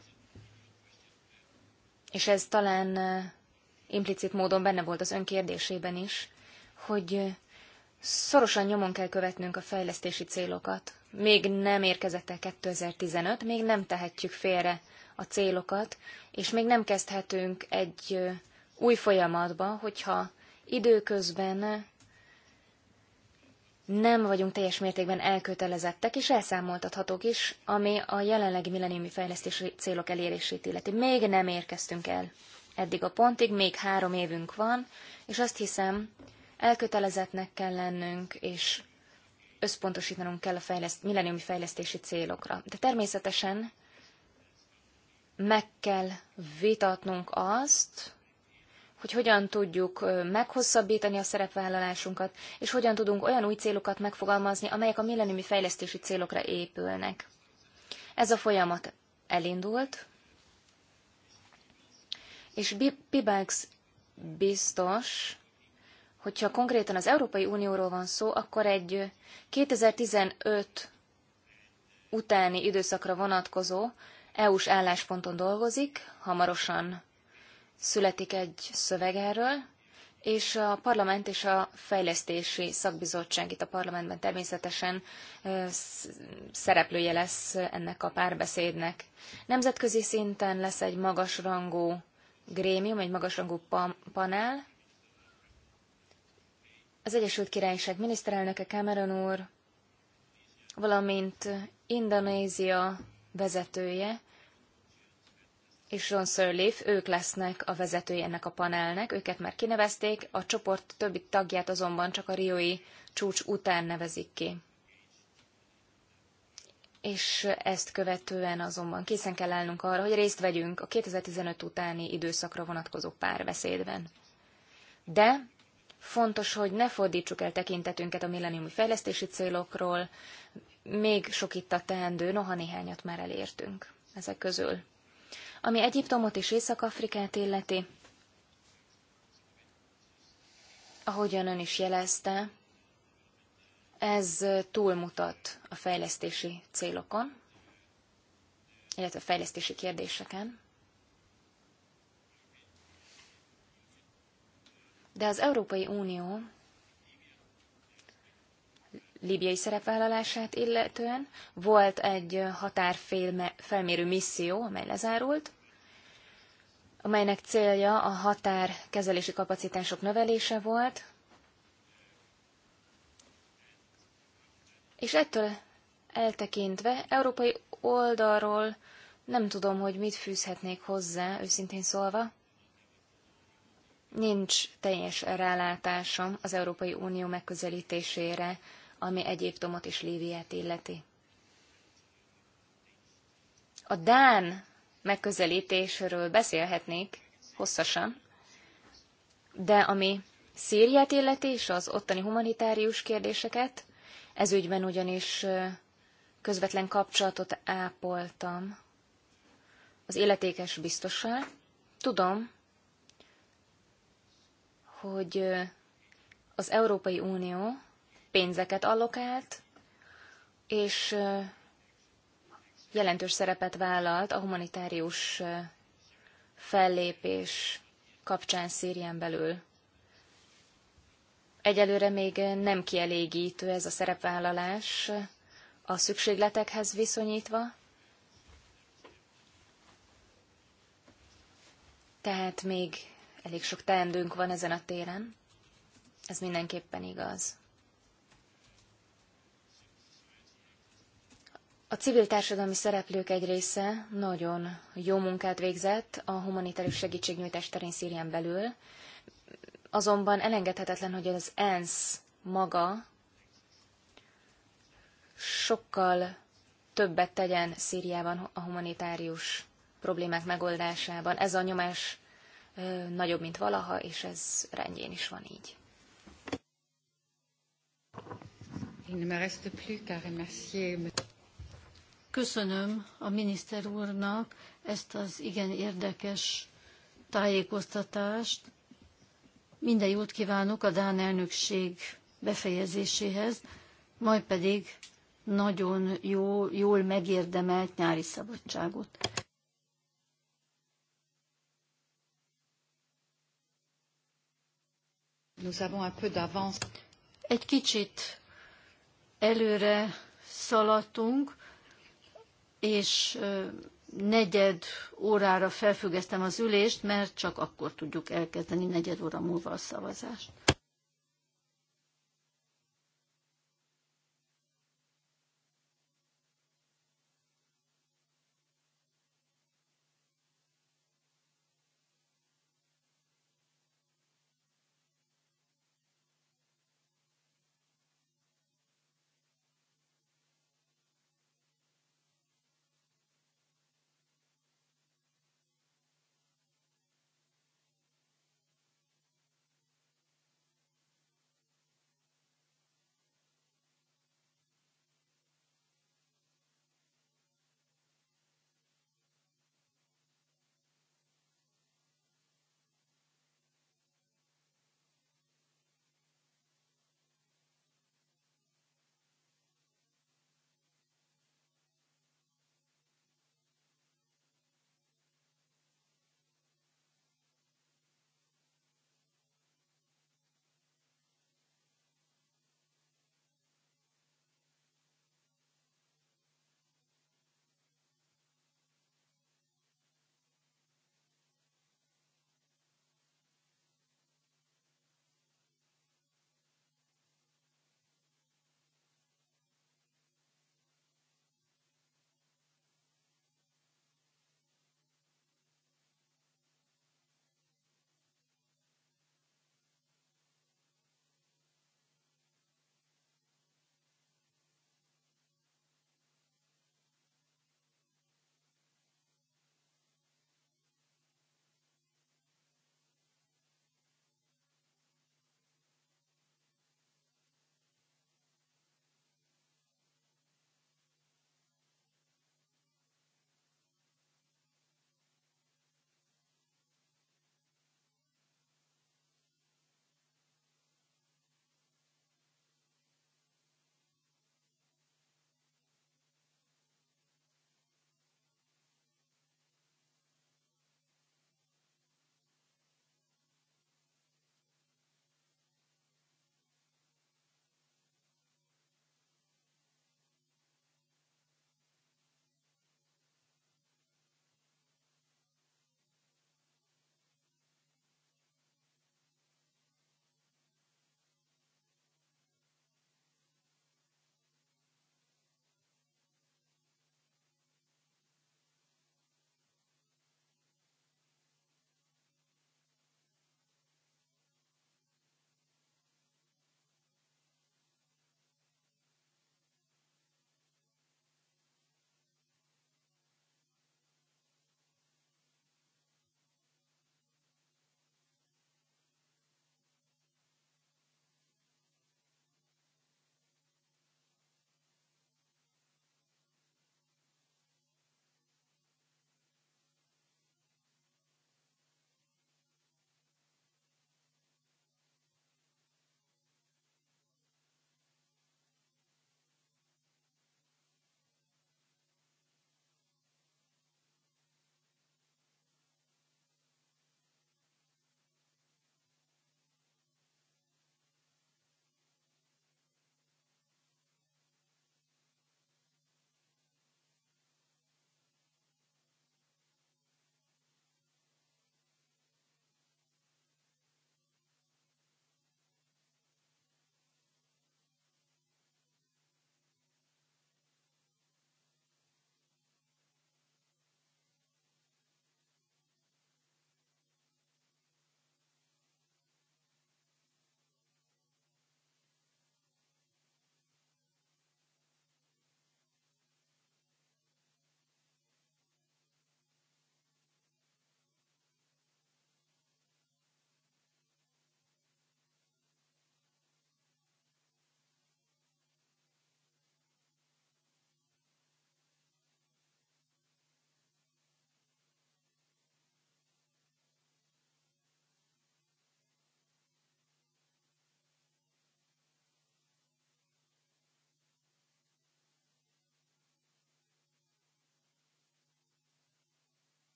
és ez talán eh, implicit módon benne volt az önkérdésében is, hogy eh, Szorosan nyomon kell követnünk a fejlesztési célokat. Még nem érkezett el 2015, még nem tehetjük félre a célokat, és még nem kezdhetünk egy új folyamatba, hogyha időközben nem vagyunk teljes mértékben elkötelezettek és elszámoltathatók is, ami a jelenlegi milleniumi fejlesztési célok elérését illeti. Még nem érkeztünk el eddig a pontig, még három évünk van, és azt hiszem, Elkötelezettnek kell lennünk, és összpontosítanunk kell a fejleszt, milleniumi fejlesztési célokra. De természetesen meg kell vitatnunk azt, hogy hogyan tudjuk meghosszabbítani a szerepvállalásunkat, és hogyan tudunk olyan új célokat megfogalmazni, amelyek a milleniumi fejlesztési célokra épülnek. Ez a folyamat elindult, és Pibax biztos hogyha konkrétan az Európai Unióról van szó, akkor egy 2015 utáni időszakra vonatkozó EU-s állásponton dolgozik, hamarosan születik egy szöveg erről, és a parlament és a fejlesztési szakbizottság itt a parlamentben természetesen szereplője lesz ennek a párbeszédnek. Nemzetközi szinten lesz egy magasrangú grémium, egy magasrangú panel, az Egyesült Királyság miniszterelnöke Cameron úr, valamint Indonézia vezetője, és John Sirleaf, ők lesznek a vezetői ennek a panelnek, őket már kinevezték, a csoport többi tagját azonban csak a riói csúcs után nevezik ki. És ezt követően azonban készen kell állnunk arra, hogy részt vegyünk a 2015 utáni időszakra vonatkozó párbeszédben. De Fontos, hogy ne fordítsuk el tekintetünket a milleniumi fejlesztési célokról, még sok itt a teendő, noha néhányat már elértünk ezek közül. Ami Egyiptomot és Észak-Afrikát illeti, ahogyan ön is jelezte, ez túlmutat a fejlesztési célokon, illetve a fejlesztési kérdéseken. de az Európai Unió líbiai szerepvállalását illetően volt egy határfelmérő misszió, amely lezárult, amelynek célja a határkezelési kapacitások növelése volt, és ettől eltekintve európai oldalról nem tudom, hogy mit fűzhetnék hozzá, őszintén szólva. Nincs teljes rálátásom az Európai Unió megközelítésére, ami Egyiptomot és Líbiát illeti. A Dán megközelítésről beszélhetnék hosszasan, de ami Szíriát illeti és az ottani humanitárius kérdéseket, ez ügyben ugyanis közvetlen kapcsolatot ápoltam az életékes biztossal. Tudom, hogy az Európai Unió pénzeket allokált, és jelentős szerepet vállalt a humanitárius fellépés kapcsán Szírián belül. Egyelőre még nem kielégítő ez a szerepvállalás a szükségletekhez viszonyítva, tehát még elég sok teendőnk van ezen a téren. Ez mindenképpen igaz. A civil társadalmi szereplők egy része nagyon jó munkát végzett a humanitárius segítségnyújtás terén Szírián belül, azonban elengedhetetlen, hogy az ENSZ maga sokkal többet tegyen Szíriában a humanitárius problémák megoldásában. Ez a nyomás nagyobb, mint valaha, és ez rendjén is van így. Köszönöm a miniszter úrnak ezt az igen érdekes tájékoztatást. Minden jót kívánok a Dán elnökség befejezéséhez, majd pedig nagyon jó, jól megérdemelt nyári szabadságot. Nous avons un peu d'avance. Egy kicsit előre szaladtunk, és negyed órára felfüggesztem az ülést, mert csak akkor tudjuk elkezdeni negyed óra múlva a szavazást.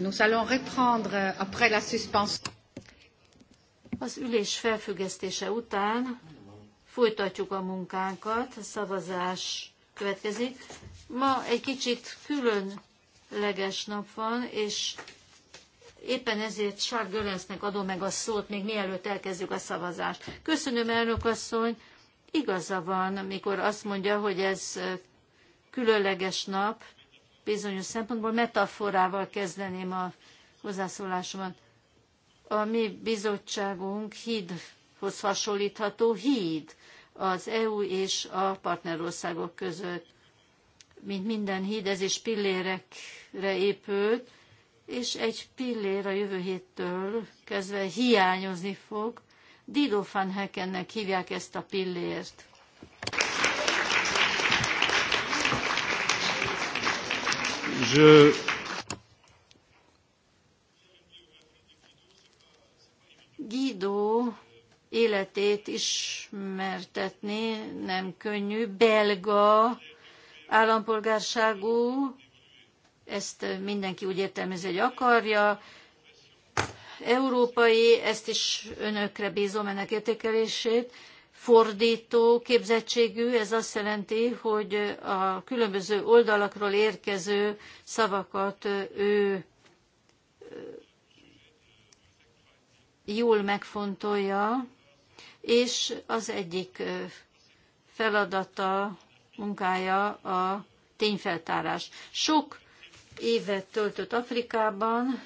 Nous allons reprendre euh, après la suspension. Az ülés felfüggesztése után folytatjuk a munkánkat, a szavazás következik. Ma egy kicsit különleges nap van, és éppen ezért Charles Gölensznek adom meg a szót, még mielőtt elkezdjük a szavazást. Köszönöm, elnök asszony, igaza van, amikor azt mondja, hogy ez különleges nap, bizonyos szempontból metaforával kezdeném a hozzászólásomat. A mi bizottságunk hídhoz hasonlítható híd az EU és a partnerországok között. Mint minden híd, ez is pillérekre épült, és egy pillér a jövő héttől kezdve hiányozni fog. Dido van hívják ezt a pillért. Je... Guido életét ismertetni nem könnyű. Belga állampolgárságú, ezt mindenki úgy értelmezi, hogy akarja. Európai, ezt is önökre bízom ennek értékelését fordító képzettségű, ez azt jelenti, hogy a különböző oldalakról érkező szavakat ő jól megfontolja, és az egyik feladata, munkája a tényfeltárás. Sok évet töltött Afrikában,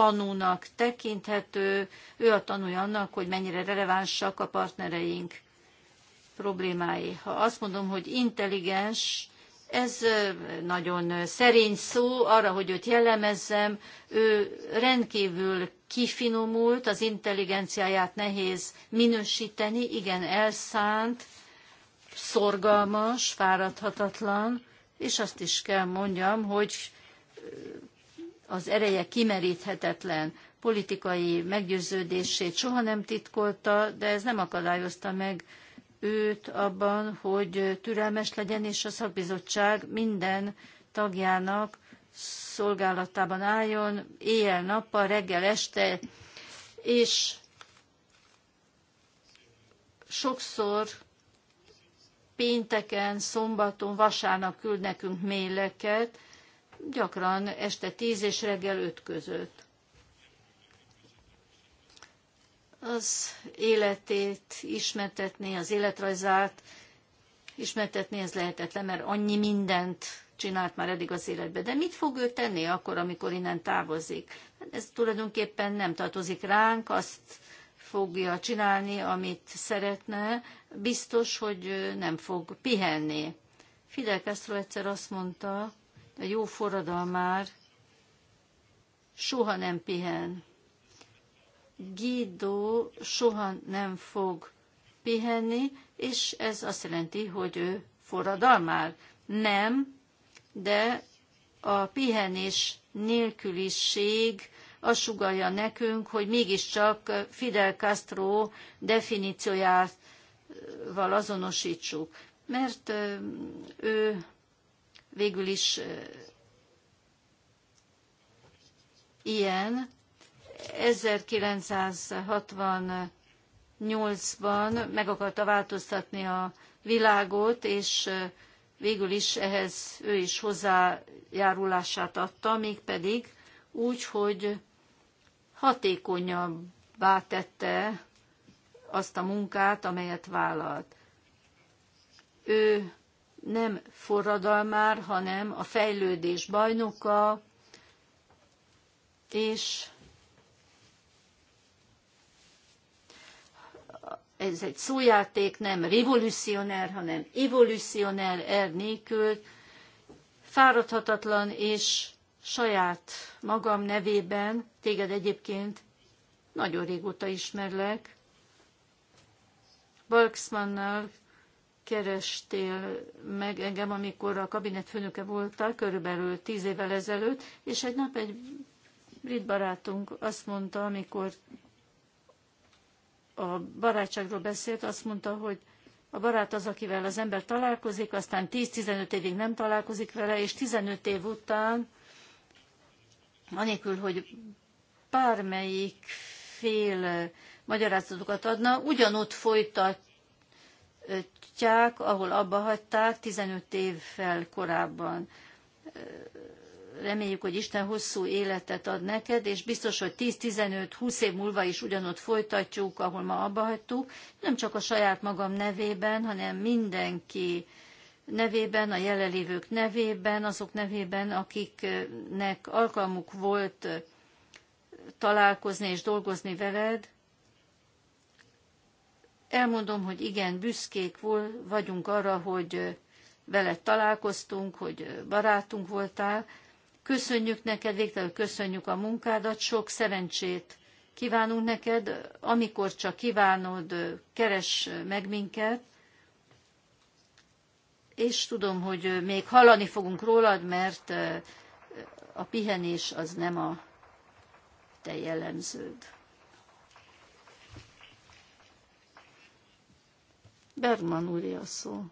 tanúnak tekinthető, ő a tanúja annak, hogy mennyire relevánsak a partnereink problémái. Ha azt mondom, hogy intelligens, ez nagyon szerény szó arra, hogy őt jellemezzem. Ő rendkívül kifinomult, az intelligenciáját nehéz minősíteni, igen elszánt, szorgalmas, fáradhatatlan, és azt is kell mondjam, hogy az ereje kimeríthetetlen politikai meggyőződését soha nem titkolta, de ez nem akadályozta meg őt abban, hogy türelmes legyen, és a szakbizottság minden tagjának szolgálatában álljon, éjjel-nappal, reggel, este, és sokszor pénteken, szombaton, vasárnap küld nekünk maileket, gyakran este 10 és reggel 5 között. Az életét ismertetni, az életrajzát ismertetni, ez lehetetlen, mert annyi mindent csinált már eddig az életbe. De mit fog ő tenni akkor, amikor innen távozik? Hát ez tulajdonképpen nem tartozik ránk, azt fogja csinálni, amit szeretne, biztos, hogy nem fog pihenni. Fidel Castro egyszer azt mondta, a jó forradalmár soha nem pihen. Guido soha nem fog pihenni, és ez azt jelenti, hogy ő forradalmár. Nem, de a pihenés nélküliség azt sugalja nekünk, hogy mégiscsak Fidel Castro definíciójával azonosítsuk. Mert ő végül is ilyen. 1968-ban meg akarta változtatni a világot, és végül is ehhez ő is hozzájárulását adta, mégpedig úgy, hogy hatékonyabbá tette azt a munkát, amelyet vállalt. Ő nem forradalmár, hanem a fejlődés bajnoka, és ez egy szójáték, nem revolucionár, hanem evolucionár er nélkül, fáradhatatlan és saját magam nevében, téged egyébként nagyon régóta ismerlek, Balksmannal kerestél meg engem, amikor a kabinet főnöke voltál, körülbelül tíz évvel ezelőtt, és egy nap egy brit barátunk azt mondta, amikor a barátságról beszélt, azt mondta, hogy a barát az, akivel az ember találkozik, aztán 10-15 évig nem találkozik vele, és 15 év után, anélkül, hogy bármelyik fél magyarázatokat adna, ugyanott folytat folytatják, ahol abba hagyták 15 évvel korábban. Reméljük, hogy Isten hosszú életet ad neked, és biztos, hogy 10-15-20 év múlva is ugyanott folytatjuk, ahol ma abba hagytuk, nem csak a saját magam nevében, hanem mindenki nevében, a jelenlévők nevében, azok nevében, akiknek alkalmuk volt találkozni és dolgozni veled, Elmondom, hogy igen, büszkék vagyunk arra, hogy veled találkoztunk, hogy barátunk voltál. Köszönjük neked, végtelenül köszönjük a munkádat, sok szerencsét kívánunk neked, amikor csak kívánod, keres meg minket, és tudom, hogy még hallani fogunk rólad, mert a pihenés az nem a te jellemződ. Bergman úr a szó.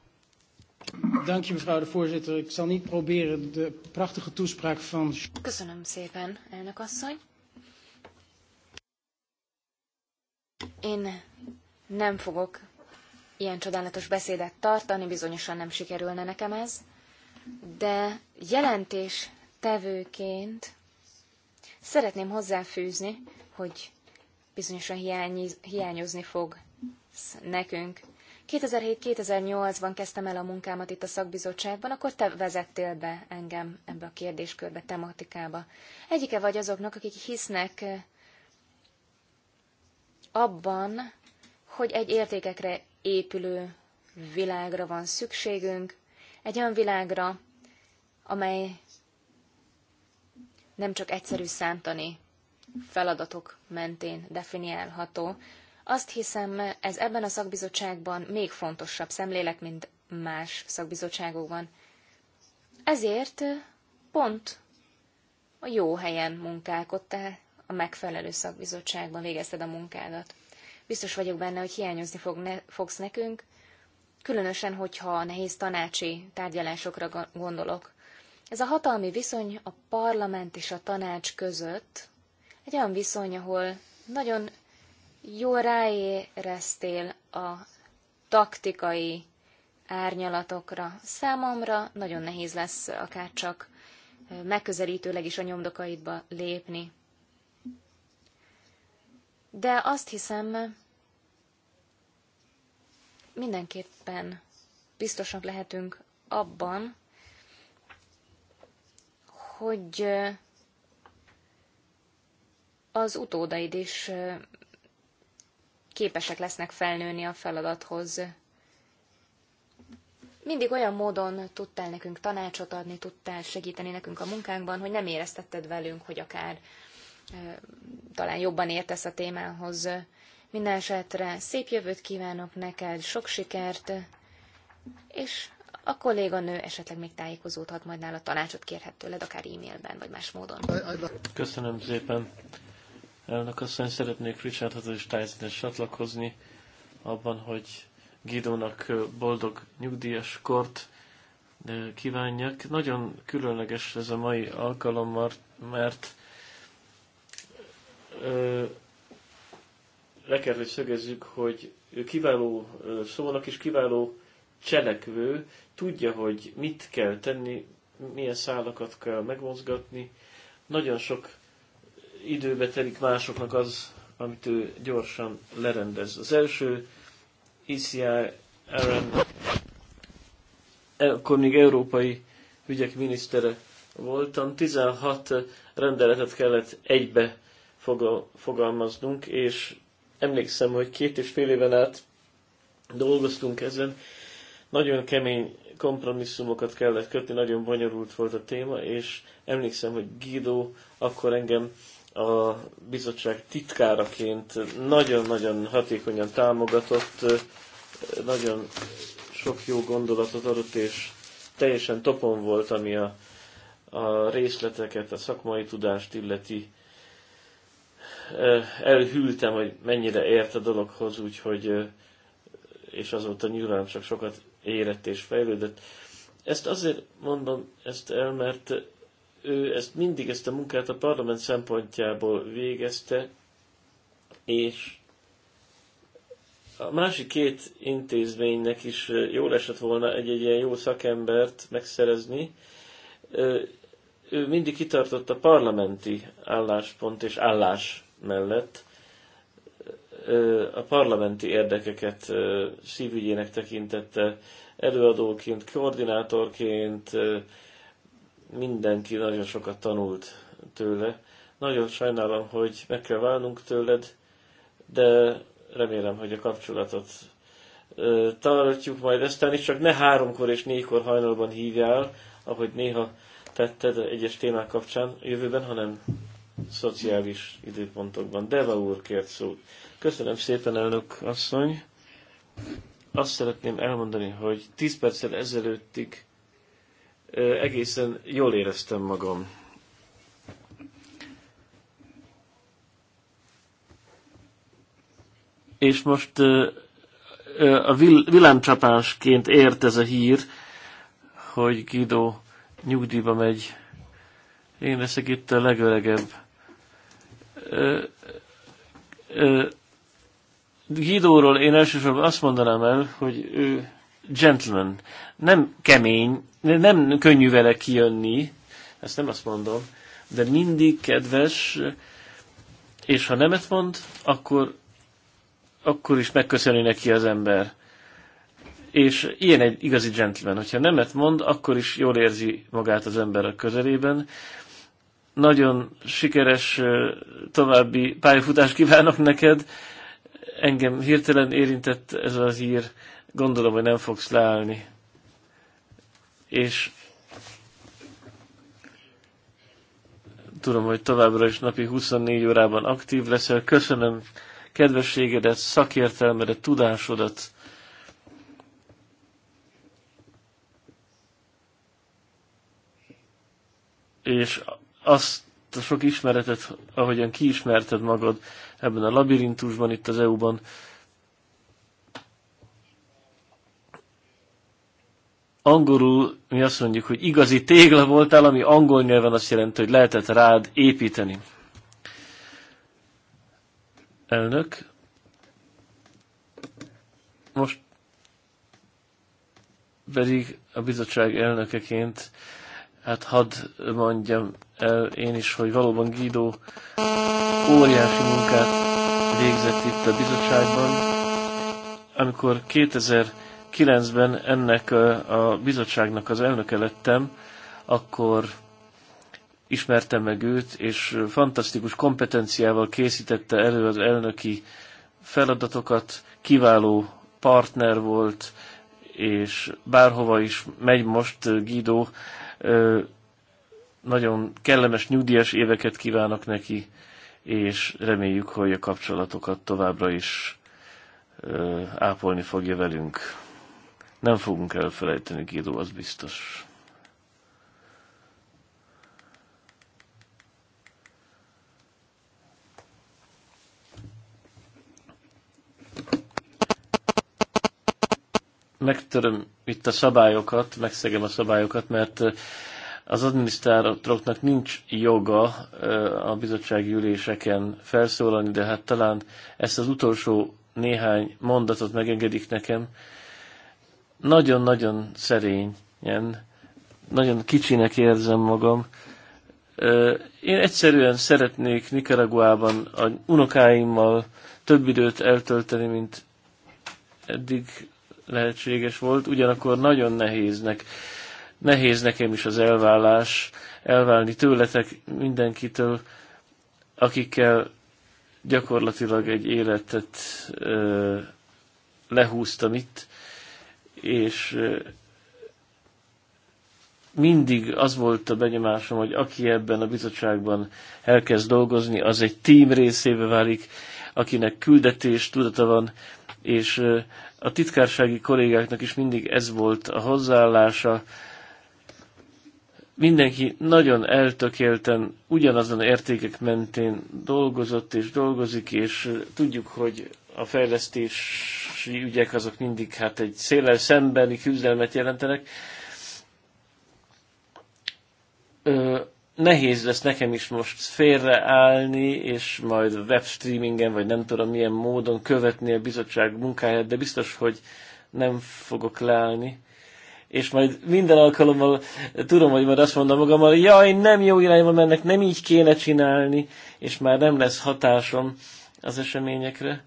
Dank je, mevrouw de voorzitter. Ik zal niet proberen de prachtige toespraak van... Köszönöm szépen, elnök asszony. Én nem fogok ilyen csodálatos beszédet tartani, bizonyosan nem sikerülne nekem ez, de jelentés tevőként szeretném hozzáfűzni, hogy bizonyosan hiányozni fog nekünk 2007-2008-ban kezdtem el a munkámat itt a szakbizottságban, akkor te vezettél be engem ebbe a kérdéskörbe, tematikába. Egyike vagy azoknak, akik hisznek eh, abban, hogy egy értékekre épülő világra van szükségünk, egy olyan világra, amely nem csak egyszerű szántani feladatok mentén definiálható, azt hiszem, ez ebben a szakbizottságban még fontosabb szemlélet mint más szakbizottságokban. Ezért pont a jó helyen munkálkodtál, a megfelelő szakbizottságban végezted a munkádat. Biztos vagyok benne, hogy hiányozni fog ne, fogsz nekünk, különösen, hogyha a nehéz tanácsi tárgyalásokra gondolok. Ez a hatalmi viszony a parlament és a tanács között egy olyan viszony, ahol nagyon jól ráéreztél a taktikai árnyalatokra. Számomra nagyon nehéz lesz akár csak megközelítőleg is a nyomdokaidba lépni. De azt hiszem, mindenképpen biztosak lehetünk abban, hogy az utódaid is képesek lesznek felnőni a feladathoz. Mindig olyan módon tudtál nekünk tanácsot adni, tudtál segíteni nekünk a munkánkban, hogy nem éreztetted velünk, hogy akár talán jobban értesz a témához. Minden esetre szép jövőt kívánok neked, sok sikert, és a kolléganő esetleg még tájékozódhat majd nála, tanácsot kérhet tőled, akár e-mailben, vagy más módon. Köszönöm szépen. Elnök asszony, szeretnék Richardhoz és tyson es csatlakozni abban, hogy Gidónak boldog nyugdíjas kort kívánjak. Nagyon különleges ez a mai alkalom, mert le kell, hogy szögezzük, hogy ő kiváló szónak és kiváló cselekvő, tudja, hogy mit kell tenni, milyen szálakat kell megmozgatni. Nagyon sok időbe telik másoknak az, amit ő gyorsan lerendez. Az első ECI Aaron, e, akkor még európai ügyek minisztere voltam, 16 rendeletet kellett egybe fogalmaznunk, és emlékszem, hogy két és fél éven át dolgoztunk ezen. Nagyon kemény kompromisszumokat kellett kötni, nagyon bonyolult volt a téma, és emlékszem, hogy Guido akkor engem a bizottság titkáraként nagyon-nagyon hatékonyan támogatott, nagyon sok jó gondolatot adott, és teljesen topon volt, ami a, a részleteket, a szakmai tudást illeti. Elhűltem, hogy mennyire ért a dologhoz, úgyhogy, és azóta nyilván csak sokat érett és fejlődött. Ezt azért mondom ezt el, mert ő ezt mindig ezt a munkát a parlament szempontjából végezte, és a másik két intézménynek is jól esett volna egy-egy ilyen jó szakembert megszerezni. Ő mindig kitartott a parlamenti álláspont és állás mellett, a parlamenti érdekeket szívügyének tekintette előadóként, koordinátorként, mindenki nagyon sokat tanult tőle. Nagyon sajnálom, hogy meg kell válnunk tőled, de remélem, hogy a kapcsolatot tartjuk majd eztán is, csak ne háromkor és négykor hajnalban hívjál, ahogy néha tetted egyes témák kapcsán jövőben, hanem szociális időpontokban. Deva úr kért szót. Köszönöm szépen, elnök asszony. Azt szeretném elmondani, hogy 10 perccel ezelőttig egészen jól éreztem magam. És most a villámcsapásként ért ez a hír, hogy Guido nyugdíjba megy. Én leszek itt a legöregebb. Guidóról én elsősorban azt mondanám el, hogy ő gentleman. Nem kemény, nem könnyű vele kijönni, ezt nem azt mondom, de mindig kedves, és ha nemet mond, akkor, akkor is megköszöni neki az ember. És ilyen egy igazi gentleman. Hogyha nemet mond, akkor is jól érzi magát az ember a közelében. Nagyon sikeres további pályafutást kívánok neked. Engem hirtelen érintett ez az ír gondolom, hogy nem fogsz leállni. És tudom, hogy továbbra is napi 24 órában aktív leszel. Köszönöm kedvességedet, szakértelmedet, tudásodat. És azt a sok ismeretet, ahogyan kiismerted magad ebben a labirintusban itt az EU-ban, Angolul mi azt mondjuk, hogy igazi tégla voltál, ami angol nyelven azt jelenti, hogy lehetett rád építeni. Elnök. Most pedig a bizottság elnökeként, hát hadd mondjam el én is, hogy valóban Guido óriási munkát végzett itt a bizottságban. Amikor 2000 2009-ben ennek a bizottságnak az elnöke lettem, akkor ismertem meg őt, és fantasztikus kompetenciával készítette elő az elnöki feladatokat, kiváló partner volt, és bárhova is megy most Guido, nagyon kellemes, nyugdíjas éveket kívánok neki, és reméljük, hogy a kapcsolatokat továbbra is ápolni fogja velünk. Nem fogunk elfelejteni, Guido, az biztos. Megtöröm itt a szabályokat, megszegem a szabályokat, mert eh, az adminisztrátoroknak nincs joga eh, a bizottsági üléseken felszólalni, de hát talán ezt az utolsó néhány mondatot megengedik nekem, nagyon-nagyon szerényen, nagyon kicsinek érzem magam. Én egyszerűen szeretnék Nicaraguában a unokáimmal több időt eltölteni, mint eddig lehetséges volt, ugyanakkor nagyon nehéznek. Nehéz nekem is az elvállás, elválni tőletek mindenkitől, akikkel gyakorlatilag egy életet ö, lehúztam itt és mindig az volt a benyomásom, hogy aki ebben a bizottságban elkezd dolgozni, az egy tím részébe válik, akinek küldetés, tudata van, és a titkársági kollégáknak is mindig ez volt a hozzáállása. Mindenki nagyon eltökélten ugyanazon értékek mentén dolgozott és dolgozik, és tudjuk, hogy a fejlesztés migránsügyi ügyek azok mindig hát egy széles szembeni küzdelmet jelentenek. Ö, nehéz lesz nekem is most félreállni, és majd webstreamingen, vagy nem tudom milyen módon követni a bizottság munkáját, de biztos, hogy nem fogok leállni. És majd minden alkalommal tudom, hogy majd azt mondom magammal, jaj, nem jó irányba mennek, nem így kéne csinálni, és már nem lesz hatásom az eseményekre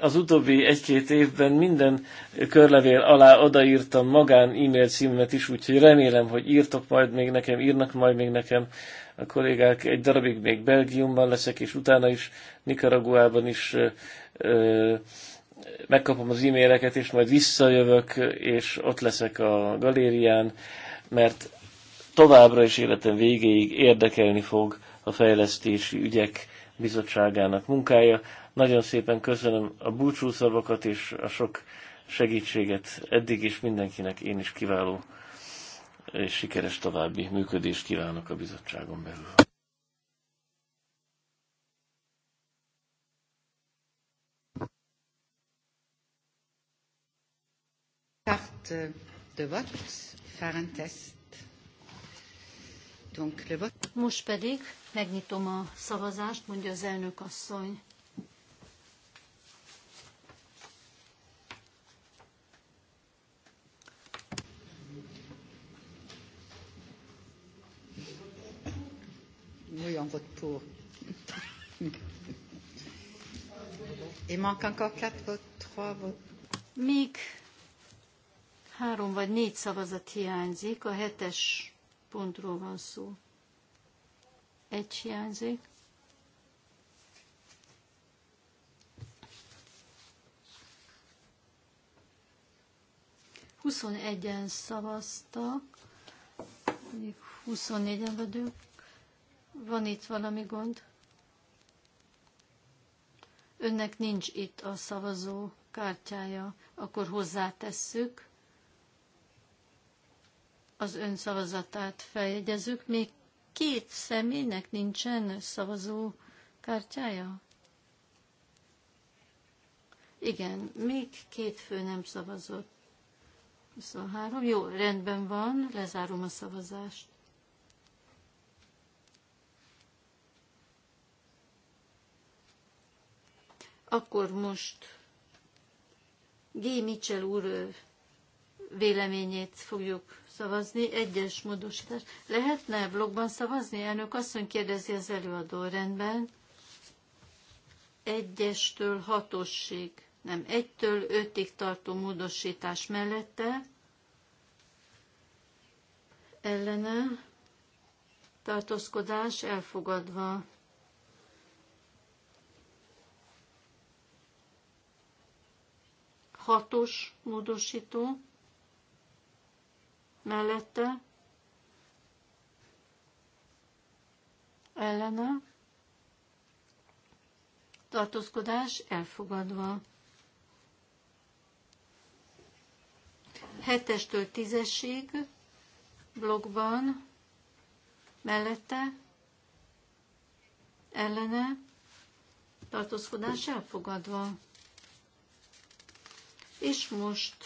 az utóbbi egy-két évben minden körlevél alá odaírtam magán e-mail címet is, úgyhogy remélem, hogy írtok majd még nekem, írnak majd még nekem a kollégák. Egy darabig még Belgiumban leszek, és utána is Nicaraguában is ö, megkapom az e-maileket, és majd visszajövök, és ott leszek a galérián, mert továbbra is életem végéig érdekelni fog a fejlesztési ügyek bizottságának munkája. Nagyon szépen köszönöm a búcsúszavakat és a sok segítséget eddig is mindenkinek én is kiváló és sikeres további működést kívánok a bizottságon belül. Carte de vote, faire un test. Donc, le vote. Most pedig megnyitom a szavazást, mondja az elnök asszony. oui, on vote pour. Il manque encore quatre votes, trois votes. Még három vagy négy szavazat hiányzik, a hetes pontról van szó. Egy hiányzik. Huszonegyen szavaztak, még 24-en vagyok. Van itt valami gond? Önnek nincs itt a szavazó kártyája, akkor hozzátesszük. Az ön szavazatát feljegyezzük. Még két személynek nincsen szavazó kártyája? Igen, még két fő nem szavazott. 23. Jó, rendben van, lezárom a szavazást. Akkor most G. Mitchell úr véleményét fogjuk szavazni. Egyes módosítás. Lehetne blogban szavazni? Elnök asszony kérdezi az előadó rendben. Egyestől hatosig, nem, egytől ötig tartó módosítás mellette ellene tartózkodás elfogadva. Hatos módosító mellette ellene tartózkodás elfogadva. Hetestől estől blogban mellette ellene tartózkodás elfogadva és most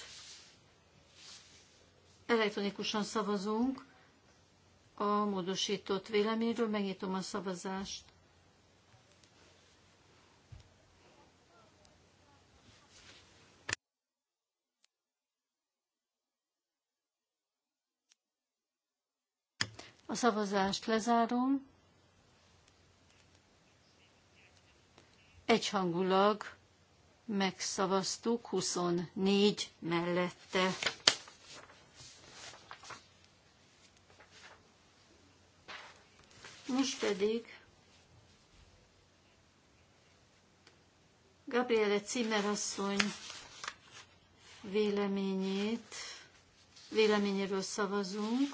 elektronikusan szavazunk a módosított véleményről. Megnyitom a szavazást. A szavazást lezárom. Egyhangulag megszavaztuk, 24 mellette. Most pedig Gabriele Cimerasszony véleményét, véleményéről szavazunk.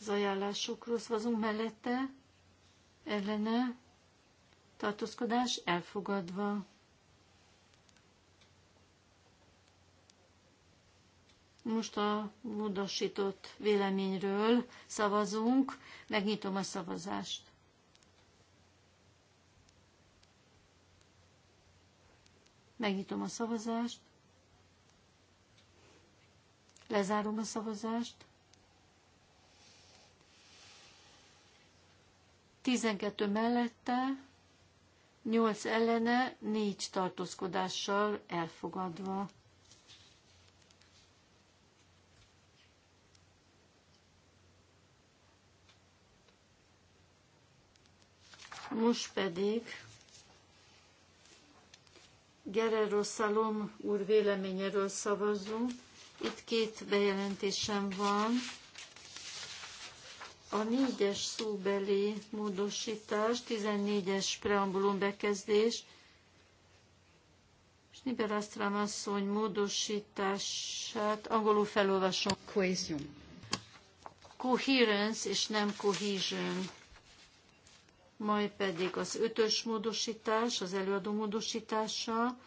az ajánlásokról szavazunk mellette, ellene, tartózkodás elfogadva. Most a módosított véleményről szavazunk, megnyitom a szavazást. Megnyitom a szavazást. Lezárom a szavazást. 12 mellette, 8 ellene, 4 tartózkodással elfogadva. Most pedig Guerrero Szalom úr véleményéről szavazunk. Itt két bejelentésem van. A négyes szóbeli módosítás, 14-es preambulum bekezdés, és Liberasztram asszony módosítását angolul felolvasom. Cohesion. Coherence és nem cohesion. Majd pedig az ötös módosítás, az előadó módosítása.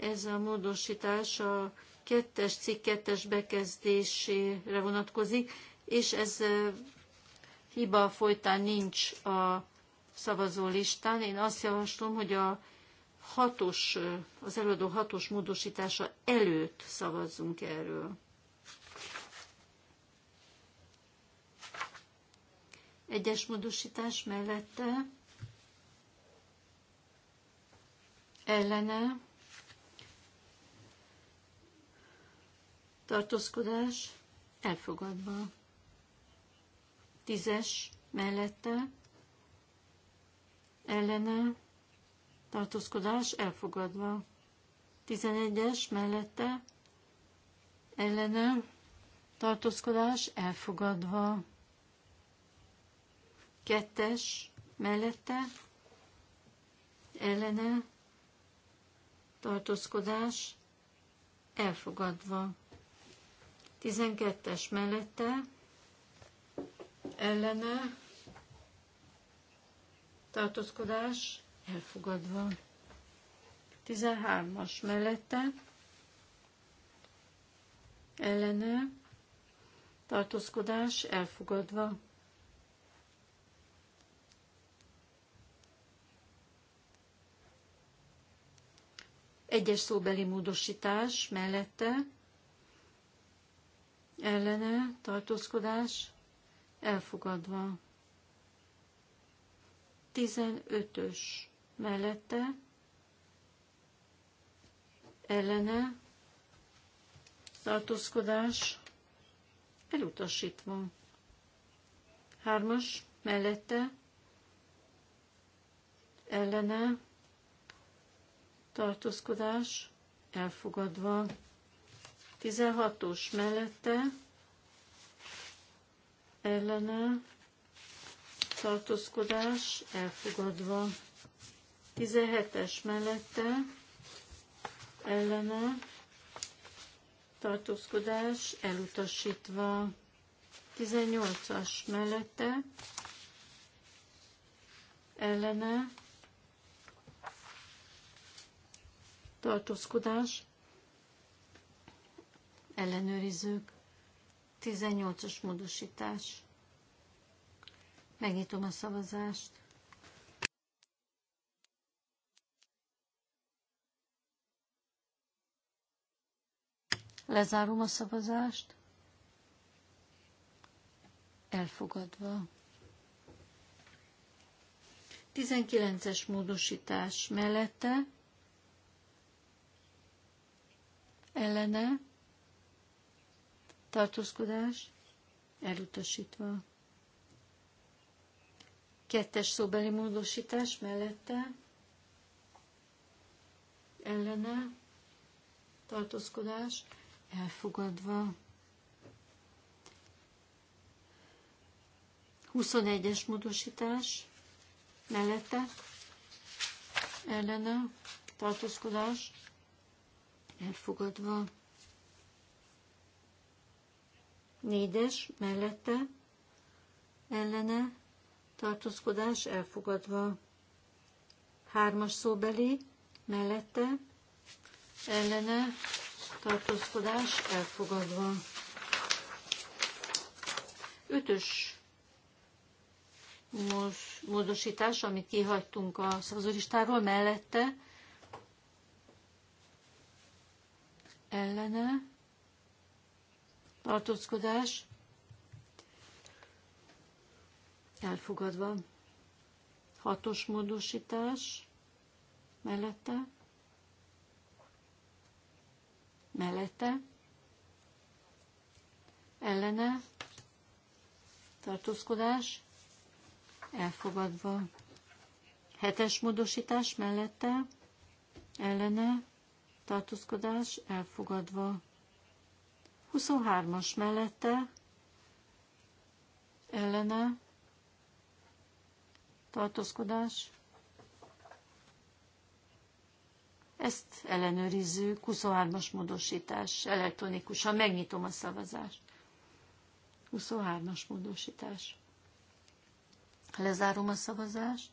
Ez a módosítás a kettes cikk kettes bekezdésére vonatkozik, és ez hiba folytán nincs a szavazó listán. Én azt javaslom, hogy a hatos, az előadó hatos módosítása előtt szavazzunk erről. Egyes módosítás mellette ellene tartózkodás elfogadva. Tízes mellette ellene tartózkodás elfogadva. Tizenegyes mellette ellene tartózkodás elfogadva. Kettes mellette ellene tartózkodás elfogadva. Tizenkettes mellette ellene tartózkodás elfogadva. 13-as mellette ellene tartózkodás elfogadva. Egyes szóbeli módosítás mellette ellene tartózkodás elfogadva. 15-ös mellette, ellene, tartózkodás, elutasítva. 3-as mellette, ellene, tartózkodás, elfogadva. 16-os mellette, ellene tartózkodás elfogadva. 17-es mellette ellene tartózkodás elutasítva. 18-as mellette ellene tartózkodás ellenőrizők 18-as módosítás. Megnyitom a szavazást. Lezárom a szavazást. Elfogadva. 19-es módosítás mellette, ellene, tartózkodás elutasítva. Kettes szóbeli módosítás mellette ellene tartózkodás elfogadva. 21-es módosítás mellette ellene tartózkodás elfogadva. Négyes mellette ellene tartózkodás elfogadva. Hármas szóbeli mellette ellene tartózkodás elfogadva. Ötös módosítás, amit kihagytunk a szavazólistáról mellette ellene tartózkodás elfogadva. Hatos módosítás mellette, mellette, ellene, tartózkodás, elfogadva. Hetes módosítás mellette, ellene, tartózkodás, elfogadva. 23-as mellette ellene tartózkodás. Ezt ellenőrizzük, 23-as módosítás elektronikusan. Megnyitom a szavazást. 23-as módosítás. Lezárom a szavazást.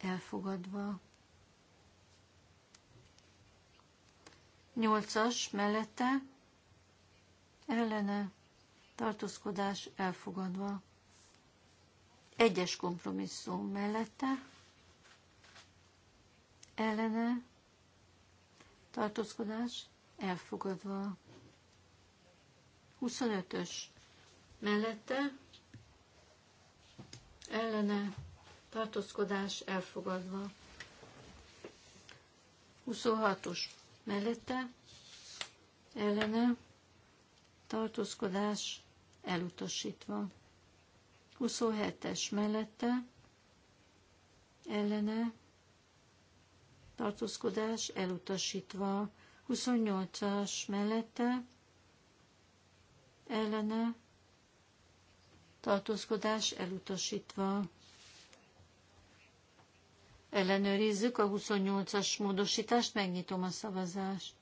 Elfogadva. 8-as mellette ellene tartózkodás elfogadva. Egyes kompromisszum mellette ellene tartózkodás elfogadva. 25-ös mellette ellene tartózkodás elfogadva. 26-os mellette ellene tartózkodás elutasítva. 27-es mellette ellene tartózkodás elutasítva. 28-as mellette ellene tartózkodás elutasítva. Ellenőrizzük a 28-as módosítást, megnyitom a szavazást.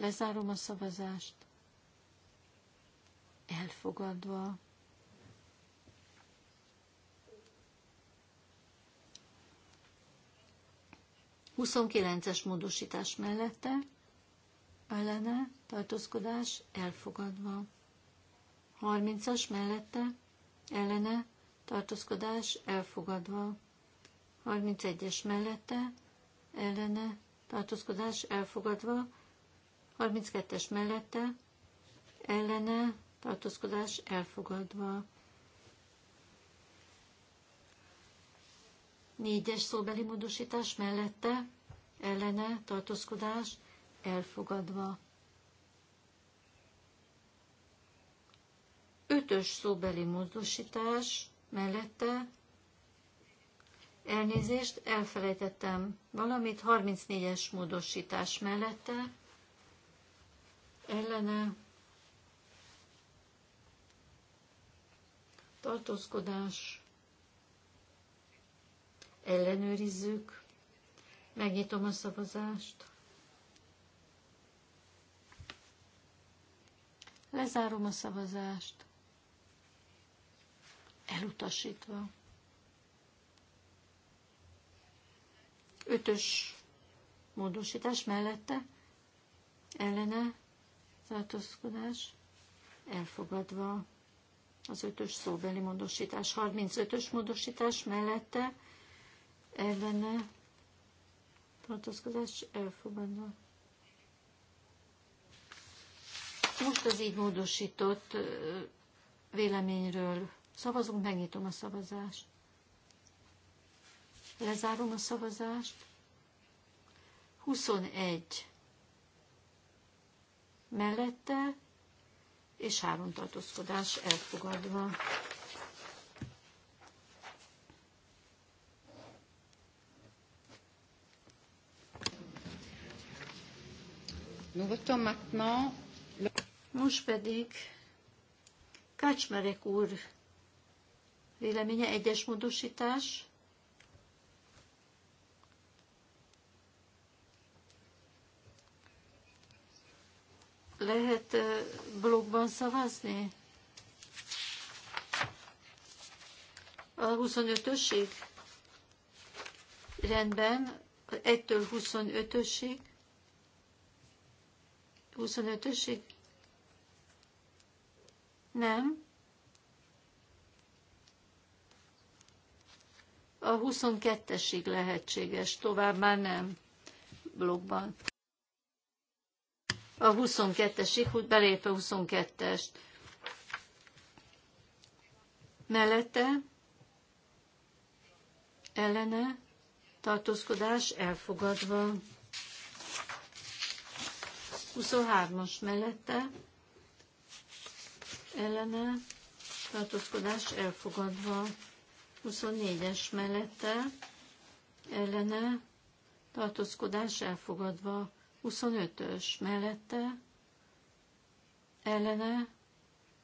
Lezárom a szavazást. Elfogadva. Huszonkilences módosítás mellette ellene tartózkodás elfogadva. harmincas mellette ellene tartózkodás elfogadva. harmincegyes mellette ellene tartózkodás elfogadva. 32-es mellette ellene tartózkodás elfogadva. Négyes szóbeli módosítás mellette ellene tartózkodás elfogadva. Ötös szóbeli módosítás mellette elnézést, elfelejtettem valamit, 34-es módosítás mellette ellene tartózkodás, ellenőrizzük, megnyitom a szavazást, lezárom a szavazást, elutasítva. Ötös módosítás mellette, ellene tartózkodás elfogadva az ötös szóbeli módosítás, 35-ös módosítás mellette a tartózkodás elfogadva. Most az így módosított véleményről szavazunk, megnyitom a szavazást. Lezárom a szavazást. 21 mellette, és három tartózkodás elfogadva. Most pedig Kácsmerek úr véleménye egyes módosítás Lehet blogban szavazni? A 25-ösig? Rendben, 1-től 25-ösig. 25-ösig? Nem. A 22-esig lehetséges, tovább már nem blogban a 22 ikhut, belépve 22-est. Mellette ellene tartózkodás elfogadva. 23-as mellette ellene tartózkodás elfogadva. 24-es mellette ellene tartózkodás elfogadva. 25-ös mellette ellene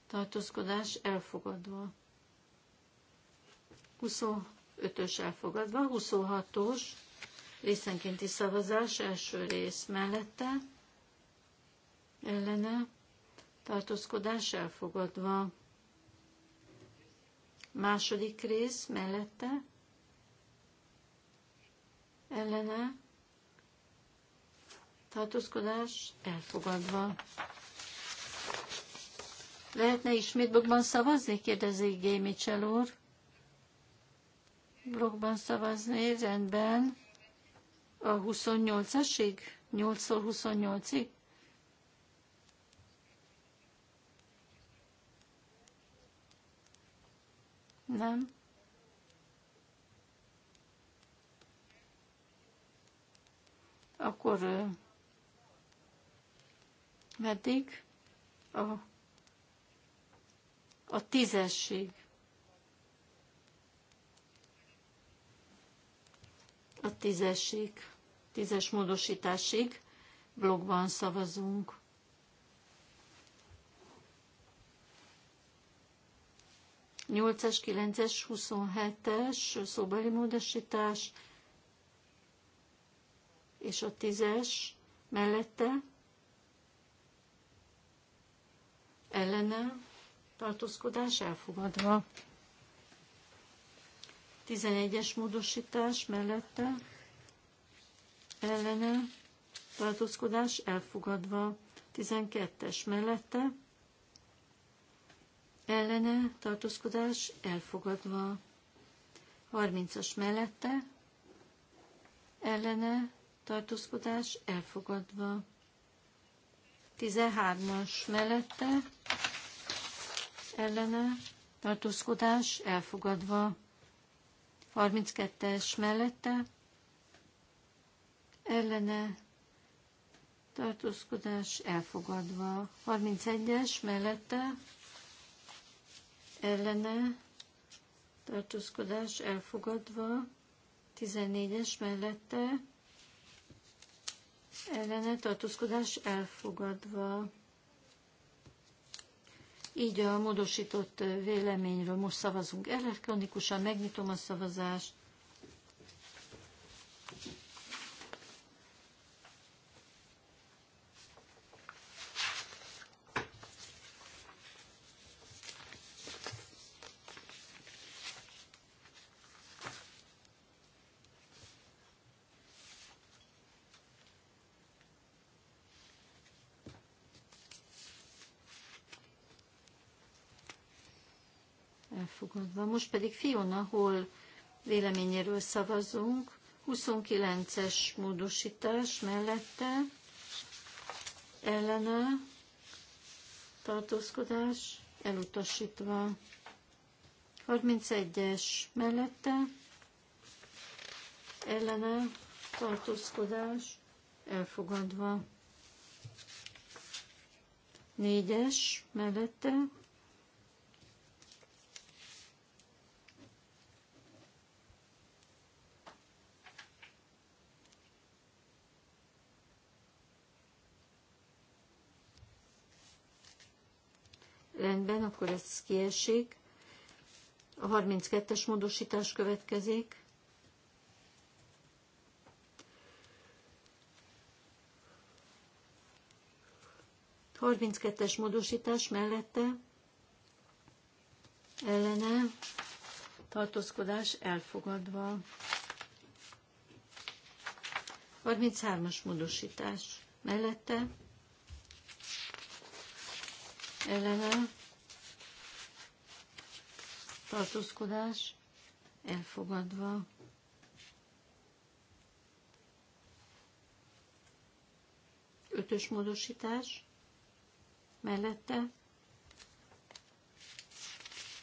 tartózkodás elfogadva. 25-ös elfogadva, 26-os részenkénti szavazás első rész mellette ellene tartózkodás elfogadva. Második rész mellette ellene tartózkodás elfogadva. Lehetne ismét blogban szavazni? kérdezi G. Mitchell úr. Blogban szavazni, rendben. A 28-asig? 8x28-ig? Nem. Akkor meddig a, a tízesség. A tízesség, tízes módosításig blogban szavazunk. Nyolcas, kilences, huszonhetes szóbeli módosítás, és a tízes mellette ellene tartózkodás elfogadva. 11-es módosítás mellette ellene tartózkodás elfogadva. 12-es mellette ellene tartózkodás elfogadva. 30-as mellette ellene tartózkodás elfogadva. 13-as mellette ellene tartózkodás elfogadva. 32-es mellette ellene tartózkodás elfogadva. 31-es mellette ellene tartózkodás elfogadva. 14-es mellette ellene tartózkodás elfogadva. Így a módosított véleményről most szavazunk elektronikusan, megnyitom a szavazást. elfogadva. Most pedig Fiona Hall véleményéről szavazunk. 29-es módosítás mellette ellene tartózkodás elutasítva. 31-es mellette ellene tartózkodás elfogadva. 4-es mellette akkor ez kiesik. A 32-es módosítás következik. A 32-es módosítás mellette ellene tartózkodás elfogadva. 33-as módosítás mellette ellene tartózkodás elfogadva. Ötös módosítás mellette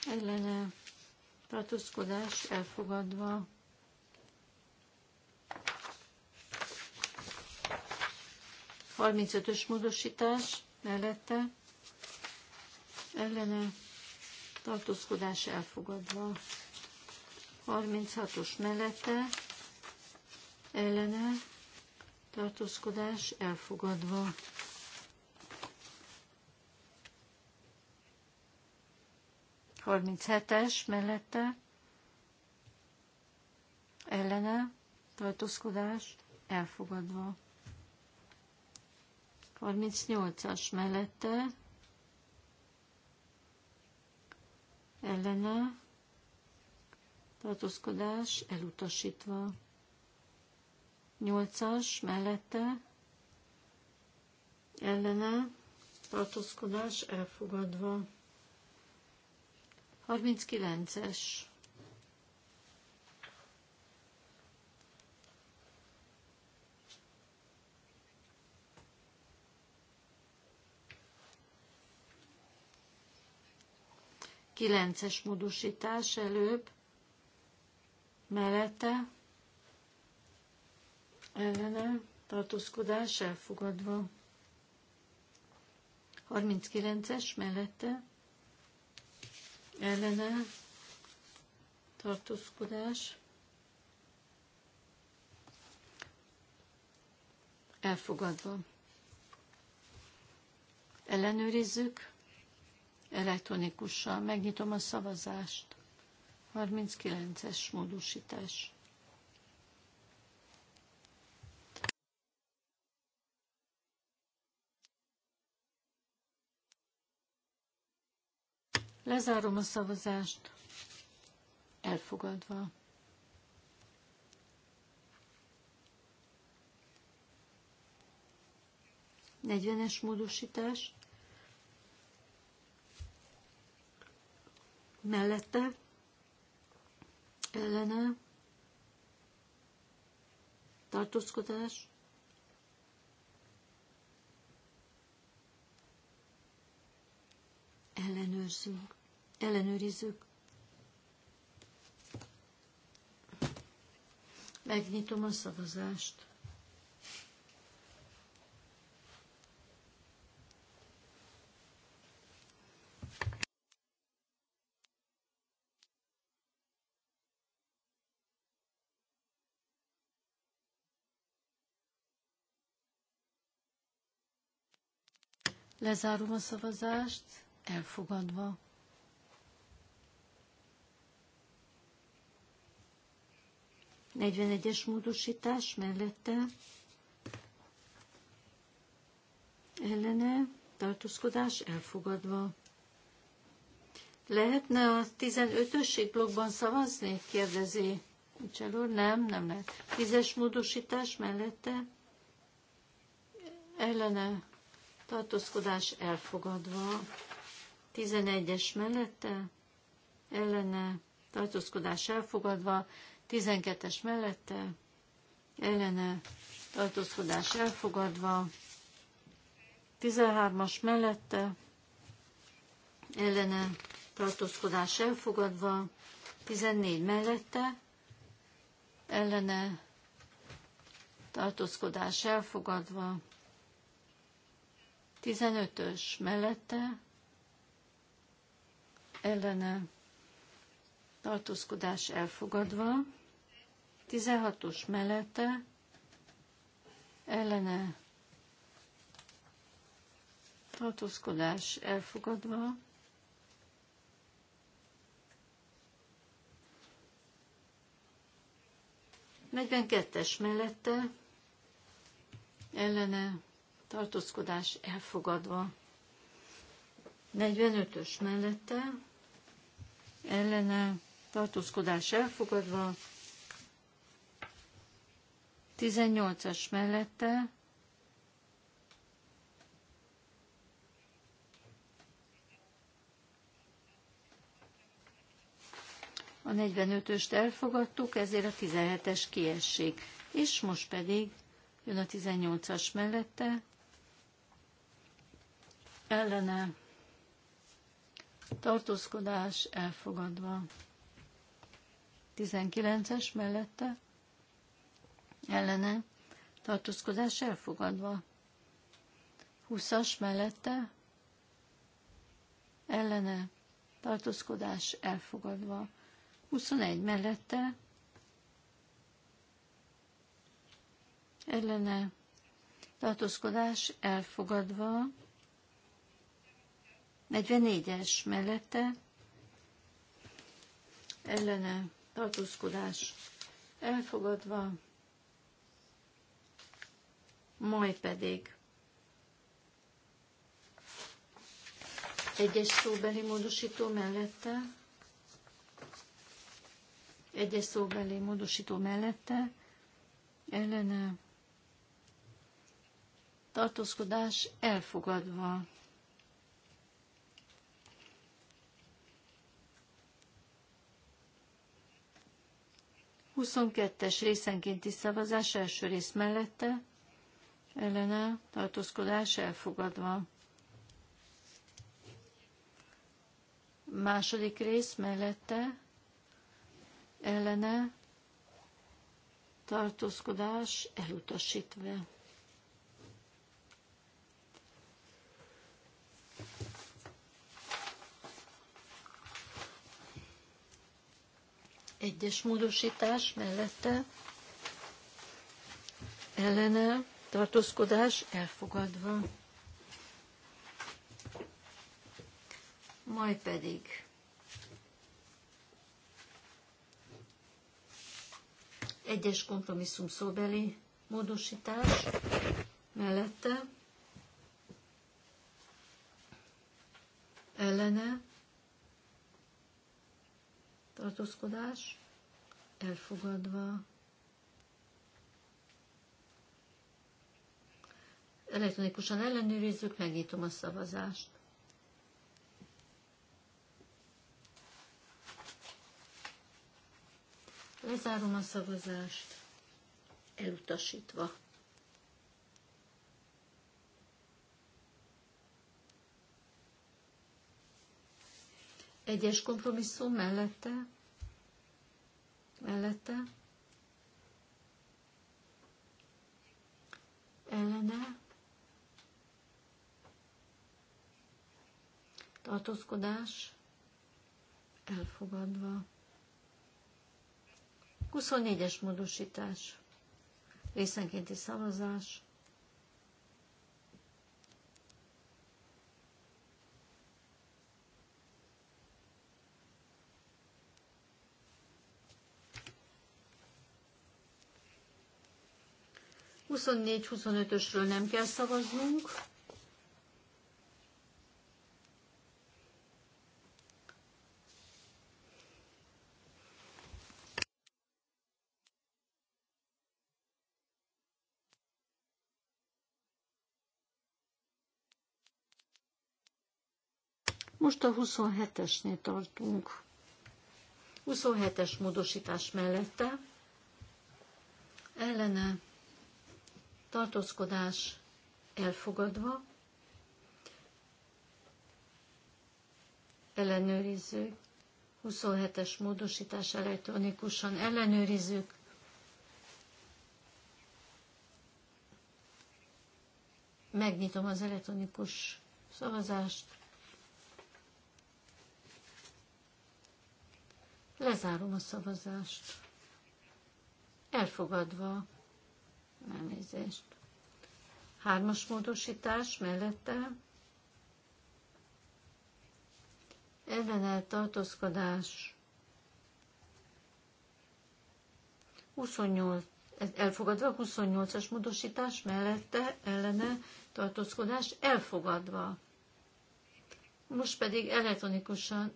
ellene tartózkodás elfogadva. Harmincötös módosítás mellette ellene tartózkodás elfogadva. 36-os mellette ellene tartózkodás elfogadva. Harminc hetes mellette ellene tartózkodás elfogadva. Harminc nyolcas mellette ellene, tartózkodás elutasítva. Nyolcas mellette, ellene, tartózkodás elfogadva. 39-es 9-es módosítás előbb, mellette, ellene, tartózkodás elfogadva. 39-es mellette, ellene, tartózkodás elfogadva. Ellenőrizzük elektronikussal. Megnyitom a szavazást. 39-es módosítás. Lezárom a szavazást. Elfogadva. Negyvenes módosítás. mellette, ellene, tartózkodás, ellenőrzünk, ellenőrizzük. Megnyitom a szavazást. Lezárom a szavazást, elfogadva. Negyvenegyes módosítás mellette ellene tartózkodás elfogadva. Lehetne a 15-össég blokkban szavazni? kérdezi Mitchell Nem, nem lehet. Tízes módosítás mellette ellene tartózkodás elfogadva, 11-es mellette, ellene, tartózkodás elfogadva, 12-es mellette, ellene, tartózkodás elfogadva, 13-as mellette, ellene, tartózkodás elfogadva, 14 mellette, ellene, tartózkodás elfogadva, 15-ös mellette ellene tartózkodás elfogadva, 16-os mellette ellene tartózkodás elfogadva, 42-es mellette ellene tartózkodás elfogadva. 45-ös mellette ellene tartózkodás elfogadva. 18-as mellette A 45-öst elfogadtuk, ezért a 17-es kiessék. És most pedig jön a 18-as mellette, ellene tartózkodás elfogadva. 19-es mellette ellene tartózkodás elfogadva. 20-as mellette ellene tartózkodás elfogadva. 21 mellette ellene tartózkodás elfogadva. 44-es mellette ellene tartózkodás elfogadva, majd pedig egyes szóbeli módosító mellette, egyes szóbeli módosító mellette ellene tartózkodás elfogadva. 22-es részenkénti szavazás első rész mellette, ellene tartózkodás elfogadva. Második rész mellette, ellene tartózkodás elutasítva. Egyes módosítás mellette ellene tartózkodás elfogadva. Majd pedig egyes kompromisszum szóbeli módosítás mellette ellene tartózkodás elfogadva. Elektronikusan ellenőrizzük, megnyitom a szavazást. Lezárom a szavazást, elutasítva. Egyes kompromisszum mellette, mellette, ellene, tartózkodás, elfogadva. 24-es módosítás, részenkénti szavazás, 24-25-ösről nem kell szavaznunk. Most a 27-esnél tartunk. 27-es módosítás mellette ellene tartózkodás elfogadva, ellenőrizzük, 27-es módosítás elektronikusan ellenőrizzük, megnyitom az elektronikus szavazást, lezárom a szavazást, elfogadva Elnézést. Hármas módosítás mellette. Ellene tartózkodás. 28, elfogadva 28-as módosítás mellette ellene tartózkodás elfogadva. Most pedig elektronikusan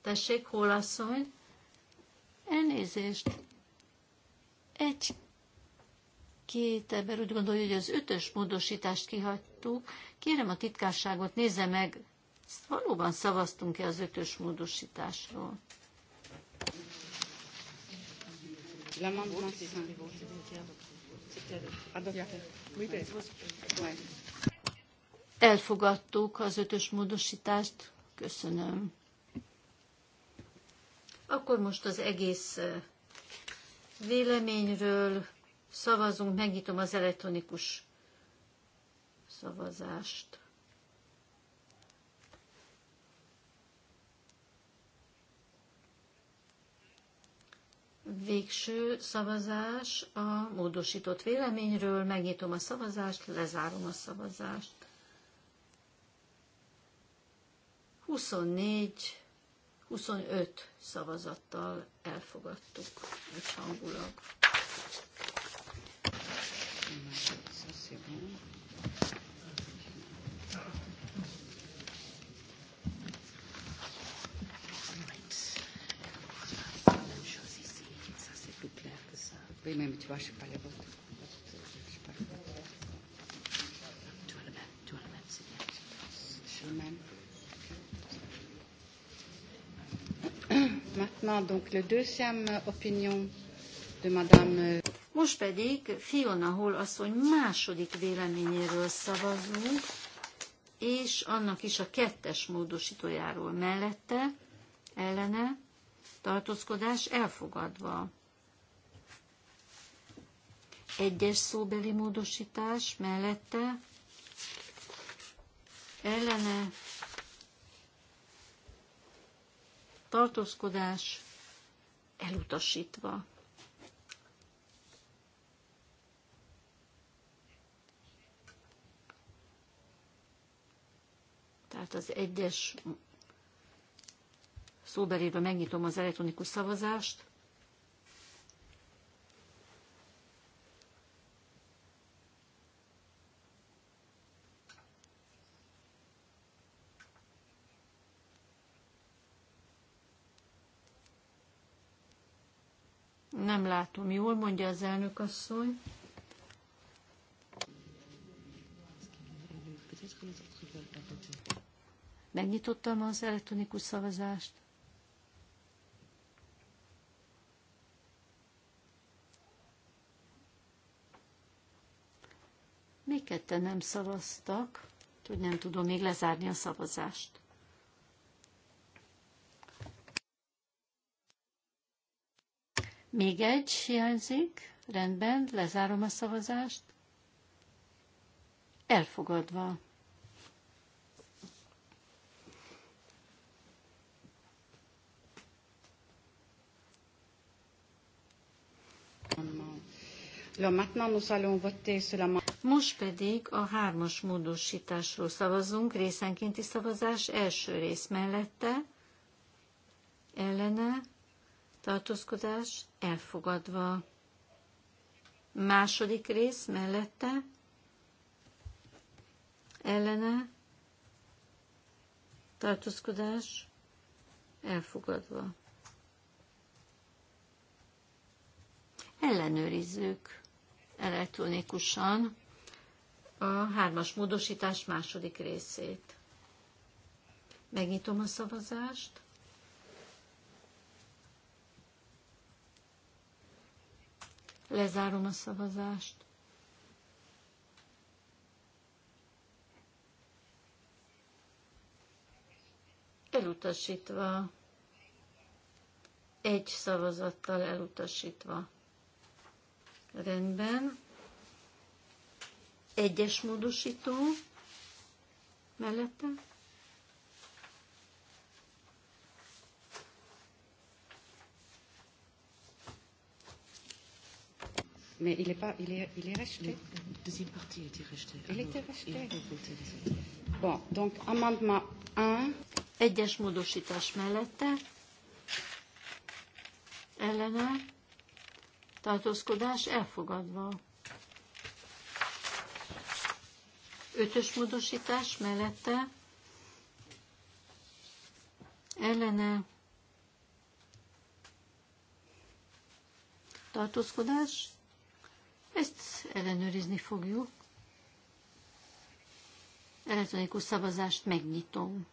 tessék, hol asszony? Elnézést. Egy két ember úgy gondolja, hogy az ötös módosítást kihagytuk. Kérem a titkárságot, nézze meg, ezt valóban szavaztunk-e az ötös módosításról? Elfogadtuk az ötös módosítást. Köszönöm. Akkor most az egész eh, véleményről Szavazunk, megnyitom az elektronikus szavazást. Végső szavazás a módosított véleményről. Megnyitom a szavazást, lezárom a szavazást. 24 25 szavazattal elfogadtuk hangulat. Maintenant, donc, le deuxième opinion de Madame. Euh, most pedig Fiona Hall asszony második véleményéről szavazunk, és annak is a kettes módosítójáról mellette, ellene, tartózkodás elfogadva. Egyes szóbeli módosítás mellette, ellene, tartózkodás elutasítva. Tehát az egyes szóbeléről megnyitom az elektronikus szavazást. Nem látom jól, mondja az elnök asszony. Megnyitottam az elektronikus szavazást. Még ketten nem szavaztak, hogy nem tudom még lezárni a szavazást. Még egy hiányzik. Rendben, lezárom a szavazást. Elfogadva. Most pedig a hármas módosításról szavazunk, részenkénti szavazás első rész mellette, ellene, tartózkodás elfogadva. Második rész mellette, ellene, tartózkodás elfogadva. ellenőrizzük elektronikusan a hármas módosítás második részét. Megnyitom a szavazást. Lezárom a szavazást. Elutasítva. Egy szavazattal elutasítva. Rendben. Egyes módosító mellette. Mais il est pas, il est, il est resté. deuxième partie a été Il était resté. Bon, donc amendement 1. Egyes módosítás mellette. Ellene tartózkodás elfogadva. Ötös módosítás mellette ellene tartózkodás, ezt ellenőrizni fogjuk. Elektronikus szavazást megnyitom.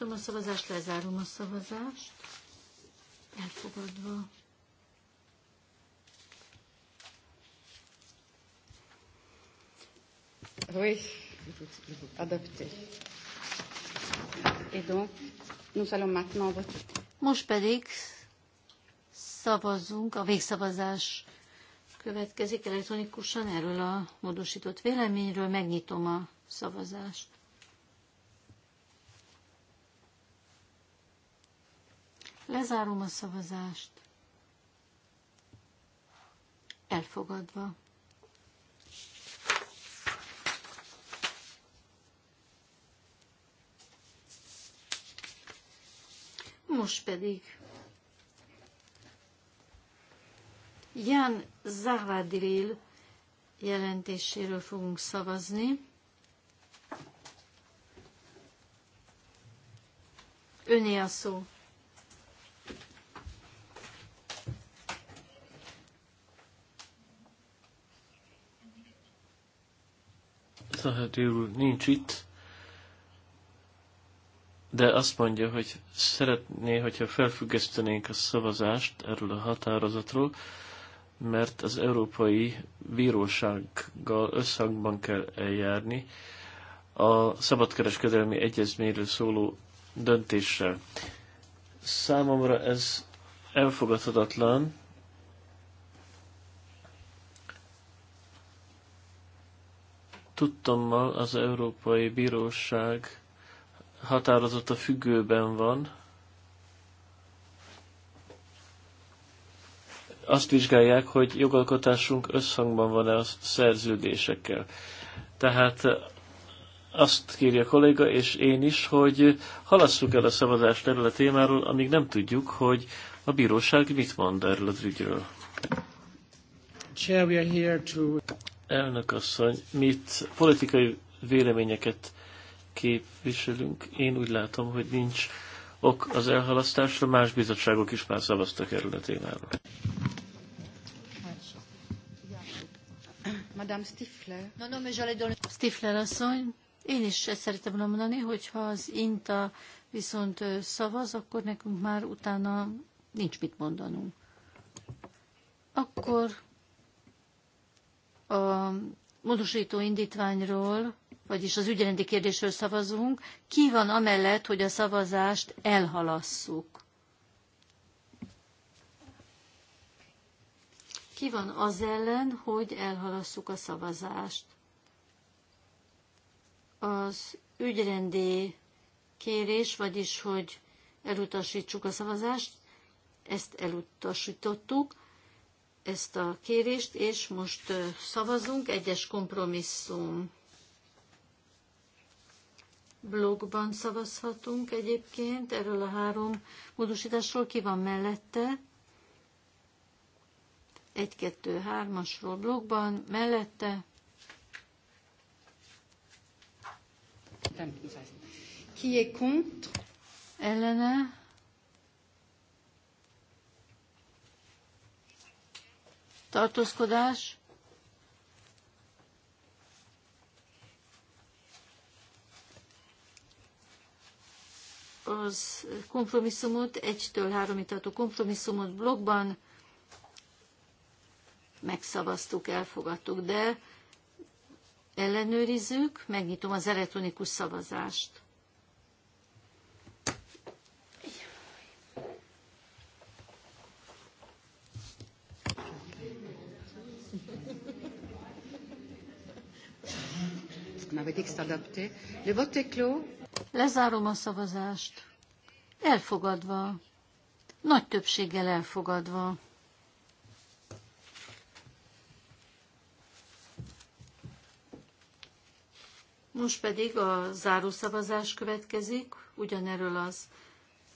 Nyitom a szavazást, lezárom a szavazást. Elfogadva. Oui, adopté. Et donc, nous allons maintenant voter. Most pedig szavazunk, a végszavazás következik elektronikusan erről a módosított véleményről. Megnyitom a szavazást. Lezárom a szavazást. Elfogadva. Most pedig Jan Zavadril jelentéséről fogunk szavazni. Öné a szó. Tehát úr nincs itt, de azt mondja, hogy szeretné, hogyha felfüggesztenénk a szavazást erről a határozatról, mert az Európai Bírósággal összhangban kell eljárni a szabadkereskedelmi egyezményről szóló döntéssel. Számomra ez elfogadhatatlan, Tudtommal az Európai Bíróság határozata függőben van. Azt vizsgálják, hogy jogalkotásunk összhangban van-e a szerződésekkel. Tehát azt kérje a kolléga, és én is, hogy halasszuk el a szavazást erről a témáról, amíg nem tudjuk, hogy a bíróság mit mond erről az ügyről elnök asszony, mi itt politikai véleményeket képviselünk. Én úgy látom, hogy nincs ok az elhalasztásra, más bizottságok is már szavaztak erről a témáról. Madame Stifler. No, no, mais j'allais Stifler asszony, én is ezt szeretem volna mondani, hogyha az INTA viszont szavaz, akkor nekünk már utána nincs mit mondanunk. Akkor a módosító indítványról, vagyis az ügyrendi kérdésről szavazunk. Ki van amellett, hogy a szavazást elhalasszuk? Ki van az ellen, hogy elhalasszuk a szavazást? Az ügyrendi kérés, vagyis hogy elutasítsuk a szavazást, ezt elutasítottuk ezt a kérést, és most szavazunk egyes kompromisszum blogban szavazhatunk egyébként erről a három módosításról. Ki van mellette? 1, 2, 3-asról blogban, mellette. Ki est contre? Ellene tartózkodás, az kompromisszumot, egytől háromig tartó kompromisszumot blogban megszavaztuk, elfogadtuk, de ellenőrizzük, megnyitom az elektronikus szavazást. Lezárom a szavazást. Elfogadva. Nagy többséggel elfogadva. Most pedig a zárószavazás következik, ugyanerről az,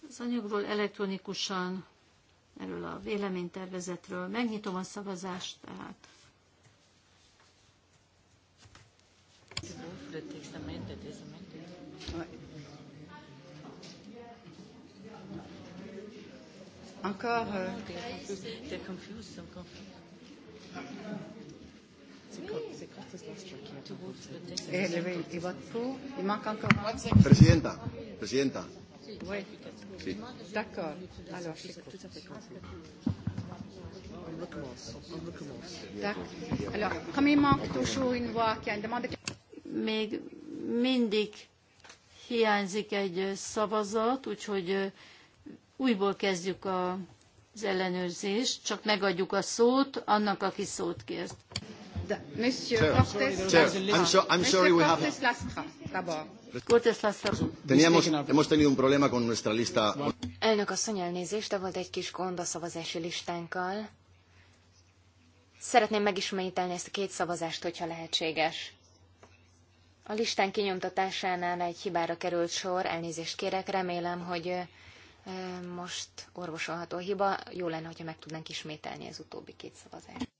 az anyagról elektronikusan, erről a véleménytervezetről. Megnyitom a szavazást tehát. le texte amended is amended. Ouais. Encore. Euh... They're confused. I'm confused. confused. Presidenta, Presidenta. Oui. Sí. D'accord. Alors, je tout à fait On recommence. On recommence. Alors, comme il manque toujours une voix qui a une demande még mindig hiányzik egy szavazat, úgyhogy újból kezdjük a, az ellenőrzést, csak megadjuk a szót annak, aki szót kért. Elnök asszony elnézést, de volt egy kis gond a szavazási listánkkal. Szeretném megismételni ezt a két szavazást, hogyha lehetséges. A listán kinyomtatásánál egy hibára került sor, elnézést kérek, remélem, hogy most orvosolható hiba. Jó lenne, hogyha meg tudnánk ismételni az utóbbi két szavazást.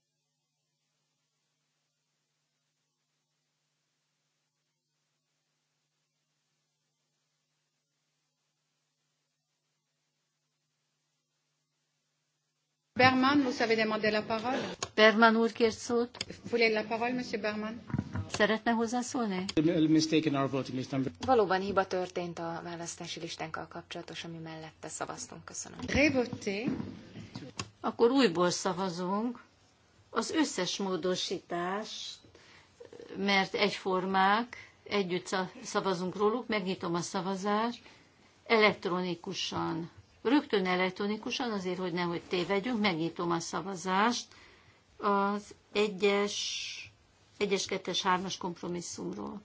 Berman, vous avez demandé la parole. Berman úr la szót. Vous voulez la parole, monsieur Berman? Szeretne hozzászólni? Valóban hiba történt a választási listánkkal kapcsolatos, ami mellette szavaztunk. Köszönöm. Akkor újból szavazunk. Az összes módosítás, mert egyformák, együtt szavazunk róluk, megnyitom a szavazást elektronikusan. Rögtön elektronikusan, azért, hogy nehogy tévedjünk, megnyitom a szavazást. Az egyes 1-es, 2-es, 3-as kompromisszumról.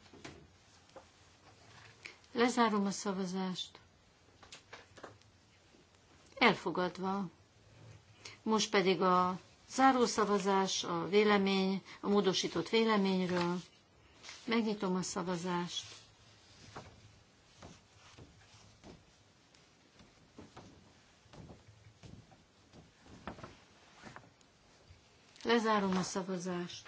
Lezárom a szavazást. Elfogadva. Most pedig a zárószavazás, a vélemény, a módosított véleményről. Megnyitom a szavazást. Lezárom a szavazást.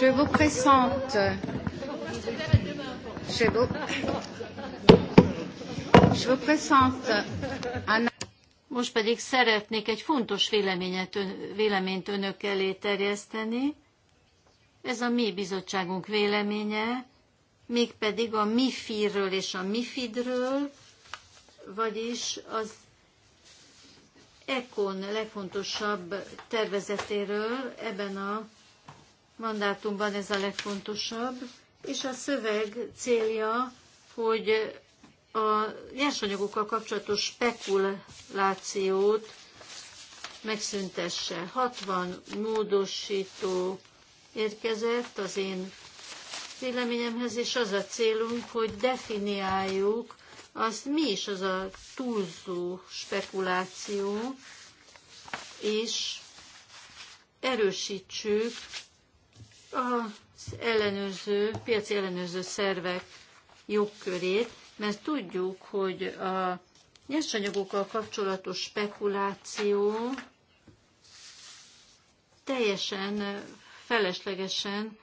Je vous présente. Je vous, je vous présente un... Most pedig szeretnék egy fontos véleményet, véleményt önök elé terjeszteni. Ez a mi bizottságunk véleménye mégpedig a MIFI-ről és a MIFID-ről, vagyis az ECON legfontosabb tervezetéről, ebben a mandátumban ez a legfontosabb, és a szöveg célja, hogy a nyersanyagokkal kapcsolatos spekulációt megszüntesse. 60 módosító érkezett az én véleményemhez, és az a célunk, hogy definiáljuk azt, mi is az a túlzó spekuláció, és erősítsük az ellenőrző, piaci ellenőrző szervek jogkörét, mert tudjuk, hogy a nyersanyagokkal kapcsolatos spekuláció teljesen feleslegesen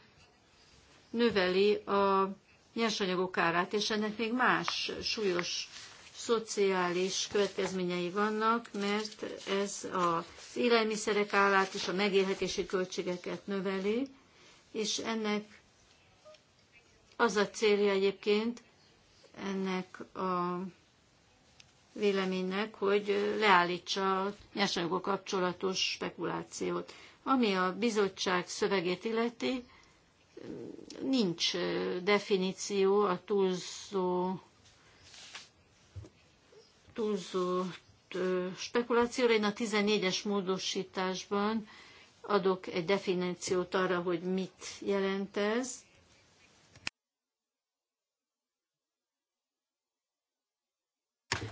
növeli a nyersanyagok árát, és ennek még más súlyos szociális következményei vannak, mert ez az élelmiszerek állát és a megélhetési költségeket növeli, és ennek az a célja egyébként ennek a véleménynek, hogy leállítsa a nyersanyagok kapcsolatos spekulációt. Ami a bizottság szövegét illeti, nincs definíció a túlzó, túlzó spekulációra. Én a 14-es módosításban adok egy definíciót arra, hogy mit jelent ez.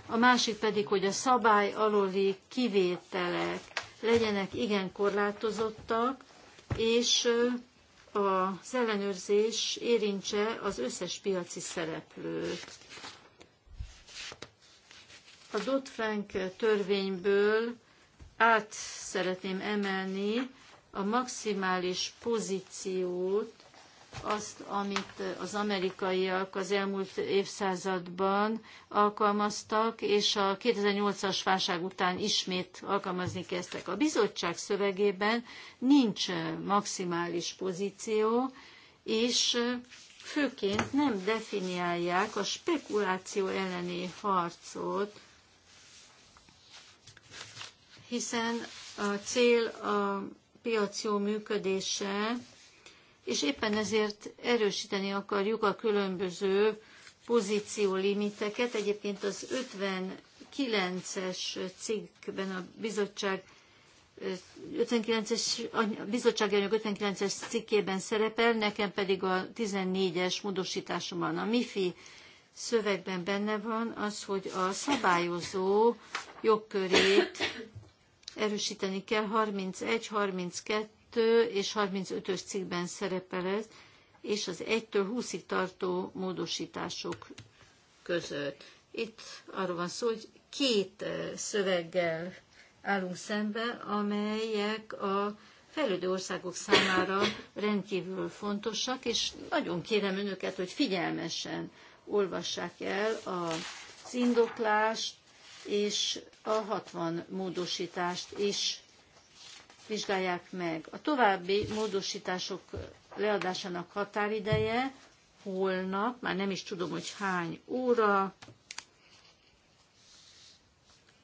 A másik pedig, hogy a szabály aloli kivételek legyenek igen korlátozottak, és az ellenőrzés érintse az összes piaci szereplőt. A Dodd-Frank törvényből át szeretném emelni a maximális pozíciót azt, amit az amerikaiak az elmúlt évszázadban alkalmaztak, és a 2008-as válság után ismét alkalmazni kezdtek. A bizottság szövegében nincs maximális pozíció, és főként nem definiálják a spekuláció elleni harcot, hiszen a cél a piac jó működése, és éppen ezért erősíteni akarjuk a különböző pozíció limiteket. Egyébként az 59-es cikkben a bizottság 59-es, a bizottsági anyag 59-es cikkében szerepel, nekem pedig a 14-es módosításomban a MIFI szövegben benne van az, hogy a szabályozó jogkörét erősíteni kell 31, 32, és 35-ös cikkben szerepel ez, és az 1-től 20-ig tartó módosítások között. Itt arról van szó, hogy két eh, szöveggel állunk szembe, amelyek a fejlődő országok számára rendkívül fontosak, és nagyon kérem önöket, hogy figyelmesen olvassák el az indoklást és a 60 módosítást is vizsgálják meg. A további módosítások leadásának határideje holnap, már nem is tudom, hogy hány óra,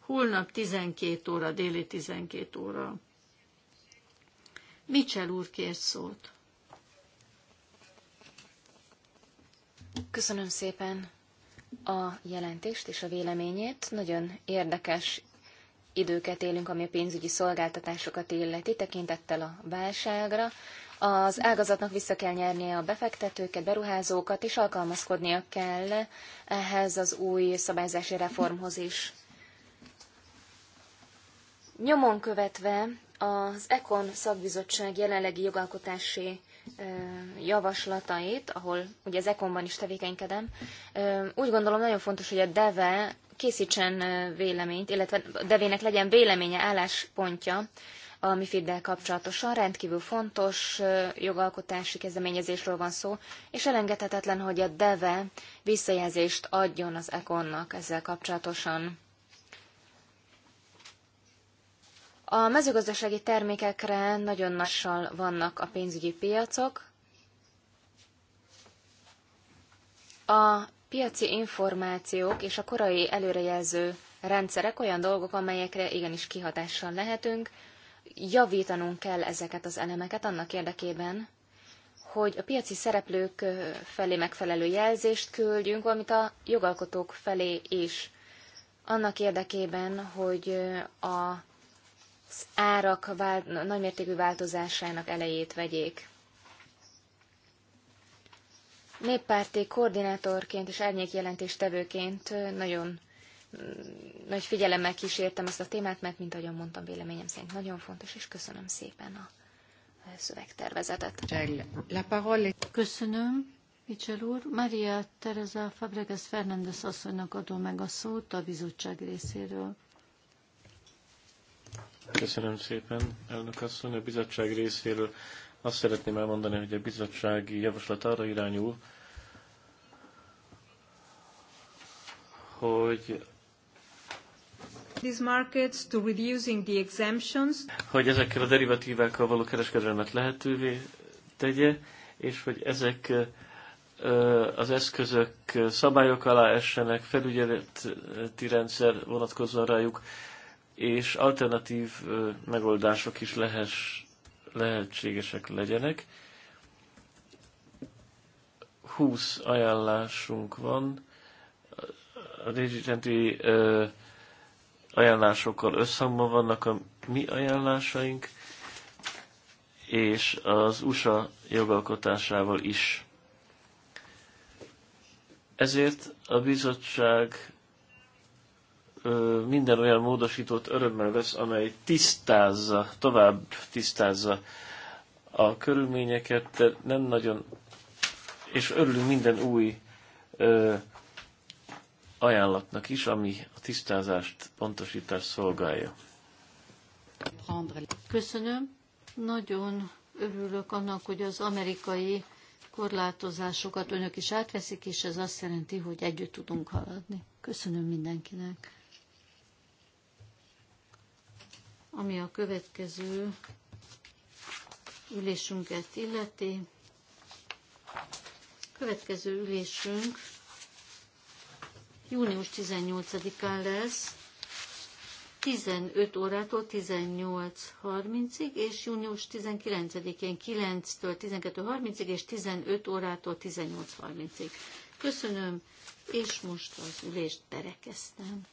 holnap 12 óra, déli 12 óra. Mitchell úr kért szót. Köszönöm szépen a jelentést és a véleményét. Nagyon érdekes időket élünk, ami a pénzügyi szolgáltatásokat illeti, tekintettel a válságra. Az ágazatnak vissza kell nyernie a befektetőket, beruházókat, és alkalmazkodnia kell ehhez az új szabályzási reformhoz is. Nyomon követve az ECON szakbizottság jelenlegi jogalkotási javaslatait, ahol ugye az Ekonban is tevékenykedem, úgy gondolom nagyon fontos, hogy a DEVE készítsen véleményt, illetve a devének legyen véleménye, álláspontja a MIFID-del kapcsolatosan. Rendkívül fontos jogalkotási kezdeményezésről van szó, és elengedhetetlen, hogy a DEVE visszajelzést adjon az Ekonnak ezzel kapcsolatosan. A mezőgazdasági termékekre nagyon nassal vannak a pénzügyi piacok. A piaci információk és a korai előrejelző rendszerek olyan dolgok, amelyekre igenis kihatással lehetünk. Javítanunk kell ezeket az elemeket annak érdekében, hogy a piaci szereplők felé megfelelő jelzést küldjünk, valamint a jogalkotók felé is. Annak érdekében, hogy a árak nagymértékű változásának elejét vegyék. Néppárti koordinátorként és árnyékjelentéstevőként nagyon mm, nagy figyelemmel kísértem ezt a témát, mert, mint ahogyan mondtam, véleményem szerint nagyon fontos, és köszönöm szépen a szövegtervezetet. Köszönöm, Michel úr. Maria Teresa Fabregas Fernández asszonynak adom meg a szót a bizottság részéről. Köszönöm szépen, elnök asszony. A bizottság részéről azt szeretném elmondani, hogy a bizottsági javaslat arra irányul, hogy these markets to reducing the exemptions. Hogy ezekkel a derivatívákkal való kereskedelmet lehetővé tegye, és hogy ezek az eszközök szabályok alá essenek, felügyeleti rendszer vonatkozzon rájuk, és alternatív megoldások is lehes, lehetségesek legyenek. 20 ajánlásunk van, a Régitenti ajánlásokkal összhangban vannak a mi ajánlásaink, és az USA jogalkotásával is. Ezért a bizottság minden olyan módosított örömmel vesz, amely tisztázza, tovább tisztázza a körülményeket, de nem nagyon, és örülünk minden új ö, ajánlatnak is, ami a tisztázást, pontosítást szolgálja. Köszönöm. Nagyon örülök annak, hogy az amerikai korlátozásokat önök is átveszik, és ez azt jelenti, hogy együtt tudunk haladni. Köszönöm mindenkinek. ami a következő ülésünket illeti. Következő ülésünk június 18-án lesz, 15 órától 18.30-ig, és június 19-én 9-től 12.30-ig, és 15 órától 18.30-ig. Köszönöm, és most az ülést berekeztem.